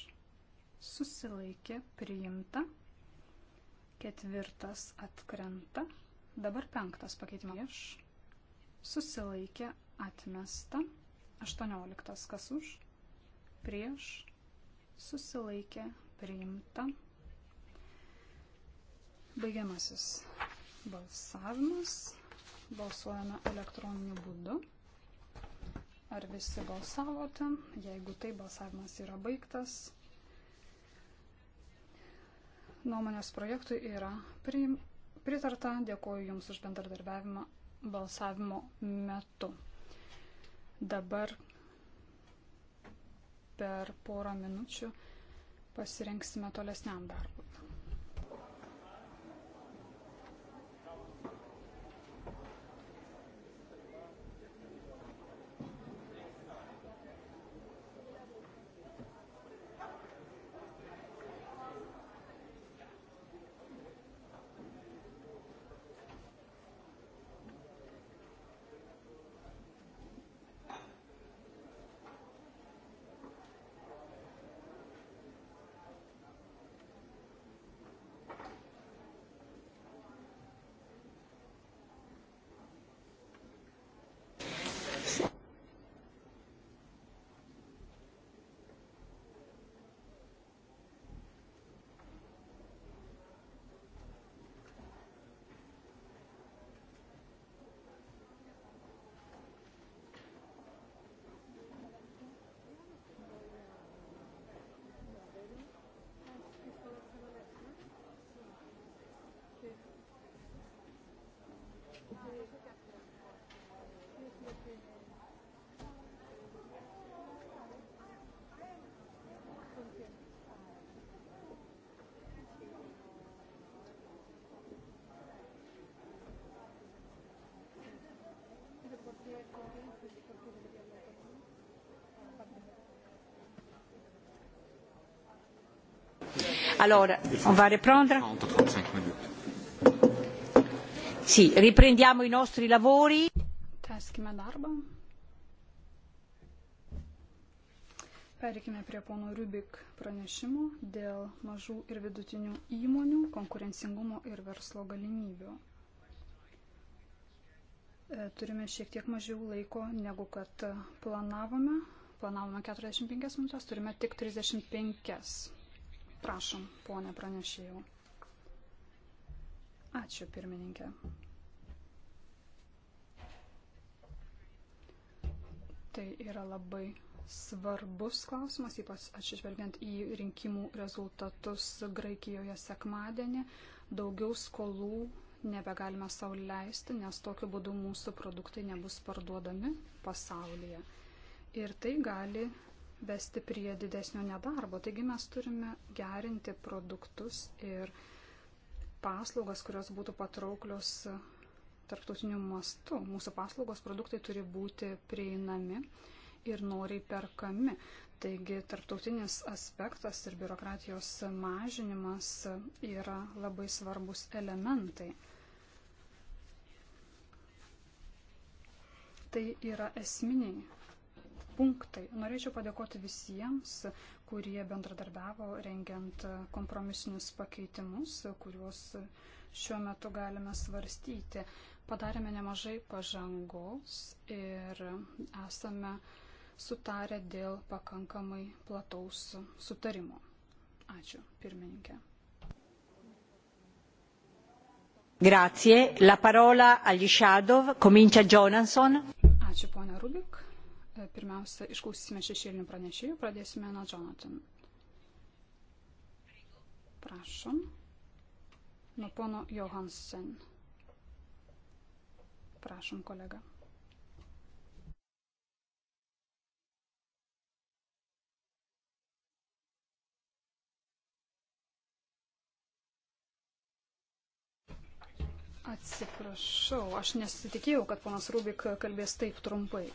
susilaikė, priimta. Ketvirtas atkrenta. Dabar penktas pakeitimas prieš. Susilaikė atmesta. Aštuonioliktas kas už. Prieš. Susilaikė priimta. Baigiamasis balsavimas. Balsuojame elektroniniu būdu ar visi balsavote. Jeigu tai balsavimas yra baigtas, nuomonės projektui yra pritarta. Dėkuoju Jums už bendradarbiavimą balsavimo metu. Dabar per porą minučių pasirinksime tolesniam darbui. Allora, on va riprendere? Sì, riprendiamo i nostri lavori. Tęskime darbą. Pereikime prie pono Rubik pranešimo dėl mažų ir vidutinių įmonių, konkurencingumo ir verslo galimybių. E, turime šiek tiek mažiau laiko, negu kad planavome. Planavome 45 minutės, turime tik 35. Prašom, ponė pranešėjau. Ačiū, pirmininkė. Tai yra labai svarbus klausimas, ypač atsižvelgiant į rinkimų rezultatus Graikijoje sekmadienį. Daugiau skolų nebegalime sauliaisti, nes tokiu būdu mūsų produktai nebus parduodami pasaulyje. Ir tai gali vesti prie didesnio nedarbo. Taigi mes turime gerinti produktus ir paslaugas, kurios būtų patrauklios tarptautiniu mastu. Mūsų paslaugos produktai turi būti prieinami ir noriai perkami. Taigi tarptautinis aspektas ir biurokratijos mažinimas yra labai svarbus elementai. Tai yra esminiai punktai. Norėčiau padėkoti visiems, kurie bendradarbiavo rengiant kompromisinius pakeitimus, kuriuos šiuo metu galime svarstyti. Padarėme nemažai pažangos ir esame sutarę dėl pakankamai plataus sutarimo. Ačiū, pirmininkė. Grazie. La parola agli Shadow. Comincia Jonathan. Ačiū, ponia Rubik. Pirmiausia, išklausysime šešėlinių pranešėjų, pradėsime nuo Jonathan. Prašom. Nuo pono Johansen. Prašom, kolega. Atsiprašau, aš nesitikėjau, kad ponas Rubik kalbės taip trumpai.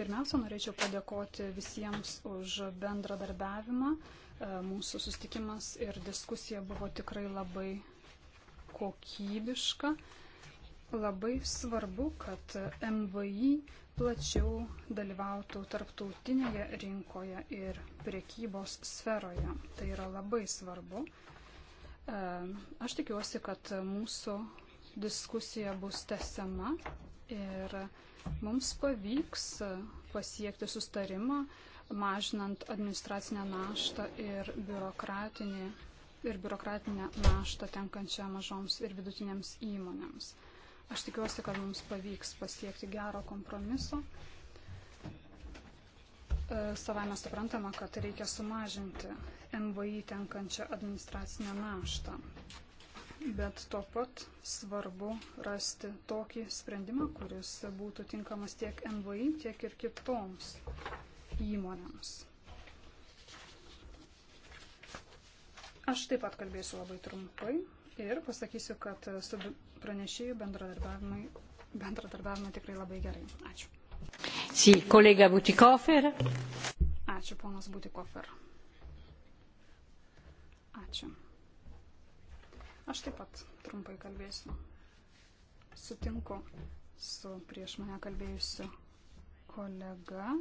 Pirmiausia, norėčiau padėkoti visiems už bendradarbiavimą. E, mūsų sustikimas ir diskusija buvo tikrai labai kokybiška. Labai svarbu, kad MVI plačiau dalyvautų tarptautinėje rinkoje ir priekybos sferoje. Tai yra labai svarbu. E, aš tikiuosi, kad mūsų diskusija bus tesiama ir uh, mums pavyks e, pasiekti sustarimą, mažinant administracinę naštą ir biurokratinį ir biurokratinę naštą tenkančią mažoms ir vidutinėms įmonėms. Aš tikiuosi, kad mums pavyks pasiekti gero kompromiso. E, savai mes suprantame, kad reikia sumažinti MVI tenkančią administracinę naštą bet tuo pat svarbu rasti tokį sprendimą, kuris būtų tinkamas tiek NVI, tiek ir kitoms įmonėms. Aš taip pat kalbėsiu labai trumpai ir pasakysiu, kad su pranešėjų bendradarbiavimai tikrai labai gerai. Ačiū. Sì, si, collega Butikofer. Ačiū, ponas Butikofer. Ačiū. Aš taip pat trumpai kalbėsiu. Sutinku su prieš mane kalbėjusiu kolega.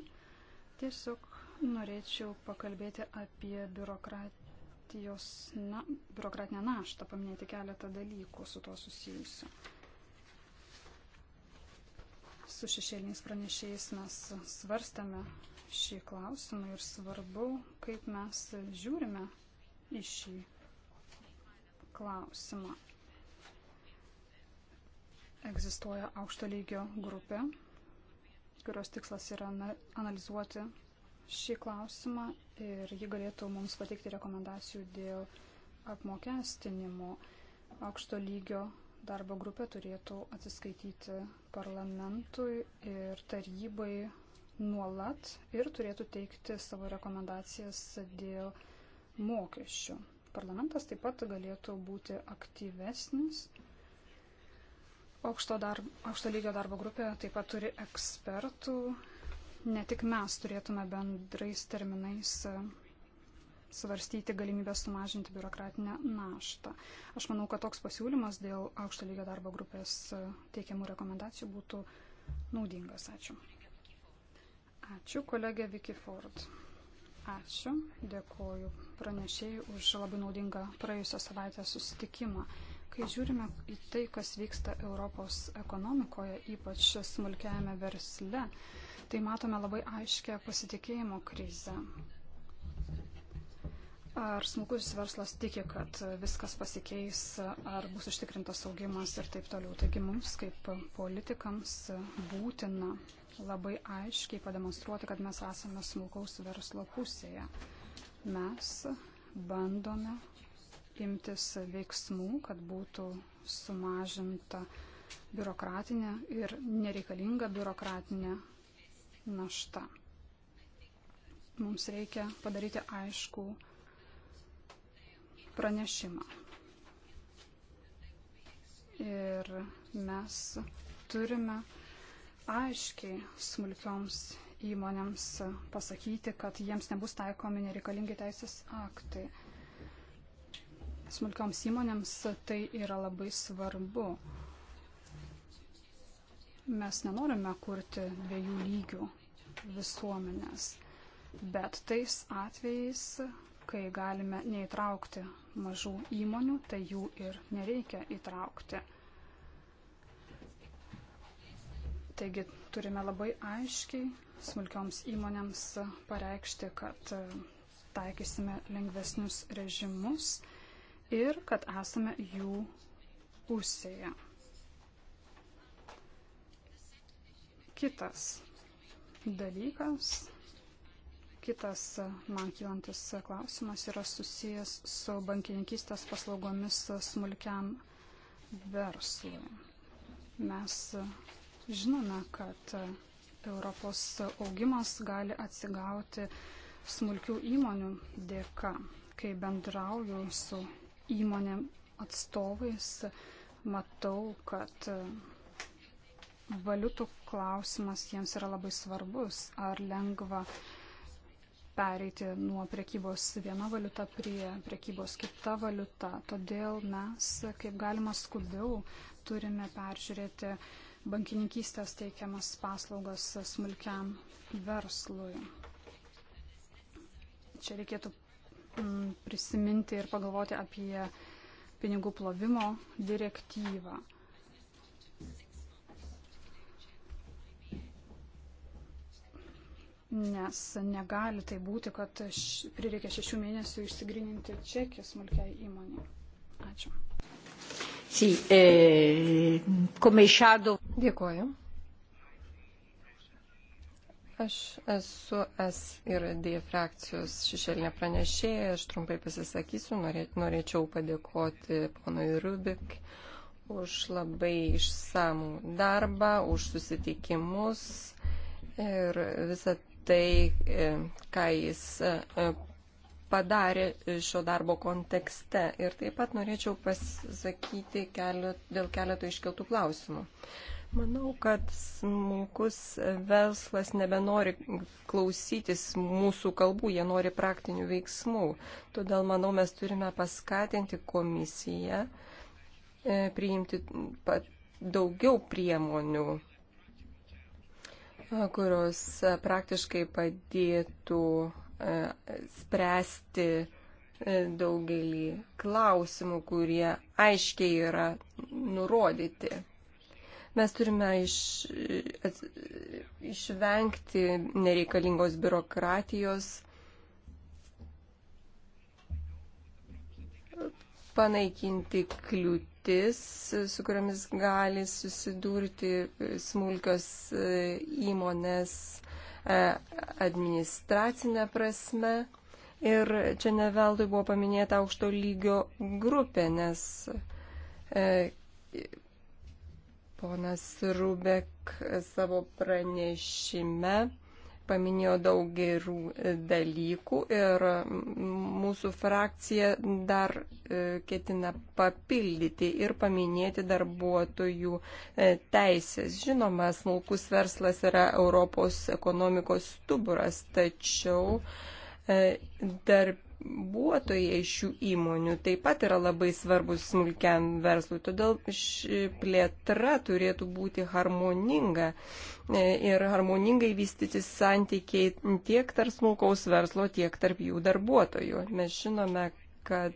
Tiesiog norėčiau pakalbėti apie biurokratijos, na, biurokratinę naštą, paminėti keletą dalykų su to susijusiu. Su šešėliniais pranešėjais mes svarstame šį klausimą ir svarbu, kaip mes žiūrime į šį klausimą klausimą. Egzistuoja aukšto lygio grupė, kurios tikslas yra analizuoti šį klausimą ir ji galėtų mums pateikti rekomendacijų dėl apmokestinimo. Aukšto lygio darbo grupė turėtų atsiskaityti parlamentui ir tarybai nuolat ir turėtų teikti savo rekomendacijas dėl mokesčių. Parlamentas taip pat galėtų būti aktyvesnis. Aukšto, darb, aukšto lygio darbo grupė taip pat turi ekspertų. Ne tik mes turėtume bendrais terminais e, svarstyti galimybę sumažinti biurokratinę naštą. Aš manau, kad toks pasiūlymas dėl aukšto lygio darbo grupės e, teikiamų rekomendacijų būtų naudingas. Ačiū. Ačiū kolegė Vicky Ford. Ačiū, dėkoju pranešėjai už labai naudingą praėjusią savaitę susitikimą. Kai žiūrime į tai, kas vyksta Europos ekonomikoje, ypač smulkiajame versle, tai matome labai aiškę pasitikėjimo krizę. Ar smulkusis verslas tiki, kad viskas pasikeis, ar bus užtikrintas augimas ir taip toliau. Taigi mums kaip politikams būtina labai aiškiai pademonstruoti, kad mes esame smulkaus verslo pusėje. Mes bandome imtis veiksmų, kad būtų sumažinta biurokratinė ir nereikalinga biurokratinė našta. Mums reikia padaryti aišku pranešimą. Ir mes turime uh, aiškiai smulkioms įmonėms pasakyti, kad jiems nebus taikomi nereikalingi teisės aktai. Smulkioms įmonėms tai yra labai svarbu. Mes nenorime kurti dviejų lygių visuomenės, bet tais atvejais, kai galime neįtraukti mažų įmonių, tai jų ir nereikia įtraukti. Taigi turime labai aiškiai smulkioms įmonėms pareikšti, kad e, taikysime lengvesnius režimus ir kad esame jų pusėje. Kitas dalykas, kitas e, man kylantis klausimas yra susijęs su bankininkystės paslaugomis smulkiam verslui. Mes e, Žinome, kad Europos augimas gali atsigauti smulkių įmonių dėka. Kai bendrauju su įmonėm atstovais, matau, kad valiutų klausimas jiems yra labai svarbus. Ar lengva pereiti nuo prekybos viena valiuta prie prekybos kita valiuta. Todėl mes, kaip galima skubiau, turime peržiūrėti uh, bankininkystės teikiamas paslaugas smulkiam verslui. Čia reikėtų mm, prisiminti ir pagalvoti apie pinigų plovimo direktyvą. Nes negali tai būti, kad prireikia šešių mėnesių išsigrininti čekį smulkiai įmonį. Ačiū. Sì, eh, come shadow. Dėkuoju. Aš esu S ir D frakcijos šešėlinė pranešėja, aš trumpai pasisakysiu, norė, norėčiau padėkoti ponui Rubik už labai išsamų darbą, už susitikimus ir visą tai, e, ką jis e, padarė šio darbo kontekste. Ir taip pat norėčiau pasakyti keliot, dėl keletų iškeltų klausimų. Manau, kad smulkus verslas nebenori klausytis mūsų kalbų, jie nori praktinių veiksmų. Todėl, manau, mes turime paskatinti komisiją e, priimti daugiau priemonių, e, kurios praktiškai padėtų spręsti e, daugelį klausimų, kurie aiškiai yra nurodyti. Mes turime iš, išvengti nereikalingos biurokratijos, panaikinti kliūtis, su kuriamis gali susidurti smulkios e, įmonės E, administracinę prasme. Ir čia neveldui buvo paminėta aukšto lygio grupė, nes e, ponas Rubek savo pranešime paminėjo daug gerų e, dalykų ir mūsų frakcija dar e, ketina papildyti ir paminėti darbuotojų e, teisės. Žinoma, smulkus verslas yra Europos ekonomikos stuburas, tačiau darb darbuotojai šių įmonių taip pat yra labai svarbus smulkiam verslui, todėl ši plėtra turėtų būti harmoninga e, ir harmoningai vystytis santykiai tiek tarp smulkaus verslo, tiek tarp jų darbuotojų. Mes žinome, kad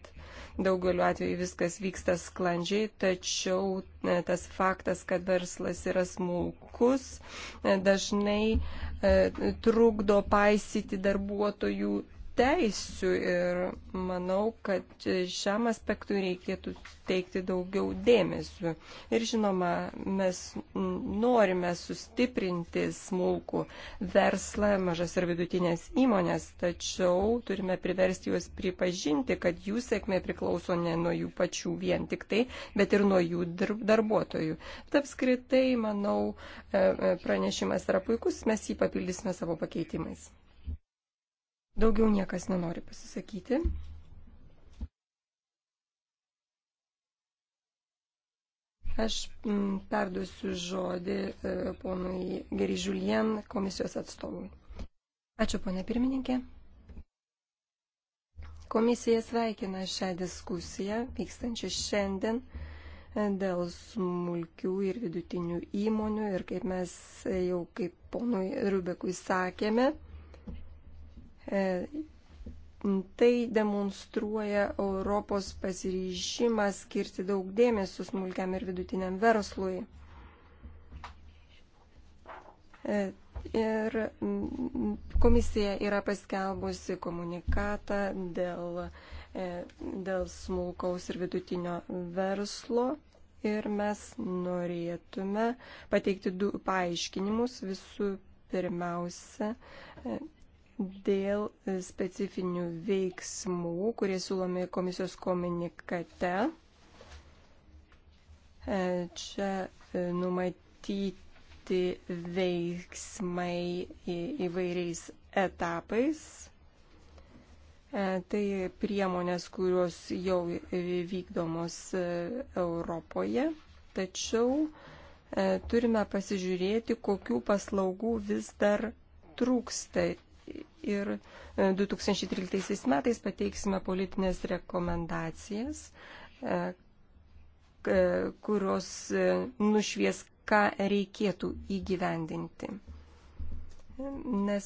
daugeliu atveju viskas vyksta sklandžiai, tačiau e, tas faktas, kad verslas yra smulkus, e, dažnai trukdo paisyti darbuotojų teisių ir manau, kad šiam aspektui reikėtų teikti daugiau dėmesio. Ir žinoma, mes norime sustiprinti smulkų verslą, mažas ir vidutinės įmonės, tačiau turime priversti juos pripažinti, kad jų sėkmė priklauso ne nuo jų pačių vien tik tai, bet ir nuo jų darbuotojų. Bet apskritai, manau, e, e, pranešimas yra puikus, mes jį papildysime savo pakeitimais. Daugiau niekas nenori pasisakyti. Aš mm, perduosiu žodį e, ponui Gerižulien komisijos atstovui. Ačiū, ponė pirmininkė. Komisija sveikina šią diskusiją vykstančią šiandien e, dėl smulkių ir vidutinių įmonių ir kaip mes jau kaip ponui Rubekui sakėme, E, tai demonstruoja Europos pasiryžimą skirti daug dėmesio smulkiam ir vidutiniam verslui. E, ir komisija yra paskelbusi komunikatą dėl, e, dėl smulkaus ir vidutinio verslo. Ir mes norėtume pateikti du paaiškinimus. Visų pirmiausia, dėl specifinių veiksmų, kurie siūlomi komisijos komunikate. E, čia e, numatyti veiksmai įvairiais etapais. E, tai priemonės, kurios jau vykdomos Europoje, tačiau turime pasižiūrėti, kokių paslaugų vis dar trūksta ir 2013 e, metais pateiksime politinės rekomendacijas, e, e, kurios nušvies, ką reikėtų įgyvendinti. Nes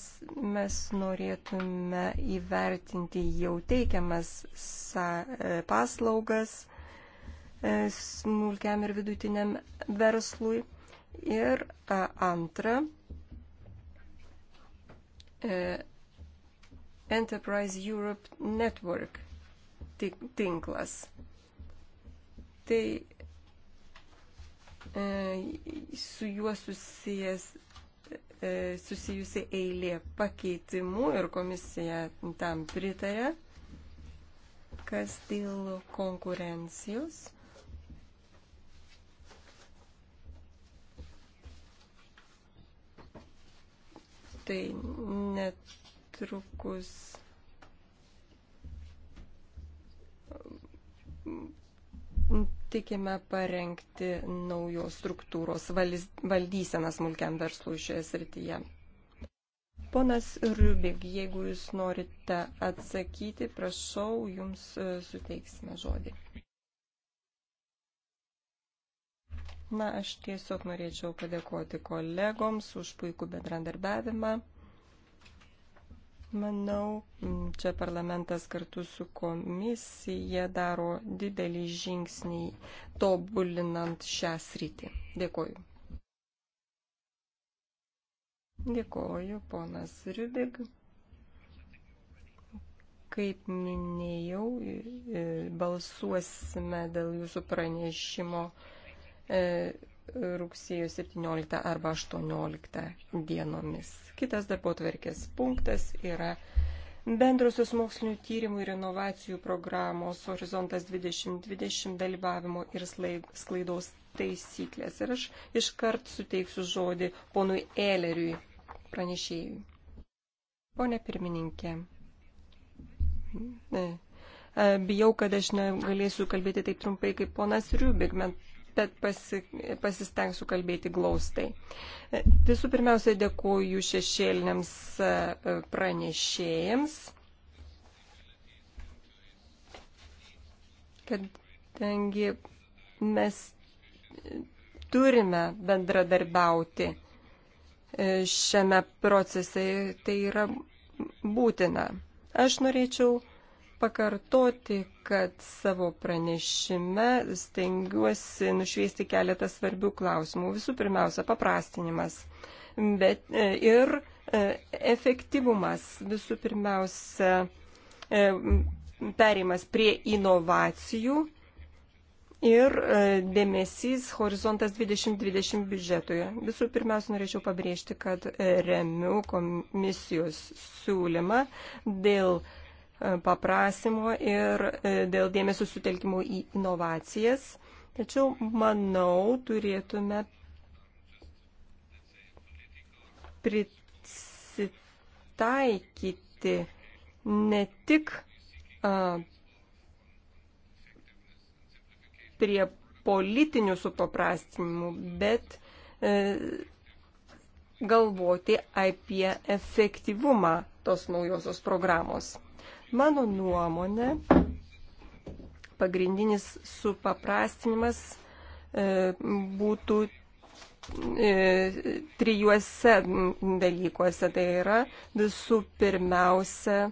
mes norėtume įvertinti jau teikiamas paslaugas smulkiam ir vidutiniam verslui. Ir antra, E, Enterprise Europe Network tinklas. Tai e, su juo susijęs e, susijusi eilė pakeitimų ir komisija tam pritarė, kas dėl konkurencijos. tai netrukus tikime parengti naujos struktūros valdyseną smulkiam verslui šioje srityje. Ponas Rubik, jeigu jūs norite atsakyti, prašau, jums e, suteiksime žodį. Na, aš tiesiog norėčiau padėkoti kolegoms už puikų bendradarbiavimą. Manau, čia parlamentas kartu su komisija daro didelį žingsnį tobulinant šią sritį. Dėkoju. Dėkoju, ponas Rybig. Kaip minėjau, balsuosime dėl jūsų pranešimo E, rugsėjo 17 arba 18 dienomis. Kitas darbo tvarkės punktas yra bendrosios mokslinių tyrimų ir inovacijų programos Horizontas 2020 dalyvavimo ir sklaidos taisyklės. Ir aš iškart suteiksiu žodį ponui Eleriui pranešėjui. Pone pirmininkė. Ne. Bijau, kad aš negalėsiu kalbėti taip trumpai kaip ponas Riubik, bet bet pasi, pasistengsiu kalbėti glaustai. Visų pirmiausia, dėkuoju šešėliniams e, pranešėjams, kadangi mes turime bendradarbiauti e, šiame procese, tai yra būtina. Aš norėčiau pakartoti, kad savo pranešime stengiuosi nušviesti keletą svarbių klausimų. Visų pirmiausia, paprastinimas bet, e, ir e, efektyvumas. Visų pirmiausia, e, perimas prie inovacijų ir dėmesys horizontas 2020 biudžetui. Visų pirmiausia, norėčiau pabrėžti, kad remiu komisijos siūlymą dėl paprasimo ir e, dėl dėmesio sutelkimo į inovacijas. Tačiau, manau, turėtume prisitaikyti ne tik a, prie politinių supaprastinimų, bet e, galvoti apie efektyvumą tos naujosios programos. Mano nuomonė, pagrindinis supaprastinimas e, būtų e, trijuose dalykuose. Tai yra visų pirmiausia e,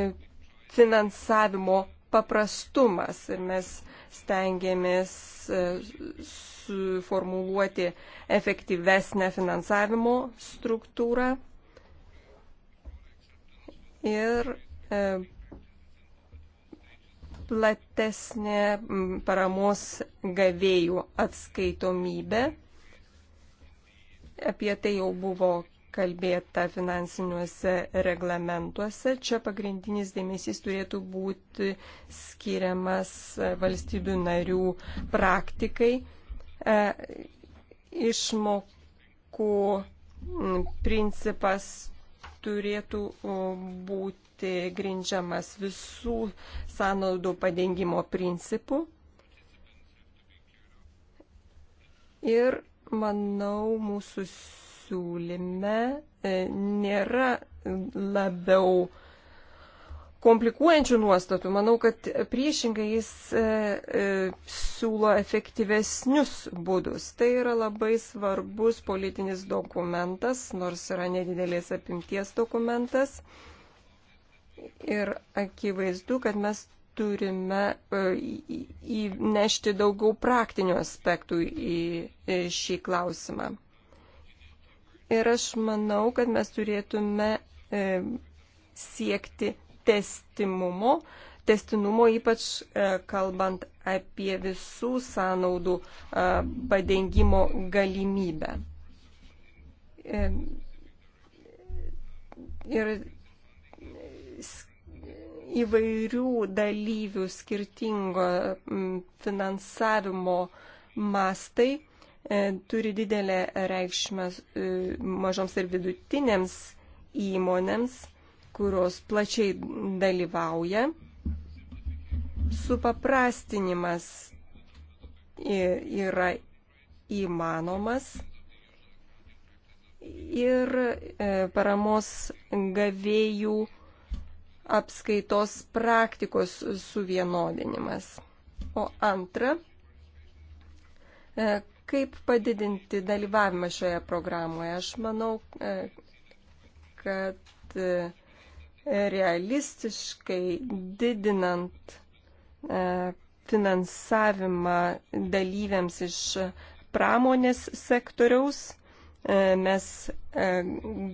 e finansavimo paprastumas ir mes stengiamės e, suformuluoti efektyvesnę finansavimo struktūrą ir e, platesnė paramos gavėjų atskaitomybė. Apie tai jau buvo kalbėta finansiniuose reglamentuose. Čia pagrindinis dėmesys turėtų būti skiriamas valstybių narių praktikai. E, išmokų principas turėtų būti grindžiamas visų sąnaudų padengimo principų. Ir manau, mūsų siūlyme e, nėra labiau uh, komplikuojančių nuostatų. Manau, kad priešingai jis e, e, siūlo efektyvesnius būdus. Tai yra labai svarbus politinis dokumentas, nors yra nedidelės apimties dokumentas. Ir akivaizdu, kad mes turime e, įnešti daugiau praktinių aspektų į, į šį klausimą. Ir aš manau, kad mes turėtume e, siekti testimumo, testinumo ypač e, kalbant apie visų sąnaudų e, padengimo galimybę. E, ir įvairių dalyvių skirtingo finansavimo mastai turi didelę reikšmę mažoms ir vidutinėms įmonėms kurios plačiai dalyvauja. Supaprastinimas yra įmanomas ir e, paramos gavėjų apskaitos praktikos suvienodinimas. O antra, e, kaip padidinti dalyvavimą šioje programoje? Aš manau, e, kad realistiškai didinant e, finansavimą dalyviams iš pramonės sektoriaus e, mes e,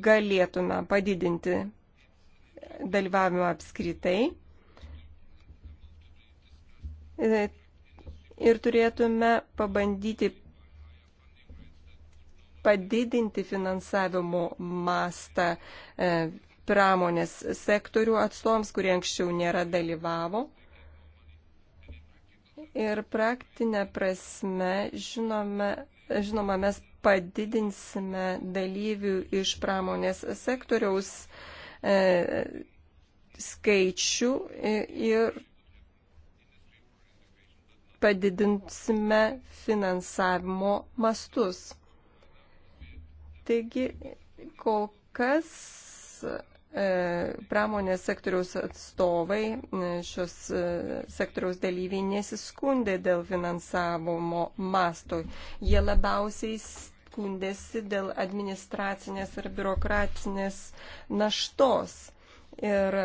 galėtume padidinti dalyvavimą apskritai ir turėtume pabandyti padidinti finansavimo mastą pramonės sektorių atstovams, kurie anksčiau nėra dalyvavo. Ir praktinė prasme, žinome, žinoma, mes padidinsime dalyvių iš pramonės sektoriaus e, skaičių ir padidinsime finansavimo mastus. Taigi, kol kas E, pramonės sektoriaus atstovai, e, šios e, sektoriaus dalyviai nesiskundė dėl finansavimo masto. Jie labiausiai skundėsi dėl administracinės ir biurokratinės naštos ir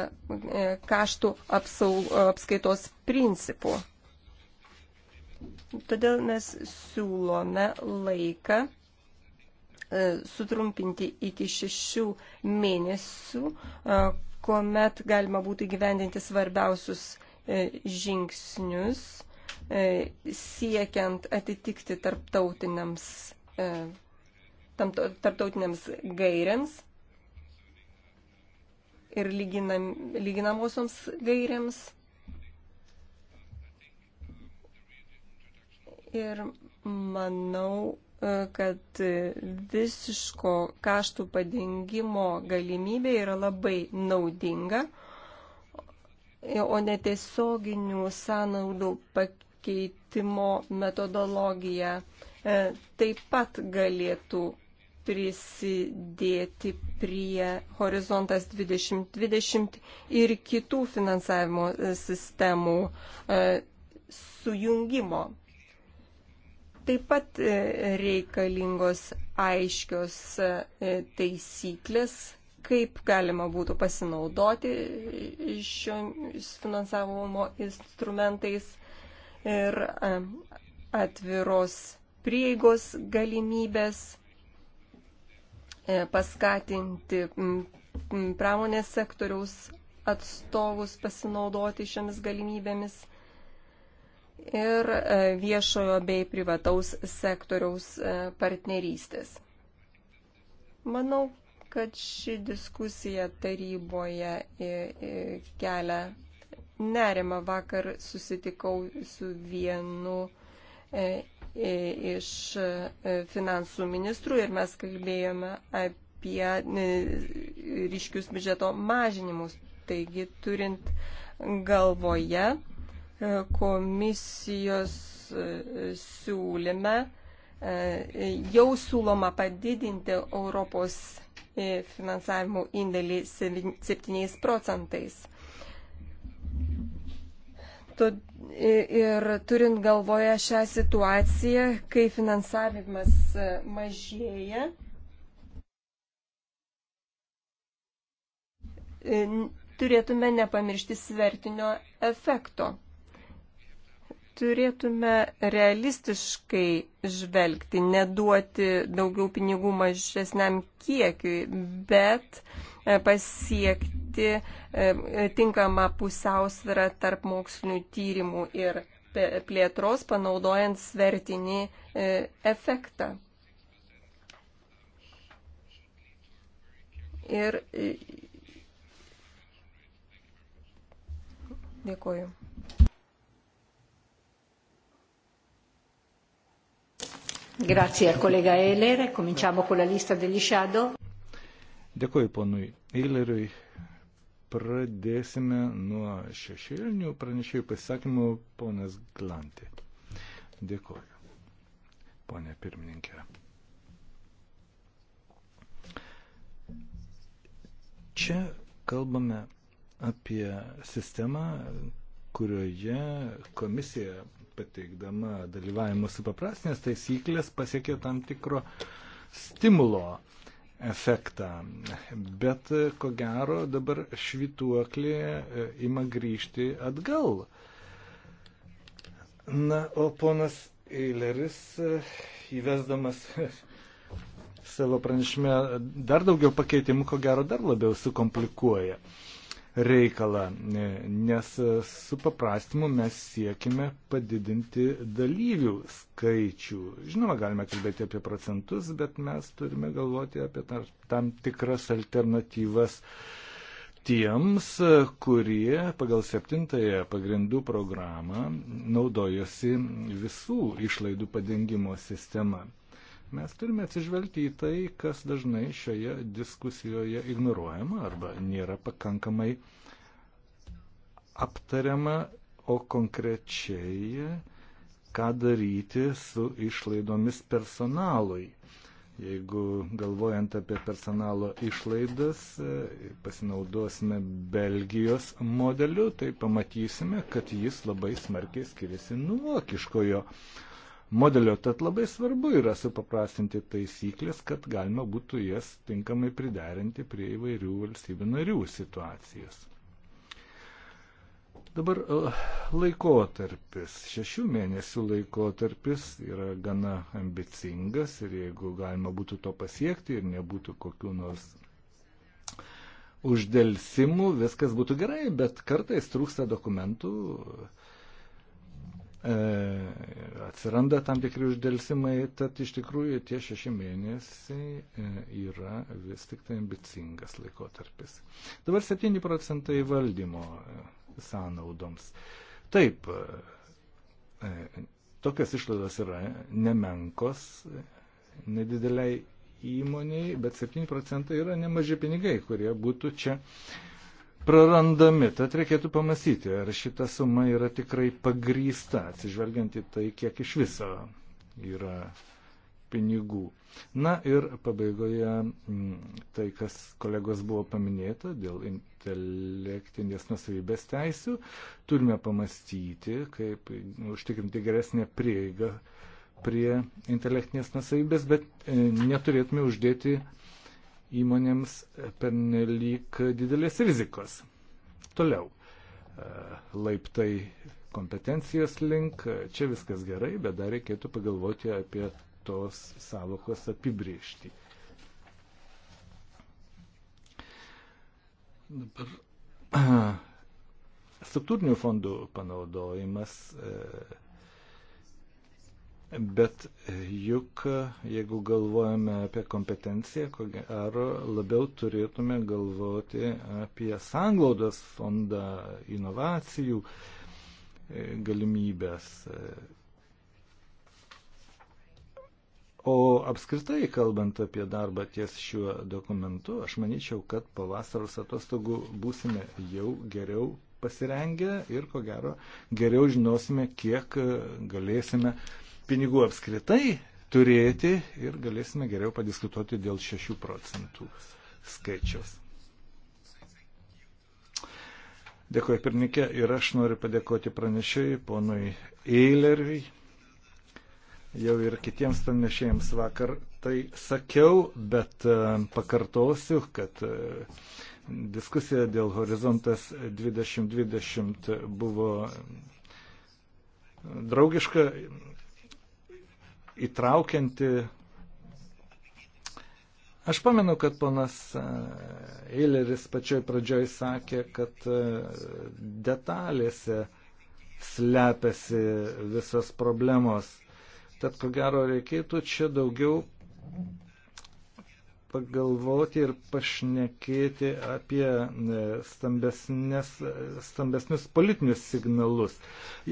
kaštų apsaug, apskaitos principų. Todėl mes siūlome laiką E, sutrumpinti iki šešių mėnesių, e, kuomet galima būtų gyvendinti svarbiausius e, žingsnius, siekiant atitikti tarptautiniams, tarptautiniams gairiams ir lyginam, lyginamosioms gairiams. Ir manau, kad visiško kaštų padengimo galimybė yra labai naudinga, o netiesioginių sąnaudų pakeitimo metodologija e, taip pat galėtų prisidėti prie Horizontas 2020 ir kitų finansavimo e, sistemų e, sujungimo taip pat e, reikalingos aiškios e, taisyklės, kaip galima būtų pasinaudoti e, šiomis finansavimo instrumentais ir atviros prieigos galimybės paskatinti pramonės sektoriaus atstovus pasinaudoti šiomis galimybėmis ir e, viešojo bei privataus sektoriaus e, partnerystės. Manau, kad ši diskusija taryboje e, kelia nerimą. Vakar susitikau su vienu iš finansų ministrų ir mes kalbėjome apie ryškius biudžeto mažinimus. Taigi, turint galvoje komisijos e, siūlyme e, jau siūloma padidinti Europos e, finansavimo indėlį 7 procentais. Ir turint galvoje šią situaciją, kai finansavimas mažėja, turėtume nepamiršti svertinio efekto turėtume realistiškai žvelgti, neduoti daugiau pinigų mažesniam kiekiui, bet e, pasiekti e, tinkamą pusiausvyrą tarp mokslinių tyrimų ir plėtros, panaudojant svertinį e, efektą. Ir dėkoju. Grazie al kolega Eiler. Cominciamo con la lista degli shadow. Dėkuoju ponui Eileriui. Pradėsime nuo šešėlinių pranešėjų pasisakymų ponas Glantė. Dėkuoju, ponė pirmininkė. Čia kalbame apie sistemą, kurioje komisija pateikdama dalyvavimo supaprastinės taisyklės pasiekė tam tikro stimulo efektą. Bet ko gero dabar švituoklė e, ima grįžti atgal. Na, o ponas Eileris e, įvesdamas savo pranešime dar daugiau pakeitimų, ko gero dar labiau sukomplikuoja. Uh, reikalą, e, nes e, su paprastimu mes siekime padidinti dalyvių skaičių. Žinoma, galime kalbėti apie procentus, bet mes turime galvoti apie tam tikras alternatyvas tiems, e, kurie pagal septintąją pagrindų programą naudojosi visų išlaidų padengimo sistemą. Mes turime atsižvelgti į tai, kas dažnai šioje diskusijoje ignoruojama arba nėra pakankamai aptariama, o konkrečiai, ką daryti su išlaidomis personalui. Jeigu galvojant apie personalo išlaidas, pasinaudosime Belgijos modeliu, tai pamatysime, kad jis labai smarkiai skiriasi nuo vokiškojo. Nu, modelio. Tad labai svarbu yra supaprastinti taisyklės, kad galima būtų jas tinkamai priderinti prie įvairių valstybių narių situacijos. Dabar e, laikotarpis, šešių mėnesių laikotarpis yra gana ambicingas ir jeigu galima būtų to pasiekti ir nebūtų kokiu nors uždelsimų, viskas būtų gerai, bet kartais trūksta dokumentų, E, atsiranda tam tikri uždėlsimai, tad iš tikrųjų tie šeši mėnesiai e, yra vis tik tai ambicingas laikotarpis. Dabar 7 procentai valdymo e, sąnaudoms. Taip, tokias išlaidos yra nemenkos nedideliai įmoniai, bet 7 procentai yra nemaži pinigai, kurie būtų čia uh, prarandami. Tad reikėtų pamastyti, ar šita suma yra tikrai pagrysta, atsižvelgiant į tai, kiek iš viso yra pinigų. Na ir pabaigoje mm, tai, kas kolegos buvo paminėta dėl intelektinės nusavybės teisių, turime pamastyti, kaip užtikrinti geresnę prieigą prie intelektinės nusavybės, bet e, neturėtume uždėti įmonėms pernelyg didelės rizikos. Toliau, e, laiptai kompetencijos link, čia viskas gerai, bet dar reikėtų pagalvoti apie tos savokos apibriežtį. Dabar struktūrinių fondų panaudojimas e, Bet juk, jeigu galvojame apie kompetenciją, ko gero labiau turėtume galvoti apie sanglaudos fondą, inovacijų e, galimybės. O apskritai, kalbant apie darbą ties šiuo dokumentu, aš manyčiau, kad po vasaros atostogų būsime jau geriau pasirengę ir ko gero geriau žinosime, kiek galėsime uh, pinigų apskritai turėti ir galėsime geriau padiskutuoti dėl 6 procentų skaičiaus. Dėkuoju pirmininkė ir aš noriu padėkoti pranešėjai, ponui Eileriui, jau ir kitiems pranešėjams vakar tai sakiau, bet e, pakartosiu, kad e, diskusija dėl horizontas 2020 buvo draugiška įtraukianti. Aš pamenu, kad ponas e, Eileris pačioj pradžioj sakė, kad e, detalėse slepiasi visas problemos. Tad ko gero reikėtų čia daugiau pagalvoti ir pašnekėti apie e, stambesnius politinius signalus.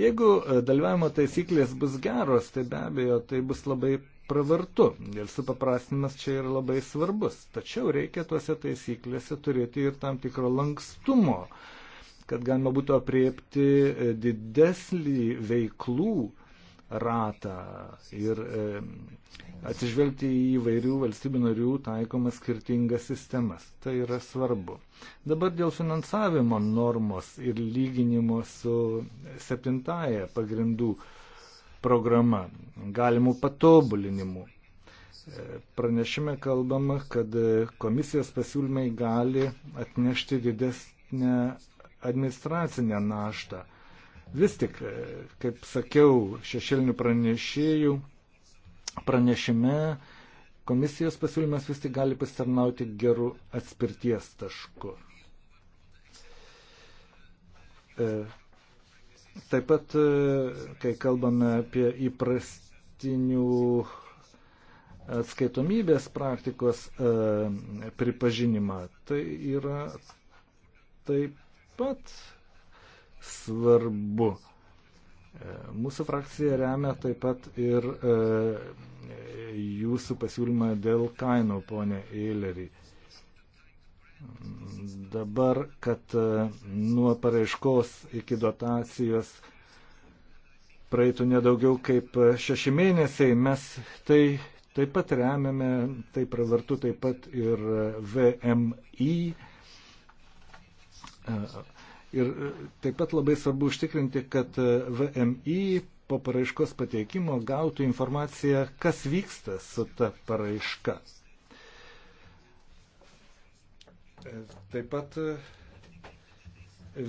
Jeigu e, dalyvavimo taisyklės bus geros, tai be abejo, tai bus labai pravartu ir supaprastinimas čia yra labai svarbus. Tačiau reikia tuose taisyklėse turėti ir tam tikro lankstumo, kad galima būtų apriepti e, didesnį veiklų ratą ir e, atsižvelgti į įvairių valstybių narių taikomas skirtingas sistemas. Tai yra svarbu. Dabar dėl finansavimo normos ir lyginimo su septintaja pagrindų programa galimų patobulinimų. E, pranešime kalbama, kad komisijos pasiūlymai gali atnešti didesnę administracinę naštą Vis tik, e, kaip sakiau, šešėlinių pranešėjų pranešime komisijos pasiūlymas vis tik gali pasitarnauti gerų atspirties tašku. E, taip pat, e, kai kalbame apie įprastinių atskaitomybės praktikos pripažinimą, tai yra taip pat svarbu. E, mūsų frakcija remia taip pat ir e, jūsų pasiūlymą dėl kainų, ponė Eilerį. Dabar, kad e, nuo pareiškos iki dotacijos praeitų nedaugiau kaip šeši mėnesiai, mes tai taip pat remiame, tai pravartu taip pat ir VMI Ir e, taip pat labai svarbu užtikrinti, kad e, VMI po paraiškos pateikimo gautų informaciją, kas vyksta su ta paraiška. E, taip pat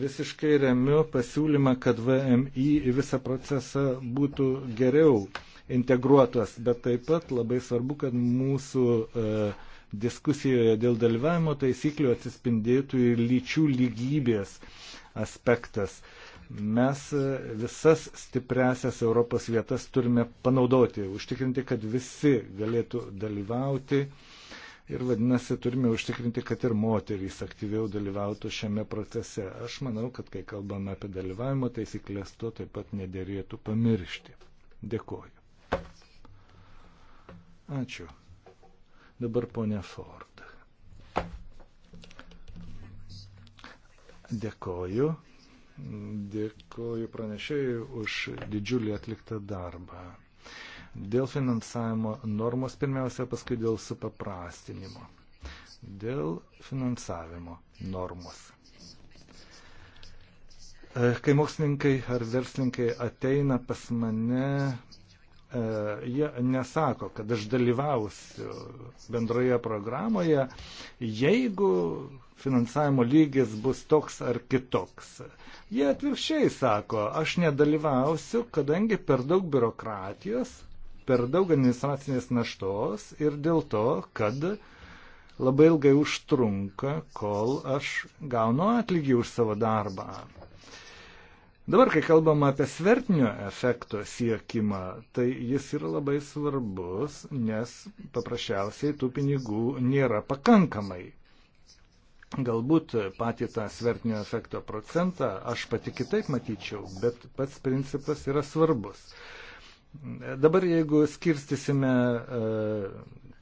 visiškai remiu pasiūlymą, kad VMI į visą procesą būtų geriau integruotas, bet taip pat labai svarbu, kad mūsų uh, diskusijoje dėl dalyvavimo taisyklių atsispindėtų ir lyčių lygybės aspektas. Mes visas stipresias Europos vietas turime panaudoti, užtikrinti, kad visi galėtų dalyvauti ir vadinasi, turime užtikrinti, kad ir moterys aktyviau dalyvautų šiame procese. Aš manau, kad kai kalbame apie dalyvavimo taisyklės, to taip pat nedėrėtų pamiršti. Dėkoju. Ačiū. Dabar ponia Ford. Dėkoju. Dėkoju pranešėjai už didžiulį atliktą darbą. Dėl finansavimo normos pirmiausia, paskui dėl supaprastinimo. Dėl finansavimo normos. Kai mokslininkai ar verslininkai ateina pas mane E, jie nesako, kad aš dalyvausiu bendroje programoje, jeigu finansavimo lygis bus toks ar kitoks. Jie atvirkščiai sako, aš nedalyvausiu, kadangi per daug biurokratijos, per daug administracinės naštos ir dėl to, kad labai ilgai užtrunka, kol aš gaunu atlygį už savo darbą. Dabar, kai kalbam apie svertinio efekto siekimą, tai jis yra labai svarbus, nes paprasčiausiai tų pinigų nėra pakankamai. Galbūt patį tą svertinio efekto procentą aš pati kitaip matyčiau, bet pats principas yra svarbus. Dabar jeigu skirstysime e,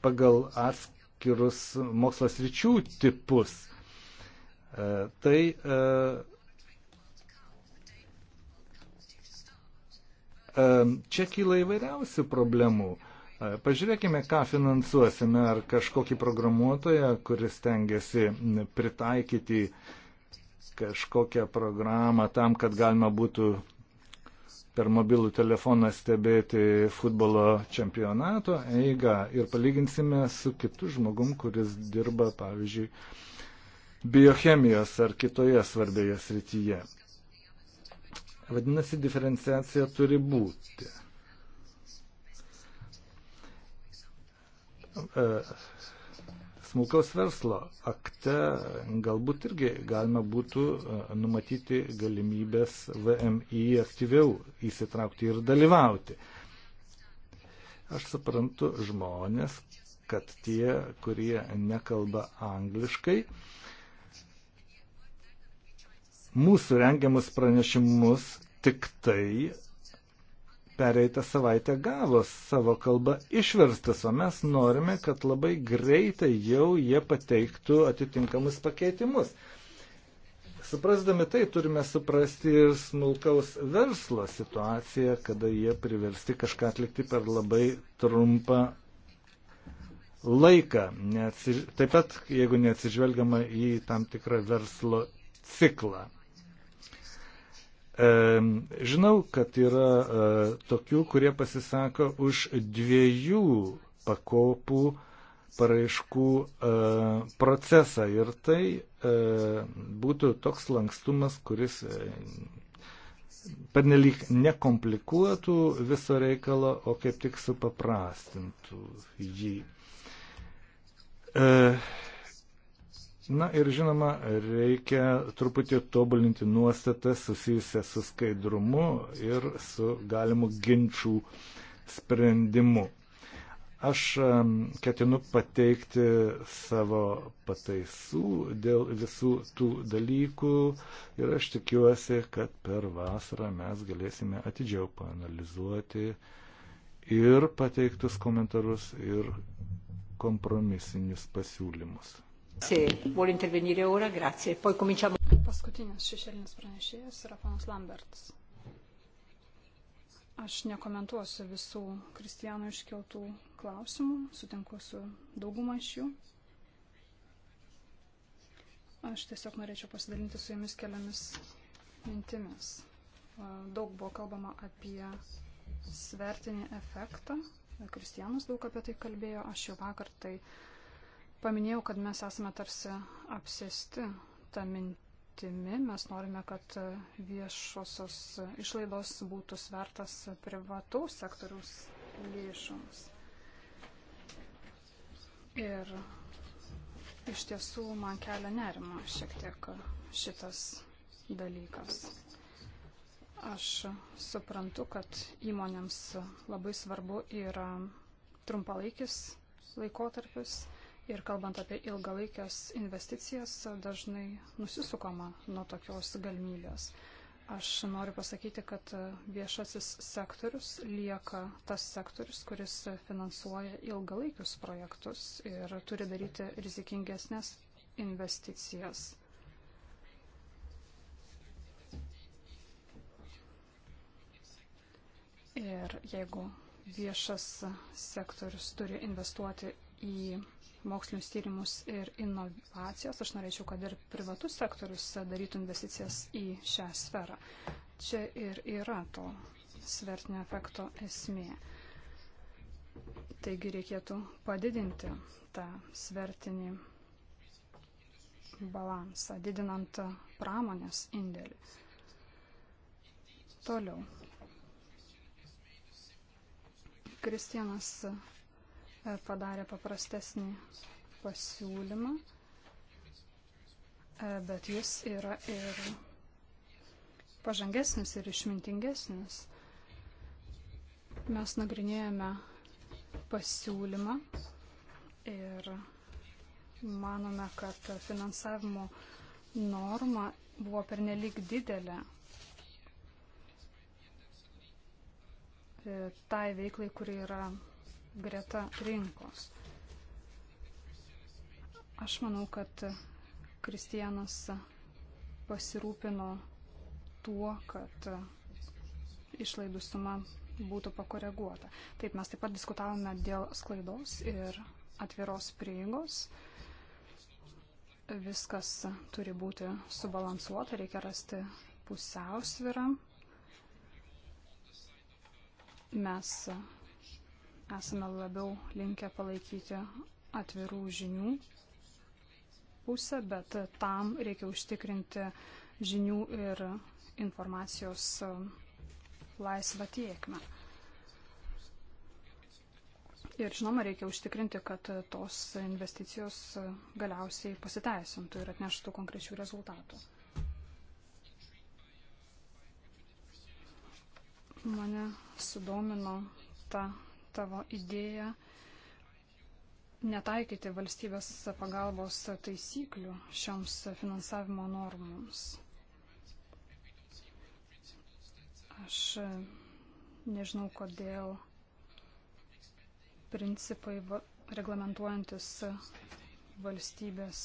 pagal atskirus mokslas ryčių tipus, e, tai e, Čia kyla įvairiausių problemų. E, pažiūrėkime, ką finansuosime, ar kažkokį programuotoją, kuris tengiasi pritaikyti kažkokią programą tam, kad galima būtų per mobilų telefoną stebėti futbolo čempionato eigą ir palyginsime su kitu žmogum, kuris dirba, pavyzdžiui, biochemijos ar kitoje svarbėje srityje. Vadinasi, diferenciacija turi būti. E, smulkaus verslo akte galbūt irgi galima būtų e, numatyti galimybės VMI aktyviau įsitraukti ir dalyvauti. Aš suprantu žmonės, kad tie, kurie nekalba angliškai, uh, mūsų rengiamus pranešimus tik tai pereitą savaitę gavo savo kalbą išverstas, o mes norime, kad labai greitai jau jie pateiktų atitinkamus pakeitimus. Suprasdami tai, turime suprasti ir smulkaus verslo situaciją, kada jie priversti kažką atlikti per labai trumpą laiką. Neatsiž... Taip pat, jeigu neatsižvelgiama į tam tikrą verslo ciklą. E, žinau, kad yra e, tokių, kurie pasisako už dviejų pakopų paraiškų e, procesą ir tai būtų toks lankstumas, kuris pernelyg nekomplikuotų viso reikalo, o kaip tik supaprastintų jį. Na ir žinoma, reikia truputį tobulinti nuostatas susijusią su skaidrumu ir su galimu ginčių sprendimu. Aš ketinu pateikti savo pataisų dėl visų tų dalykų ir aš tikiuosi, kad per vasarą mes galėsime atidžiau panalizuoti ir pateiktus komentarus ir kompromisinius pasiūlymus. Paskutinis šešėlinis pranešėjas yra panas Lambertas. Aš nekomentuosiu visų Kristijano iškeltų klausimų, sutinku su dauguma iš jų. Aš tiesiog norėčiau pasidalinti su jumis keliomis mintimis. Daug buvo kalbama apie svertinį efektą. Kristijanas daug apie tai kalbėjo, aš jau vakar tai uh, paminėjau, kad mes esame tarsi apsėsti tą mintimį. Mes norime, kad viešosios išlaidos būtų svertas privataus sektoriaus lėšoms. Ir iš tiesų man kelia nerima šiek tiek šitas dalykas. Aš suprantu, kad įmonėms labai svarbu yra trumpalaikis laikotarpis Ir kalbant apie ilgalaikės investicijas, dažnai nusisukama nuo tokios galimybės. Aš noriu pasakyti, kad viešasis sektorius lieka tas sektorius, kuris finansuoja ilgalaikius projektus ir turi daryti rizikingesnės investicijas. Ir jeigu viešas sektorius turi investuoti į mokslinius tyrimus ir inovacijas. Aš norėčiau, kad ir privatus sektorius darytų investicijas į šią sferą. Čia ir yra to svertinio efekto esmė. Taigi reikėtų padidinti tą svertinį balansą, didinant pramonės indėlį. Toliau. Kristianas E, padarė paprastesnį pasiūlymą, e, bet jis yra ir pažangesnis ir išmintingesnis. Mes nagrinėjame pasiūlymą ir manome, kad finansavimo norma buvo pernelyg didelė e, tai veiklai, kuri yra greta rinkos. Aš manau, kad Kristijanas pasirūpino tuo, kad išlaidų suma būtų pakoreguota. Taip, mes taip pat diskutavome dėl sklaidos ir atviros prieigos. Viskas turi būti subalansuota, reikia rasti pusiausvirą. Mes esame labiau linkę palaikyti atvirų žinių pusę, bet tam reikia užtikrinti žinių ir informacijos e, laisvą tiekmę. Ir žinoma, reikia užtikrinti, kad tos investicijos e, galiausiai pasiteisintų ir atneštų konkrečių rezultatų. Mane sudomino ta tavo idėją netaikyti valstybės pagalbos taisyklių šioms finansavimo normoms. Aš nežinau, kodėl principai reglamentuojantis valstybės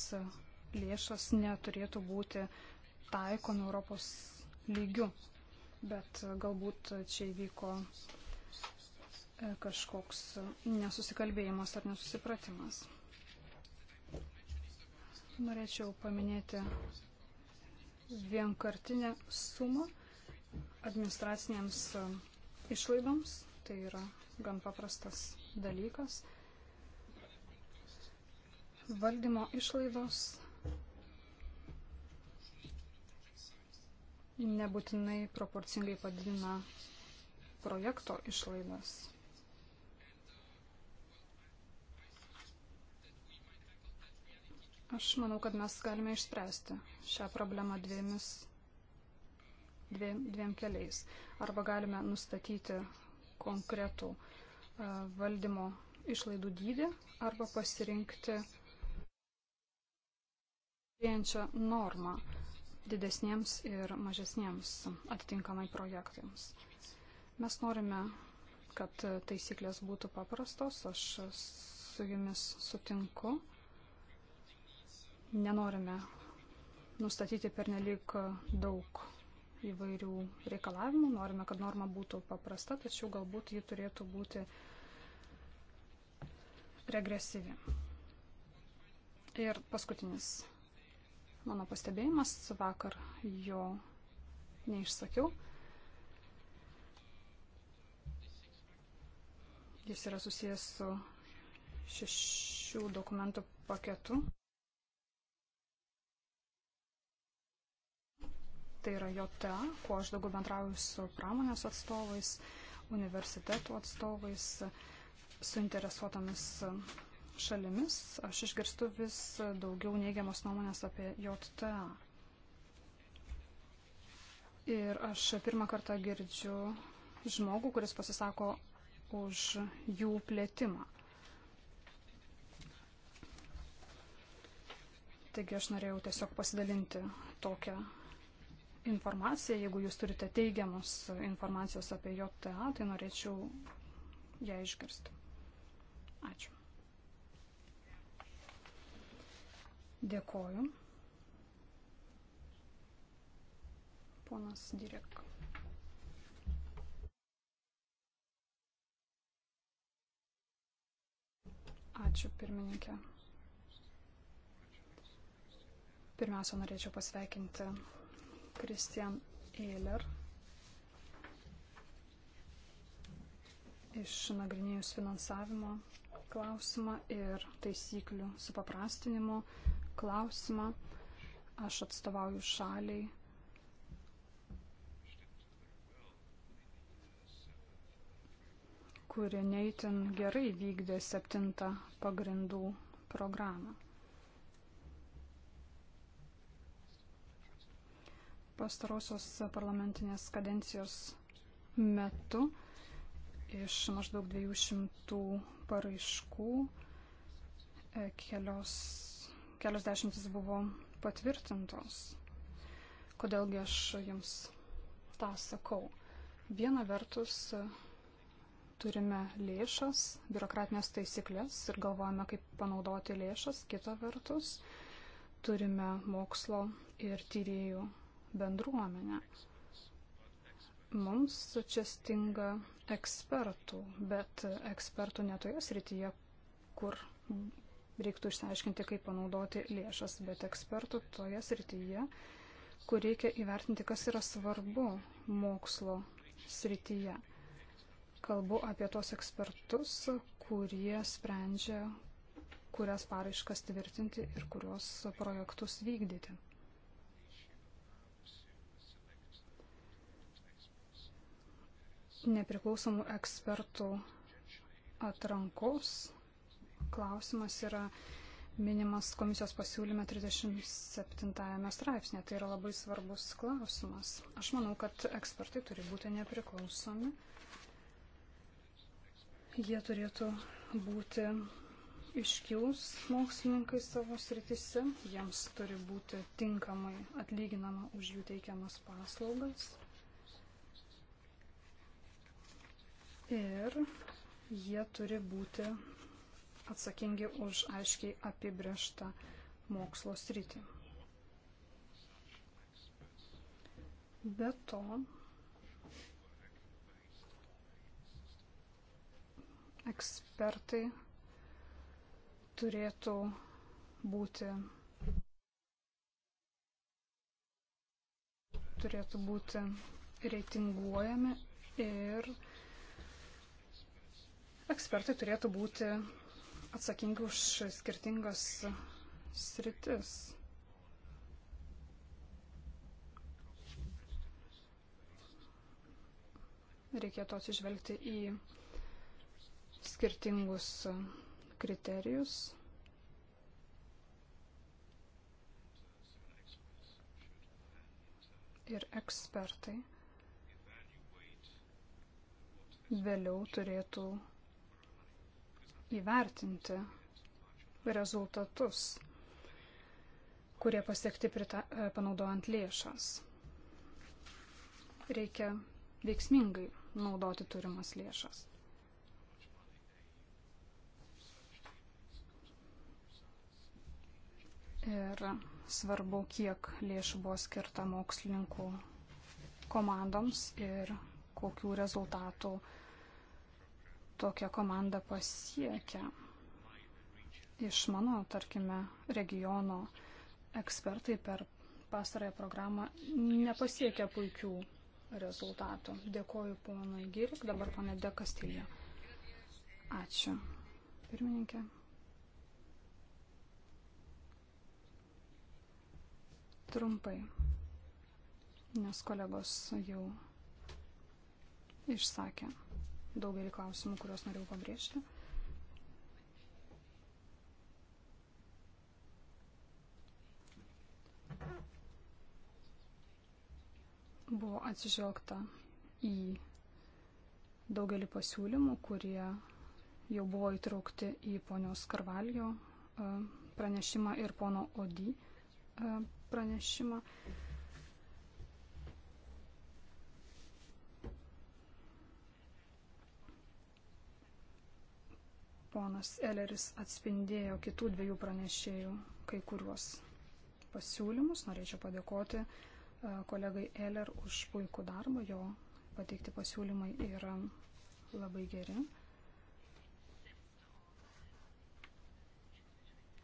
lėšas neturėtų būti taikomi Europos lygiu, bet galbūt čia įvyko kažkoks nesusikalbėjimas ar nesusipratimas. Norėčiau paminėti vienkartinę sumą administracinėms išlaidoms. Tai yra gan paprastas dalykas. Valdymo išlaidos nebūtinai proporcingai padidina projekto išlaidas. Aš manau, kad mes galime išspręsti šią problemą dviemis, dviem, dviem keliais. Arba galime nustatyti konkretų e, valdymo išlaidų dydį, arba pasirinkti dėjančią normą didesniems ir mažesniems atitinkamai projektams. Mes norime, kad taisyklės būtų paprastos, aš su jumis sutinku Nenorime nustatyti pernelyg daug įvairių reikalavimų. Norime, kad norma būtų paprasta, tačiau galbūt ji turėtų būti regresyvi. Ir paskutinis mano pastebėjimas, vakar jo neišsakiau. Jis yra susijęs su šešių dokumentų paketu. tai yra JOTA, kuo aš daugiau bendrauju su pramonės atstovais, universitetų atstovais, suinteresuotomis šalimis, aš išgirstu vis daugiau neigiamos nuomonės apie JOTA. Ir aš pirmą kartą girdžiu žmogų, kuris pasisako už jų plėtimą. Taigi aš norėjau tiesiog pasidalinti tokią informaciją, jeigu jūs turite teigiamus informacijos apie JTA, tai norėčiau ją išgirsti. Ačiū. Dėkoju. Ponas Direk. Ačiū pirmininkė. Pirmiausia, norėčiau pasveikinti Kristian Eiler. Išnagrinėjus finansavimo klausimą ir taisyklių supaprastinimo klausimą, aš atstovauju šaliai, kuri neįtin gerai vykdė septintą pagrindų programą. pastarosios parlamentinės kadencijos metu iš maždaug 200 paraiškų e, kelios, kelios dešimtis buvo patvirtintos. Kodėlgi aš jums tą sakau? Viena vertus turime lėšas, biurokratinės taisyklės ir galvojame, kaip panaudoti lėšas, kita vertus turime mokslo ir tyriejų bendruomenę. Mums čia stinga ekspertų, bet ekspertų netoje srityje, kur reiktų išsiaiškinti, kaip panaudoti lėšas, bet ekspertų toje srityje, kur reikia įvertinti, kas yra svarbu mokslo srityje. Kalbu apie tos ekspertus, kurie sprendžia, kurias paraiškas tvirtinti ir kurios projektus vykdyti. nepriklausomų ekspertų atrankos. Klausimas yra minimas komisijos pasiūlyme 37 straipsnė. Tai yra labai svarbus klausimas. Aš manau, kad ekspertai turi būti nepriklausomi. Jie turėtų būti iškilus mokslininkai savo sritise, jiems turi būti tinkamai atlyginama už jų teikiamas paslaugas. ir jie turi būti atsakingi už aiškiai apibrieštą mokslo sritį. Be to, ekspertai turėtų būti turėtų būti reitinguojami ir Ekspertai turėtų būti atsakingi už skirtingas sritis. Reikėtų atsižvelgti į skirtingus kriterijus. ir ekspertai vėliau turėtų įvertinti rezultatus, kurie pasiekti prita, e, panaudojant lėšas. Reikia veiksmingai naudoti turimas lėšas. Ir svarbu, kiek lėšų buvo skirta mokslininkų komandoms ir kokių rezultatų uh, tokia komanda pasiekia. Iš mano, tarkime, regiono ekspertai per pastarąją programą nepasiekia puikių rezultatų. Dėkoju ponui Girik, dabar ponė De Castillo. Ačiū. Pirmininkė. Trumpai, nes kolegos jau išsakė daugelį klausimų, kuriuos norėjau pabrėžti. Buvo atsižvelgta į daugelį pasiūlymų, kurie jau buvo įtraukti į ponios Karvalio e, pranešimą ir pono Odį e, pranešimą. Ponas Elleris atspindėjo kitų dviejų pranešėjų kai kuriuos pasiūlymus. Norėčiau padėkoti e, kolegai Eller už puikų darbą. Jo pateikti pasiūlymai yra labai geri.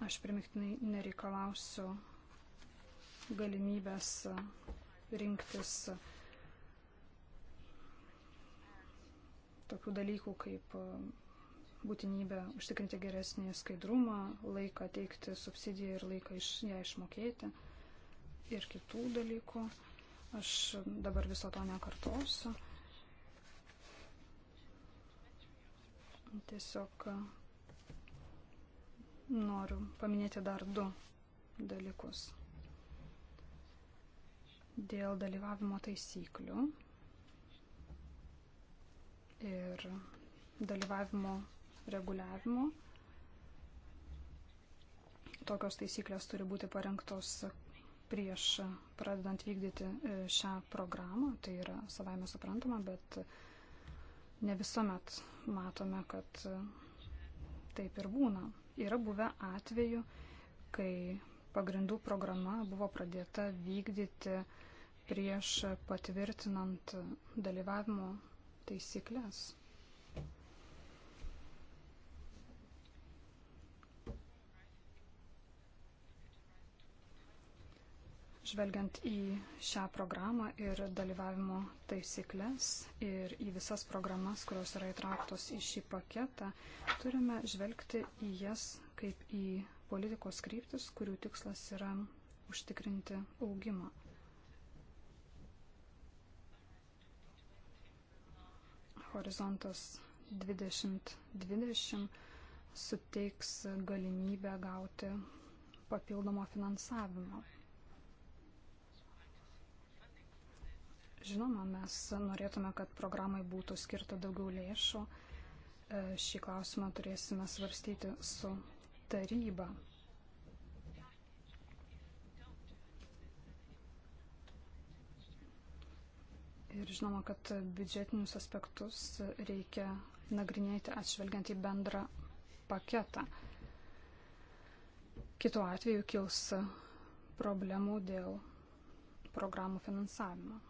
Aš primiktinai nereikalausiu galimybės rinktis tokių dalykų kaip būtinybę užtikrinti geresnį skaidrumą, laiką teikti subsidiją ir laiką iš, ją išmokėti ir kitų dalykų. Aš dabar viso to nekartosiu. Tiesiog e, noriu paminėti dar du dalykus. Dėl dalyvavimo taisyklių ir dalyvavimo reguliavimu. Tokios taisyklės turi būti parengtos prieš pradedant vykdyti e, šią programą. Tai yra savaime suprantama, bet ne visuomet matome, kad e, taip ir būna. Yra buvę atveju, kai pagrindų programa buvo pradėta vykdyti prieš patvirtinant dalyvavimo taisyklės. Žvelgiant į šią programą ir dalyvavimo taisyklės ir į visas programas, kurios yra įtrauktos į šį paketą, turime žvelgti į jas kaip į politikos kryptis, kurių tikslas yra užtikrinti augimą. Horizontas 2020 suteiks galimybę gauti papildomo finansavimo. Žinoma, mes norėtume, kad programai būtų skirta daugiau lėšų. E, šį klausimą turėsime svarstyti su taryba. Ir žinoma, kad biudžetinius aspektus reikia nagrinėti atšvelgiant į bendrą paketą. Kitu atveju kils problemų dėl programų finansavimo.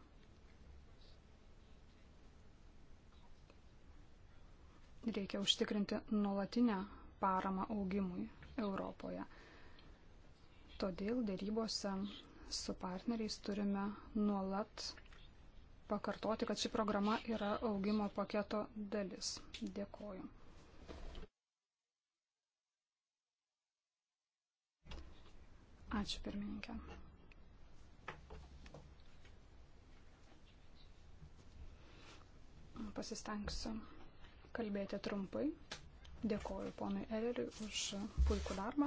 Reikia užtikrinti nuolatinę paramą augimui Europoje. Todėl dėrybose su partneriais turime nuolat pakartoti, kad ši programa yra augimo paketo dalis. Dėkoju. Ačiū pirmininkė. Pasistengsiu kalbėti trumpai. Dėkoju ponui Eleriui už puikų darbą.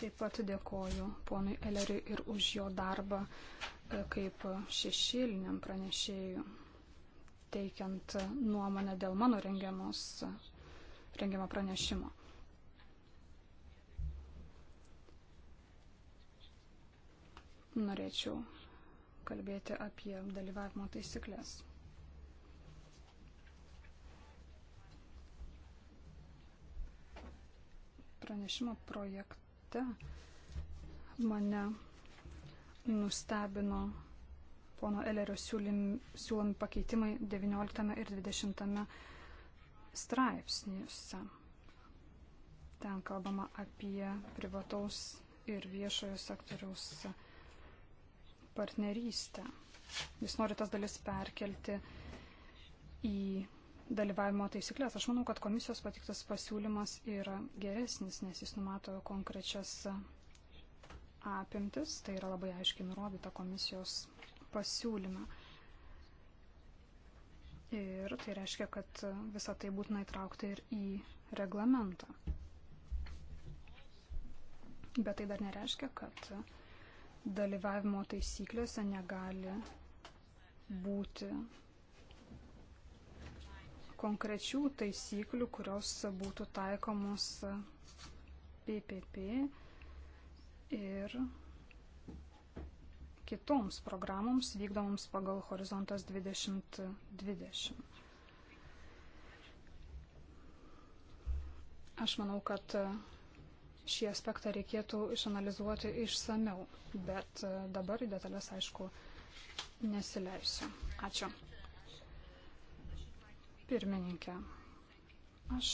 Taip pat dėkoju ponui Eleriui ir už jo darbą e, kaip šešėliniam pranešėjui, teikiant nuomonę dėl mano rengiamos, rengiamo pranešimo. Norėčiau kalbėti apie dalyvavimo taisyklės. Pranešimo projekte mane nustebino pono Elerio siūlomi pakeitimai 19 ir 20 straipsniuose. Ten kalbama apie privataus ir viešojo sektoriaus partnerystę. Jis nori tas dalis perkelti į dalyvavimo taisyklės. Aš manau, kad komisijos patiktas pasiūlymas yra geresnis, nes jis numato konkrečias apimtis, tai yra labai aiškiai nurodyta komisijos pasiūlyme. Ir tai reiškia, kad visą tai būtina įtraukti ir į reglamentą. Bet tai dar nereiškia, kad dalyvavimo taisyklėse negali būti konkrečių taisyklių, kurios būtų taikomos PPP ir kitoms programoms vykdomoms pagal Horizontas 2020. Aš manau, kad šį aspektą reikėtų išanalizuoti išsameu, bet e, dabar į detalės, aišku, nesileisiu. Ačiū. Pirmininkė, aš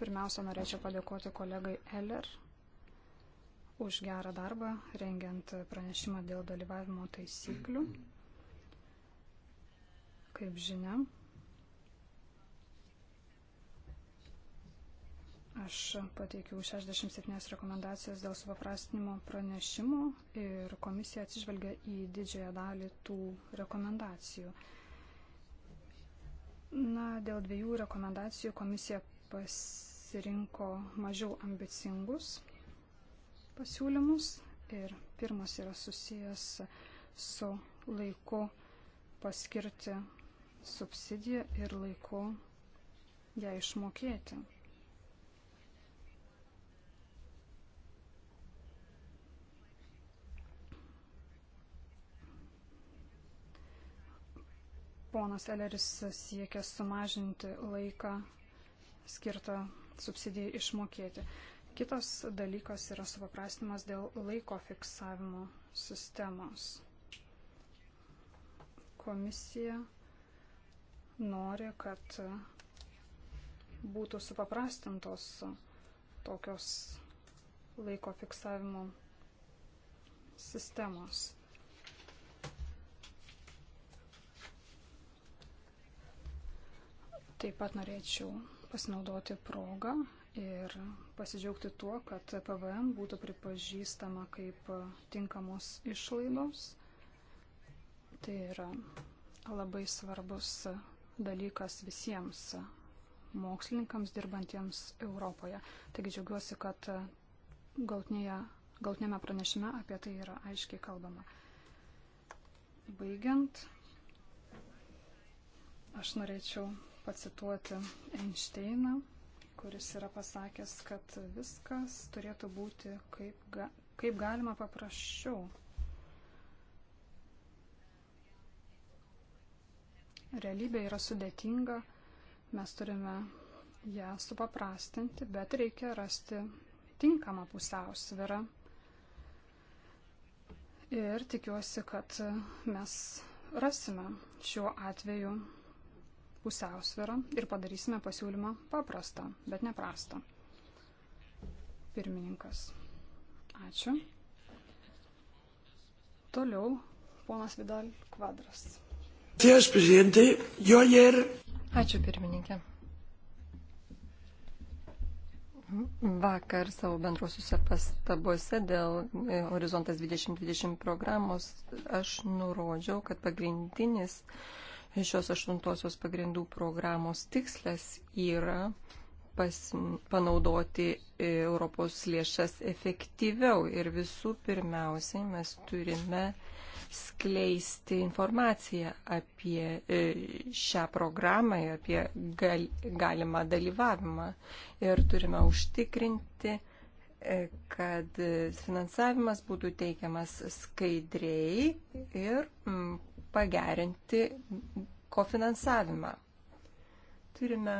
pirmiausia norėčiau padėkoti kolegai Eller už gerą darbą, rengiant pranešimą dėl dalyvavimo taisyklių. Kaip žinia, Aš pateikiau 67 rekomendacijas dėl supaprastinimo pranešimų ir komisija atsižvelgia į didžiąją dalį tų rekomendacijų. Na, dėl dviejų rekomendacijų komisija pasirinko mažiau ambicingus pasiūlymus ir pirmas yra susijęs su laiku paskirti subsidiją ir laiku ją išmokėti. Ponas Elleris siekia sumažinti laiką skirtą subsidijai išmokėti. Kitas dalykas yra supaprastinimas dėl laiko fiksavimo sistemos. Komisija nori, kad būtų supaprastintos tokios laiko fiksavimo sistemos. Taip pat norėčiau pasinaudoti progą ir pasidžiaugti tuo, kad PVM būtų pripažįstama kaip tinkamos išlaidos. Tai yra labai svarbus dalykas visiems mokslininkams dirbantiems Europoje. Taigi džiaugiuosi, kad gautinėje, gautinėme pranešime apie tai yra aiškiai kalbama. Baigiant, aš norėčiau pacituoti Einšteiną, kuris yra pasakęs, kad viskas turėtų būti kaip, ga, kaip galima paprasčiau. Realybė yra sudėtinga, mes turime ją supaprastinti, bet reikia rasti tinkamą pusiausvyrą. Ir tikiuosi, kad mes rasime šiuo atveju pusiausvyrą ir padarysime pasiūlymą paprastą, bet neprastą. Pirmininkas. Ačiū. Toliau ponas Vidal Kvadras. Ačiū pirmininkė. Vakar savo bendruosiuose pastabuose dėl e, Horizontas 2020 programos aš nurodžiau, kad pagrindinis uh, šios aštuntosios pagrindų programos tikslas yra pas, panaudoti Europos lėšas efektyviau ir visų pirmiausiai mes turime skleisti informaciją apie e, šią programą, apie gal, galimą dalyvavimą ir turime užtikrinti, e, kad finansavimas būtų teikiamas skaidriai ir pagerinti kofinansavimą. Turime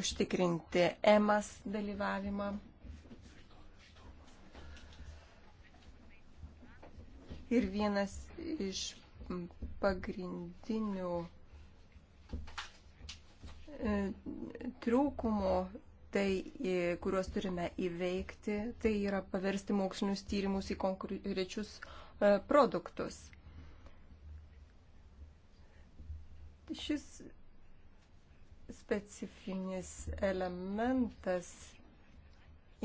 užtikrinti EMAS dalyvavimą. Ir vienas iš pagrindinių e, trūkumų tai, kuriuos turime įveikti, tai yra paversti mokslinius tyrimus į konkrečius e, produktus. Šis specifinis elementas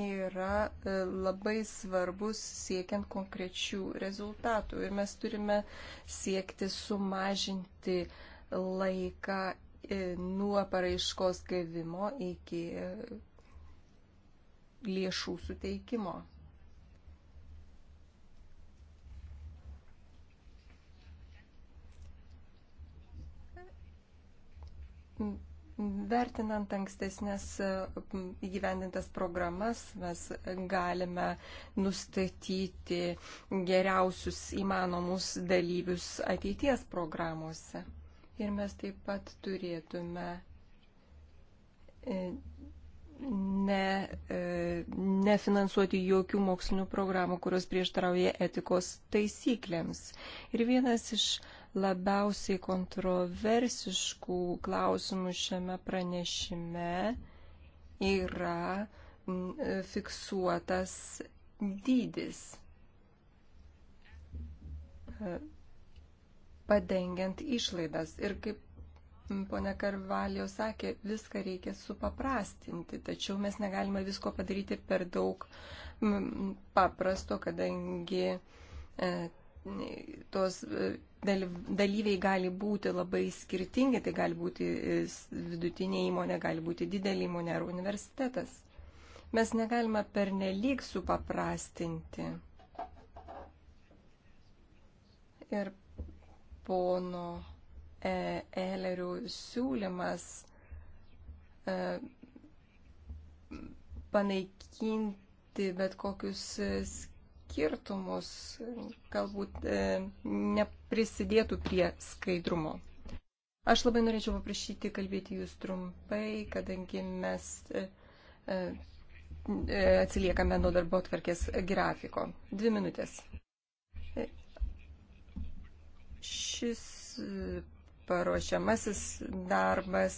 yra e, labai svarbus siekiant konkrečių rezultatų ir mes turime siekti sumažinti laiką E, nuo paraiškos gavimo iki e, lėšų suteikimo. Vertinant ankstesnės e, įgyvendintas programas, mes galime nustatyti geriausius įmanomus dalyvius ateities programuose. Ir mes taip pat turėtume e, ne, e, nefinansuoti jokių mokslinių programų, kurios prieštarauja etikos taisyklėms. Ir vienas iš labiausiai kontroversiškų klausimų šiame pranešime yra e, fiksuotas dydis padengiant išlaidas. Ir kaip ponia Karvalijo sakė, viską reikia supaprastinti, tačiau mes negalime visko padaryti per daug mm, paprasto, kadangi e, tos e, dalyviai gali būti labai skirtingi, tai gali būti e, vidutinė įmonė, gali būti didelė įmonė ar universitetas. Mes negalime pernelyg supaprastinti. Ir pono Elerių siūlymas e, panaikinti bet kokius skirtumus galbūt e, neprisidėtų prie skaidrumo. Aš labai norėčiau paprašyti kalbėti jūs trumpai, kadangi mes e, atsiliekame nuo darbo tvarkės grafiko. Dvi minutės. Šis e, paruošiamasis darbas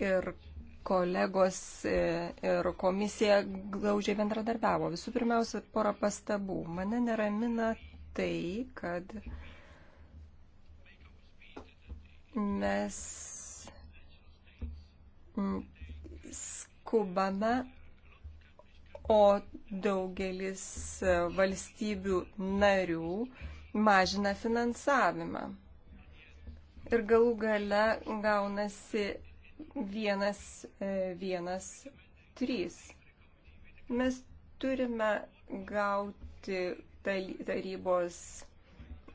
ir kolegos e, ir komisija glaužiai bendradarbiavo. Visų pirmiausia, pora pastabų. Mane neramina tai, kad mes skubame, o daugelis valstybių narių mažina finansavimą. Ir galų gale gaunasi vienas, e, vienas, trys. Mes turime gauti tarybos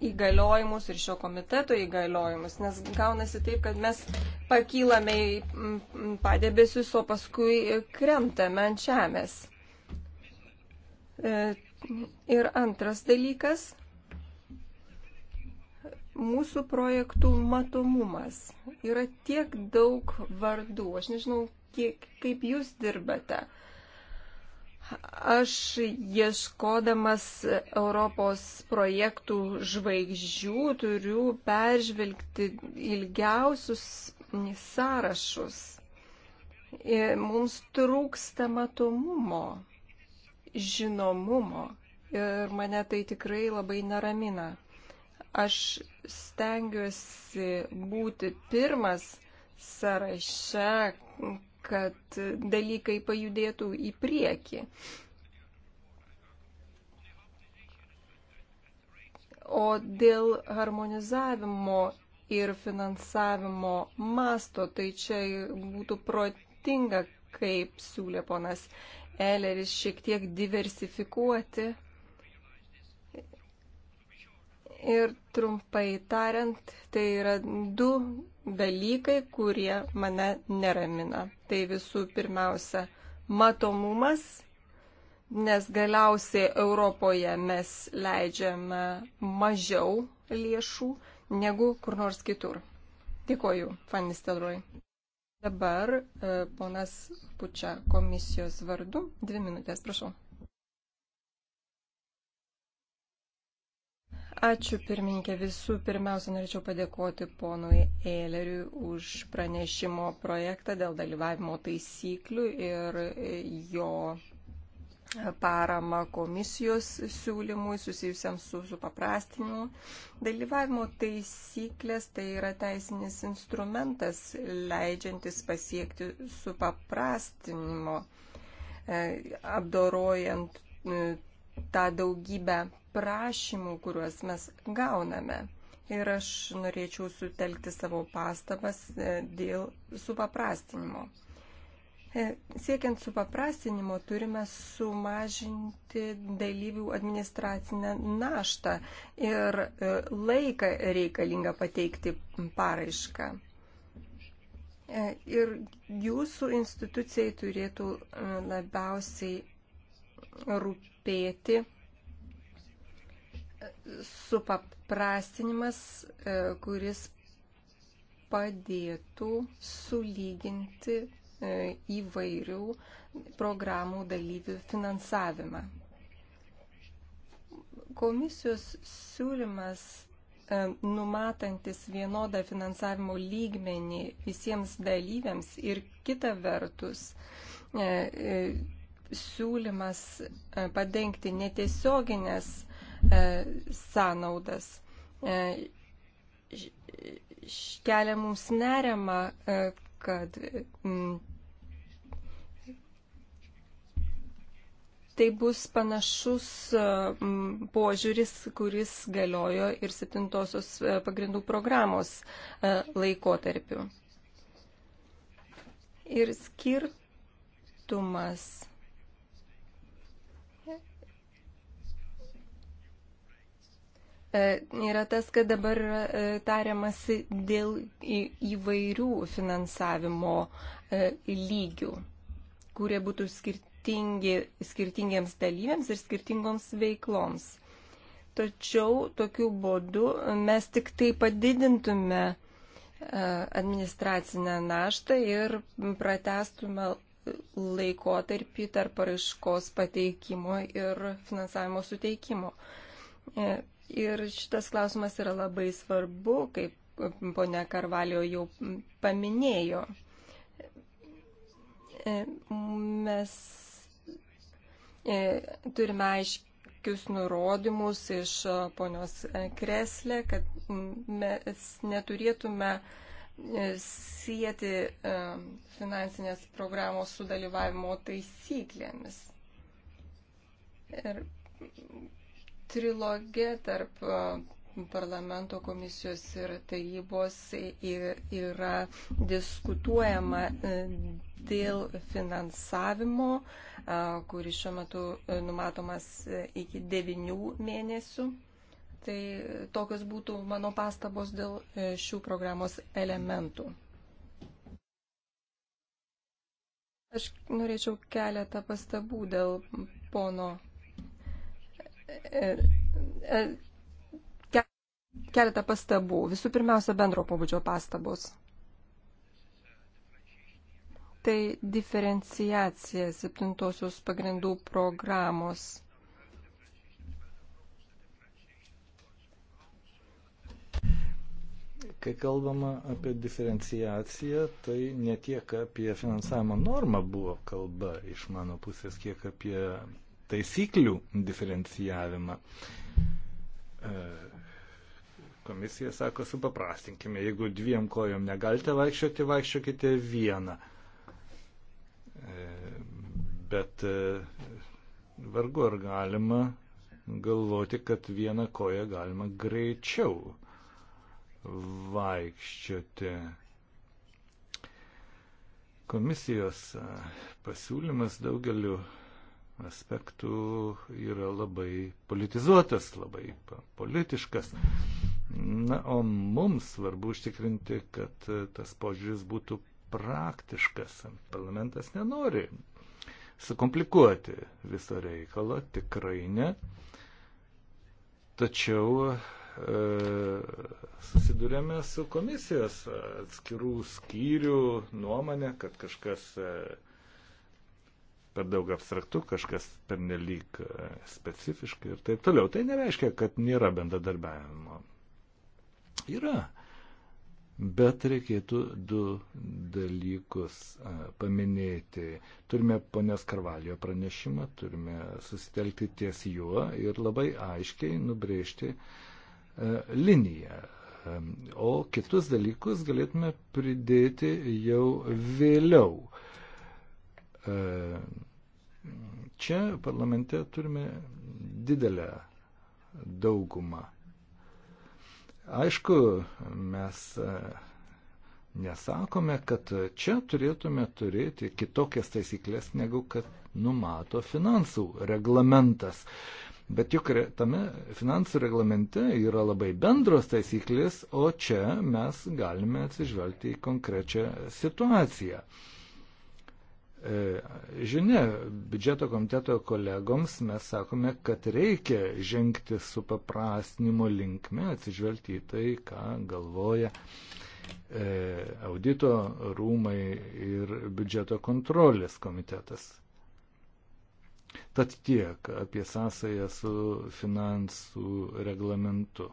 įgaliojimus ir šio komiteto įgaliojimus, nes gaunasi taip, kad mes pakylame į padėbesius, o paskui kremtame ant žemės. E, ir antras dalykas mūsų projektų matomumas. Yra tiek daug vardų. Aš nežinau, kiek, kaip jūs dirbate. Aš ieškodamas Europos projektų žvaigždžių turiu peržvelgti ilgiausius sąrašus. Mums trūksta matomumo, žinomumo ir mane tai tikrai labai neramina. Aš stengiuosi būti pirmas sąraše, kad dalykai pajudėtų į priekį. O dėl harmonizavimo ir finansavimo masto, tai čia būtų protinga, kaip siūlė ponas Eleris, šiek tiek diversifikuoti Ir trumpai tariant, tai yra du dalykai, kurie mane neramina. Tai visų pirmiausia matomumas, nes galiausiai Europoje mes leidžiame mažiau lėšų negu kur nors kitur. Dėkoju, Fanny Stelroj. Dabar e, ponas Pučia komisijos vardu. Dvi minutės, prašau. Ačiū pirmininkė. Visų pirmiausia, norėčiau padėkoti ponui Eileriui už pranešimo projektą dėl dalyvavimo taisyklių ir jo parama komisijos siūlymui susijusiam su supaprastinimu. Dalyvavimo taisyklės tai yra teisinis instrumentas, leidžiantis pasiekti supaprastinimo, e, apdorojant e, tą daugybę prašymų, kuriuos mes gauname. Ir aš norėčiau sutelkti savo pastabas e, dėl supaprastinimo. E, siekiant supaprastinimo turime sumažinti dalyvių administracinę naštą ir e, laiką reikalingą pateikti paraišką. Ir jūsų institucijai turėtų labiausiai rūpėti spėti supaprastinimas, e, kuris padėtų sulyginti e, įvairių programų dalyvių finansavimą. Komisijos siūlymas e, numatantis vienodą finansavimo lygmenį visiems dalyviams ir kita vertus siūlymas e, padengti netiesioginės e, sąnaudas e, kelia mums nerima, kad tai bus panašus požiūris, kuris galiojo ir septintosios pagrindų programos laikotarpiu. Ir skirtumas E, yra tas, kad dabar e, tariamasi dėl įvairių finansavimo e, lygių, kurie būtų skirtingi skirtingiems dalyviams ir skirtingoms veikloms. Tačiau tokiu būdu mes tik tai padidintume administracinę naštą ir pratestume laikotarpį tarp paraiškos pateikimo ir finansavimo suteikimo. Ir šitas klausimas yra labai svarbu, kaip ponia Karvalio jau paminėjo. E, mes e, turime aiškius nurodymus iš ponios Kreslė, kad mes neturėtume e, sieti finansinės programos sudalyvavimo taisyklėmis. Ir trilogė tarp parlamento komisijos ir tarybos yra diskutuojama e, dėl finansavimo, kuris šiuo metu e, numatomas e, iki devinių mėnesių. Tai tokios būtų mano pastabos dėl šių programos elementų. Aš norėčiau keletą pastabų dėl pono keletą pastabų. Visų pirmiausia, bendro pobūdžio pastabos. Tai diferenciacija septintosios pagrindų programos. Kai kalbama apie diferenciaciją, tai ne tiek apie finansavimo normą buvo kalba iš mano pusės, kiek apie taisyklių diferencijavimą. E, komisija sako, supaprastinkime, jeigu dviem kojom negalite vaikščioti, vaikščiokite vieną. E, bet e, vargu ar galima galvoti, kad vieną koją galima greičiau vaikščioti. Komisijos pasiūlymas daugeliu aspektų yra labai politizuotas, labai politiškas. Na, o mums svarbu užtikrinti, kad e, tas požiūris būtų praktiškas. Parlamentas nenori sukomplikuoti viso reikalo, tikrai ne. Tačiau e, susidurėme su komisijos atskirų skyrių nuomonė, kad kažkas e, per daug abstraktu, kažkas per nelik e, specifiškai ir taip toliau. Tai nereiškia, kad nėra bendradarbiavimo. Yra. Bet reikėtų du dalykus a, e, paminėti. Turime ponios Karvalijo pranešimą, turime susitelkti ties juo ir labai aiškiai nubrėžti a, e, liniją. O kitus dalykus galėtume pridėti jau vėliau. A, Čia parlamente turime didelę daugumą. Aišku, mes e, nesakome, kad čia turėtume turėti kitokias taisyklės, negu kad numato finansų reglamentas. Bet juk tame finansų reglamente yra labai bendros taisyklės, o čia mes galime atsižvelgti į konkrečią situaciją. E, žinia, biudžeto komiteto kolegoms mes sakome, kad reikia žengti su paprastinimo linkme, atsižvelgti į tai, ką galvoja e, audito rūmai ir biudžeto kontrolės komitetas. Tad tiek apie sąsąją su finansų reglamentu.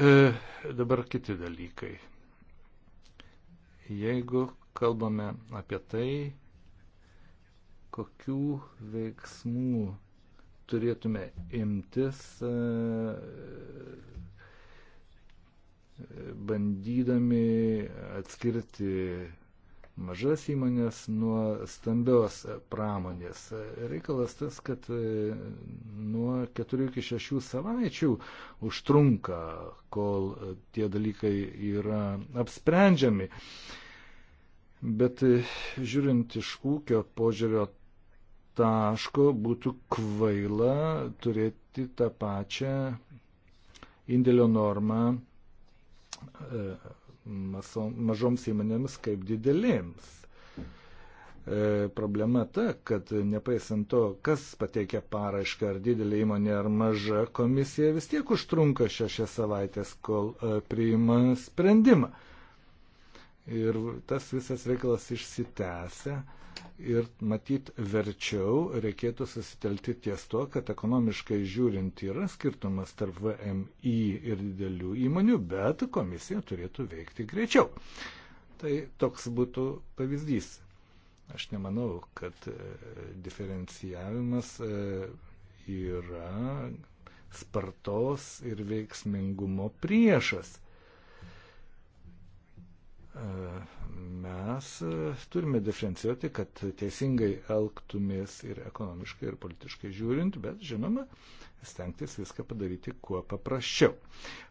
E, dabar kiti dalykai. Jeigu kalbame apie tai, kokių veiksmų turėtume imtis, e, bandydami atskirti mažas įmonės nuo stambios pramonės. Reikalas tas, kad e, nuo 4 iki 6 savaičių užtrunka, kol tie dalykai yra apsprendžiami bet e, žiūrint iš ūkio požiūrio taško būtų kvaila turėti tą pačią indėlio normą e, mažoms įmonėms kaip didelėms. E, problema ta, kad nepaisant to, kas pateikia paraišką, ar didelė įmonė, ar maža komisija, vis tiek užtrunka šešias savaitės, kol priima sprendimą ir tas visas reikalas išsitęsia ir matyt verčiau reikėtų susitelti ties to, kad ekonomiškai žiūrint yra skirtumas tarp VMI ir didelių įmonių, bet komisija turėtų veikti greičiau. Tai toks būtų pavyzdys. Aš nemanau, kad e, diferencijavimas e, yra spartos ir veiksmingumo priešas mes e, turime diferencijuoti, kad teisingai elgtumės ir ekonomiškai, ir politiškai žiūrint, bet žinoma, stengtis viską padaryti kuo paprasčiau.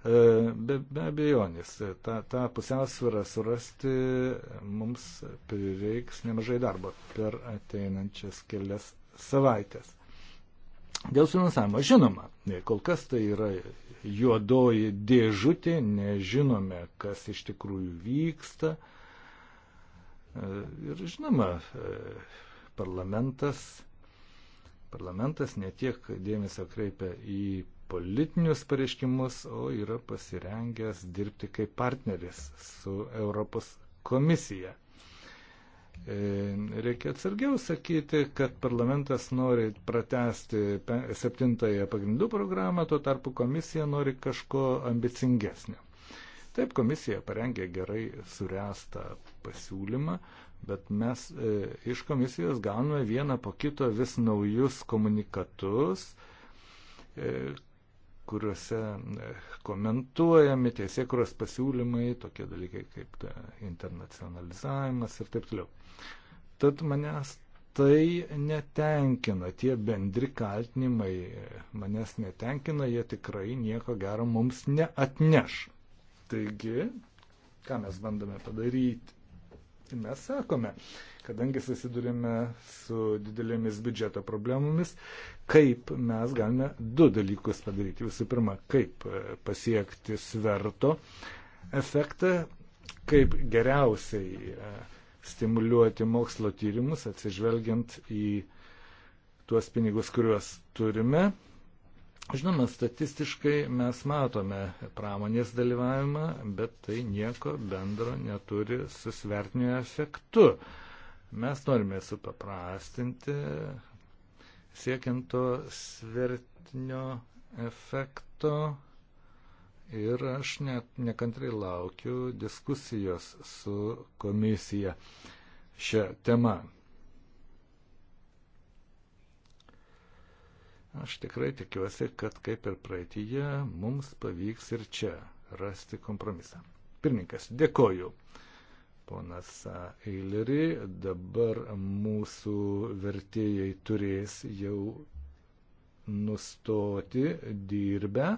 E, be, be abejonės, tą, tą pusiausvyrą surasti mums prireiks nemažai darbo per ateinančias kelias savaitės. Dėl finansavimo, žinoma, kol kas tai yra juodoji dėžutė, nežinome, kas iš tikrųjų vyksta. E, ir žinoma, e, parlamentas, parlamentas ne tiek dėmesio kreipia į politinius pareiškimus, o yra pasirengęs dirbti kaip partneris su Europos komisija. E, reikia atsargiau sakyti, kad parlamentas nori pratesti septintąją pagrindų programą, tuo tarpu komisija nori kažko ambicingesnio. Taip, komisija parengė gerai surestą pasiūlymą, bet mes e, iš komisijos gauname vieną po kito vis naujus komunikatus, e, kuriuose e, komentuojami teisėkuros pasiūlymai, tokie dalykai kaip e, internacionalizavimas ir taip toliau. Tad manęs tai netenkina, tie bendri kaltinimai e, manęs netenkina, jie tikrai nieko gero mums neatneš. Taigi, ką mes bandome padaryti? Tai mes sakome, kadangi susidurime su didelėmis biudžeto problemomis, kaip mes galime du dalykus padaryti. Visų pirma, kaip e, pasiekti sverto efektą, kaip geriausiai e, stimuliuoti mokslo tyrimus, atsižvelgiant į tuos pinigus, kuriuos turime Žinoma, statistiškai mes matome pramonės dalyvavimą, bet tai nieko bendro neturi su svertiniu efektu. Mes norime supaprastinti, siekiant to svertinio efekto. Ir aš net nekantrai laukiu diskusijos su komisija šią temą. Aš tikrai tikiuosi, kad kaip ir praeitįje mums pavyks ir čia rasti kompromisą. Pirmininkas, dėkoju. Ponas Eileri, dabar mūsų vertėjai turės jau nustoti dirbę,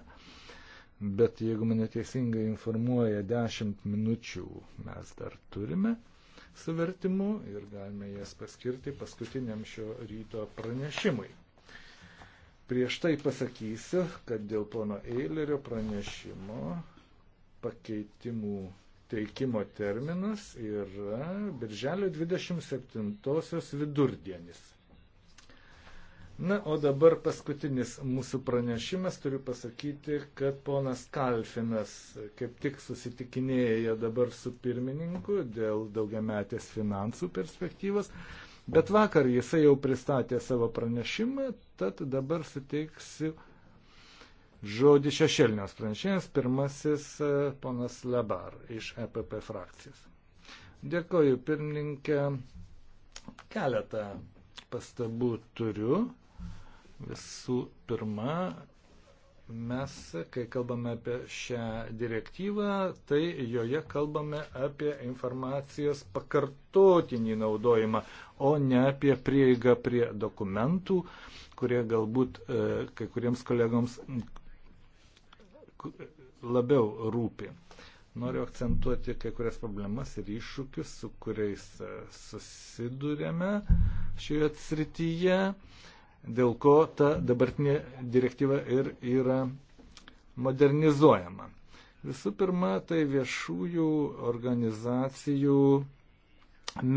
bet jeigu mane teisingai informuoja 10 minučių mes dar turime su vertimu ir galime jas paskirti paskutiniam šio ryto pranešimui. Prieš tai pasakysiu, kad dėl pono Eilerio pranešimo pakeitimų teikimo terminas yra birželio 27 vidurdienis. Na, o dabar paskutinis mūsų pranešimas. Turiu pasakyti, kad ponas Kalfinas kaip tik susitikinėja dabar su pirmininku dėl daugiametės finansų perspektyvos. Bet vakar jisai jau pristatė savo pranešimą, Tad dabar suteiksiu žodį šešėlinės pranešėjas, pirmasis e, ponas Lebar iš EPP frakcijos. Dėkoju, pirmininkė. Keletą pastabų turiu. Visų pirma, mes, kai kalbame apie šią direktyvą, tai joje kalbame apie informacijos pakartotinį naudojimą, o ne apie prieigą prie dokumentų kurie galbūt e, kai kuriems kolegoms labiau rūpi. Noriu akcentuoti kai kurias problemas ir iššūkius, su kuriais e, susidurėme šioje srityje, dėl ko ta dabartinė direktyva ir yra modernizuojama. Visų pirma, tai viešųjų organizacijų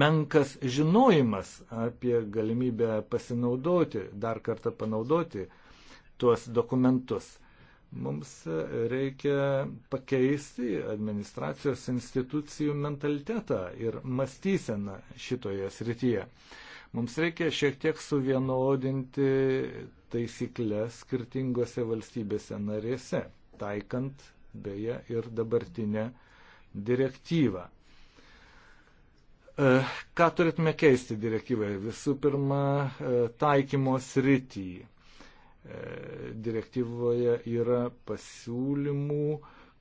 menkas žinojimas apie galimybę pasinaudoti, dar kartą panaudoti tuos dokumentus. Mums reikia pakeisti administracijos institucijų mentalitetą ir mąstyseną šitoje srityje. Mums reikia šiek tiek suvienodinti taisyklės skirtingose valstybėse narėse, taikant beje ir dabartinę direktyvą. E, ką turėtume keisti direktyvoje? Visų pirma, e, taikymo srityje. Direktyvoje yra pasiūlymų,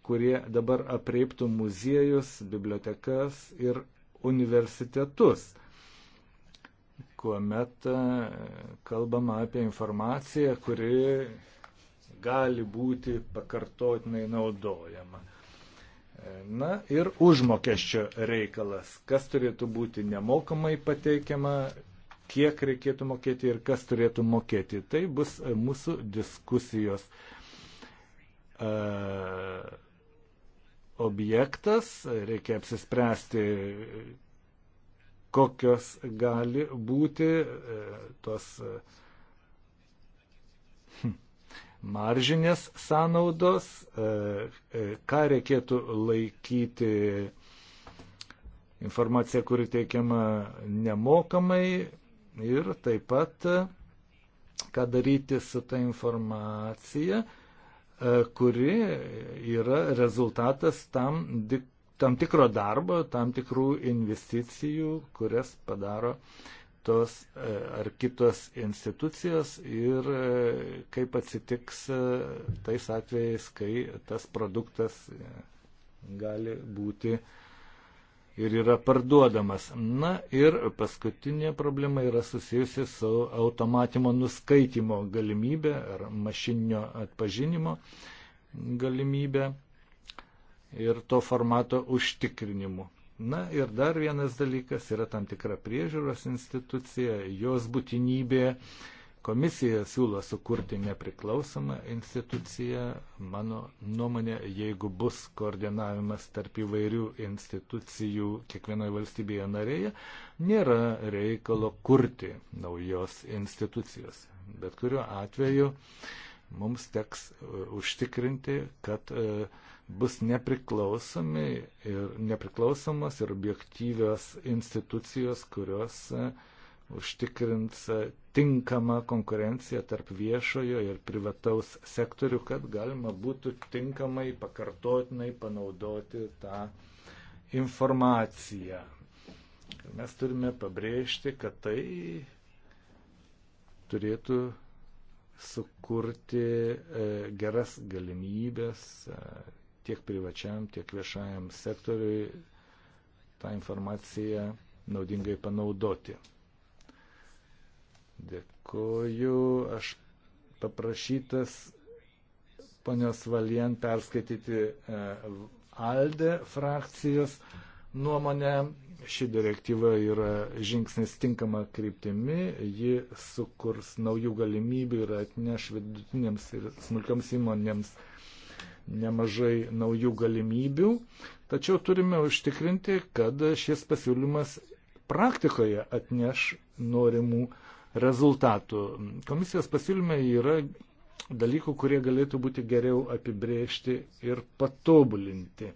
kurie dabar apreiptų muziejus, bibliotekas ir universitetus, kuomet e, kalbama apie informaciją, kuri gali būti pakartotinai naudojama. Na ir užmokesčio reikalas, kas turėtų būti nemokamai pateikiama, kiek reikėtų mokėti ir kas turėtų mokėti. Tai bus mūsų diskusijos uh, objektas, reikia apsispręsti, kokios gali būti uh, tos. Uh, hm maržinės sąnaudos, e, e, ką reikėtų laikyti informacija, kuri teikiama nemokamai ir taip pat e, ką daryti su ta informacija, kuri yra rezultatas tam, tam tikro darbo, tam tikrų investicijų, kurias padaro uh, tos e, ar kitos institucijos ir e, kaip atsitiks e, tais atvejais, kai tas produktas gali būti ir yra parduodamas. Na ir paskutinė problema yra susijusi su automatimo nuskaitimo galimybė ar mašininio atpažinimo galimybė ir to formato užtikrinimu. Na ir dar vienas dalykas yra tam tikra priežiūros institucija, jos būtinybė. Komisija siūlo sukurti nepriklausomą instituciją. Mano nuomonė, jeigu bus koordinavimas tarp įvairių institucijų kiekvienoje valstybėje narėje, nėra reikalo kurti naujos institucijos. Bet kuriuo atveju mums teks e, užtikrinti, kad uh, bus nepriklausomi ir nepriklausomos ir objektyvios institucijos, kurios e, užtikrins e, tinkamą konkurenciją tarp viešojo ir privataus sektorių, kad galima būtų tinkamai pakartotinai panaudoti tą informaciją. Mes turime pabrėžti, kad tai turėtų sukurti e, geras galimybės tiek privačiam, tiek viešajam sektoriui tą informaciją naudingai panaudoti. Dėkoju, aš paprašytas ponios Valien perskaityti e, ALDE frakcijos nuomonę. Ši direktyva yra žingsnis tinkama kryptimi, ji sukurs naujų galimybių ir atneš vidutinėms ir smulkioms įmonėms nemažai naujų galimybių, tačiau turime užtikrinti, kad šis pasiūlymas praktikoje atneš norimų rezultatų. Komisijos pasiūlyme yra dalykų, kurie galėtų būti geriau apibrėžti ir patobulinti.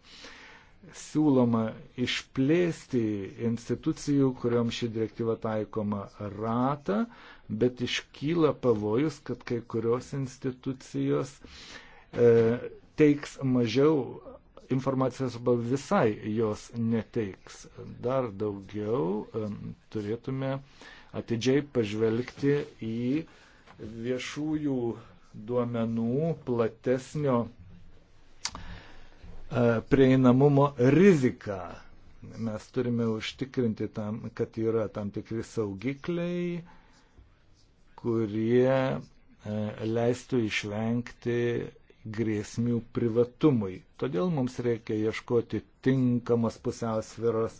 Siūloma išplėsti institucijų, kuriuom ši direktyva taikoma ratą, bet iškyla pavojus, kad kai kurios institucijos e, teiks mažiau informacijos arba visai jos neteiks. Dar daugiau turėtume atidžiai pažvelgti į viešųjų duomenų platesnio e, prieinamumo riziką. Mes turime užtikrinti, tam, kad yra tam tikri saugikliai, kurie e, leistų išvengti grėsmių privatumui. Todėl mums reikia ieškoti tinkamos pusiausviros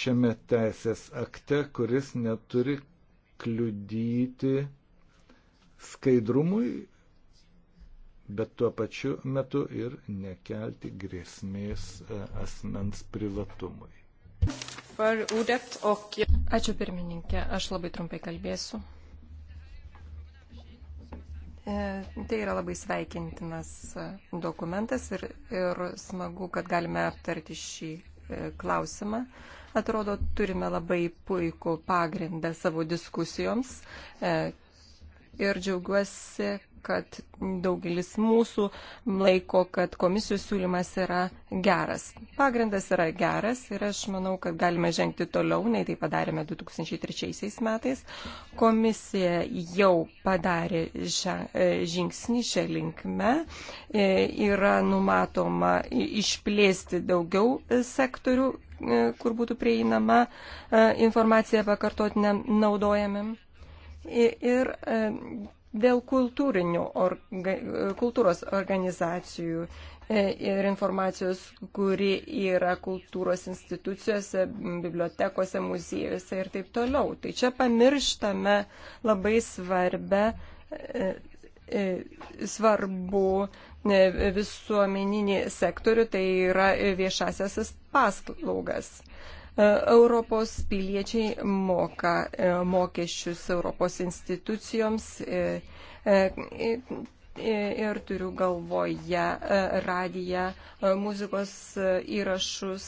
šiame teisės akte, kuris neturi kliudyti skaidrumui, bet tuo pačiu metu ir nekelti grėsmės e, asmens privatumui. Ačiū pirmininkė, aš labai trumpai kalbėsiu. E, tai yra labai sveikintinas e, dokumentas ir, ir smagu, kad galime aptarti šį e, klausimą. Atrodo, turime labai puikų pagrindą savo diskusijoms, ir džiaugiuosi, kad daugelis mūsų laiko, kad komisijos siūlymas yra geras. Pagrindas yra geras ir aš manau, kad galime žengti toliau, nei tai padarėme 2003 metais. Komisija jau padarė e, žingsnį šią linkmę, e, yra numatoma išplėsti daugiau sektorių e, kur būtų prieinama informacija pakartotiniam naudojamim ir e, dėl kultūrinių orga, kultūros organizacijų e, ir informacijos, kuri yra kultūros institucijose, bibliotekose, muziejuose ir taip toliau. Tai čia pamirštame labai svarbę, e, svarbu visuomeninį sektorių, tai yra viešasias paslaugas. E, Europos piliečiai moka e, mokesčius Europos institucijoms e, ir turiu galvoje radiją, muzikos įrašus,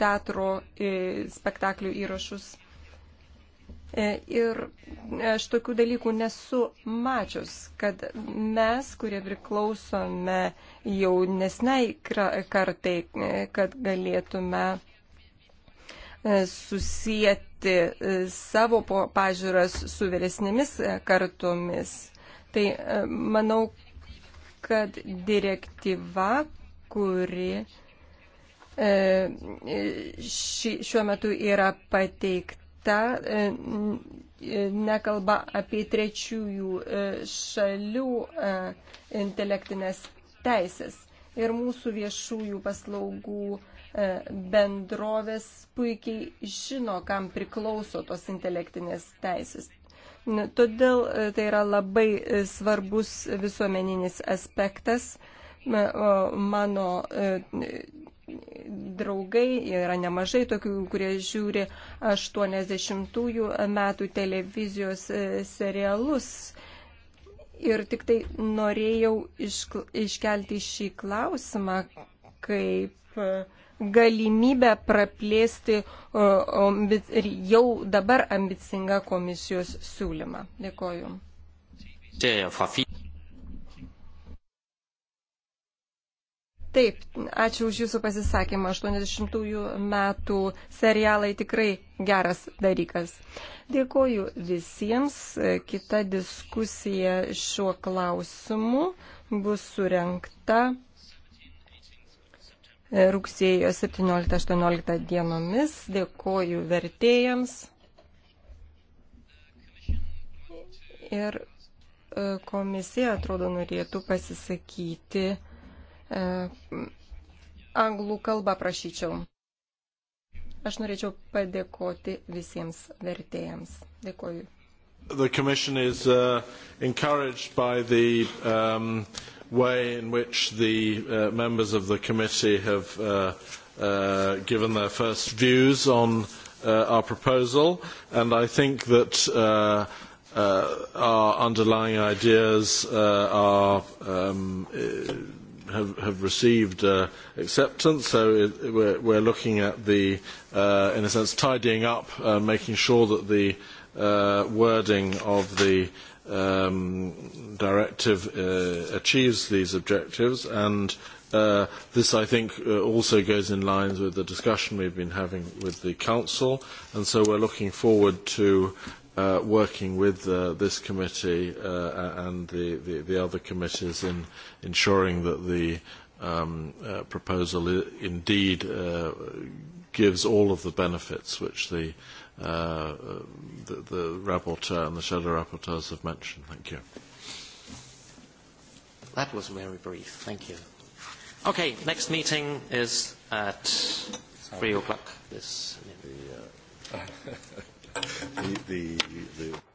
teatro spektaklių įrašus. Ir aš tokių dalykų nesu mačius, kad mes, kurie priklausome jaunesniai kartai, kad galėtume E, susijęti e, savo pažiūras su vyresnėmis e, kartomis. Tai manau, kad direktyva, kuri ši, šiuo metu yra pateikta, nekalba apie trečiųjų šalių intelektinės teisės. Ir mūsų viešųjų paslaugų uh, E, bendrovės puikiai žino, kam priklauso tos intelektinės teisės. Todėl e, tai yra labai e, svarbus visuomeninis aspektas. Mano draugai, yra nemažai tokių, kurie žiūri 80-ųjų metų televizijos serialus. Ir tik tai norėjau iškelti šį klausimą, kaip galimybę praplėsti jau dabar ambicingą komisijos siūlymą. Dėkoju. Taip, ačiū už Jūsų pasisakymą. 80-ųjų metų serialai tikrai geras dalykas. Dėkoju visiems. Kita diskusija šiuo klausimu bus surenkta rugsėjo 17-18 dienomis. Dėkoju vertėjams. Ir e, komisija, atrodo, norėtų pasisakyti e, anglų kalbą, prašyčiau. Aš norėčiau padėkoti visiems vertėjams. Dėkoju. The Commission is uh, encouraged by the um, way in which the uh, members of the committee have uh, uh, given their first views on uh, our proposal, and I think that uh, uh, our underlying ideas uh, are, um, uh, have, have received uh, acceptance, so it, we're, we're looking at the, uh, in a sense, tidying up, uh, making sure that the uh, wording of the uh, um, directive uh, achieves these objectives and uh, this, I think, uh, also goes in line with the discussion we've been having with the Council, and so we're looking forward to uh, working with uh, this committee uh, and the, the, the other committees in ensuring that the um, uh, proposal I- indeed uh, gives all of the benefits which the uh, uh, the, the rapporteur and the shadow rapporteurs have mentioned. Thank you. That was very brief. Thank you. Okay, next meeting is at Sorry. three o'clock. This. The, uh, the, the, the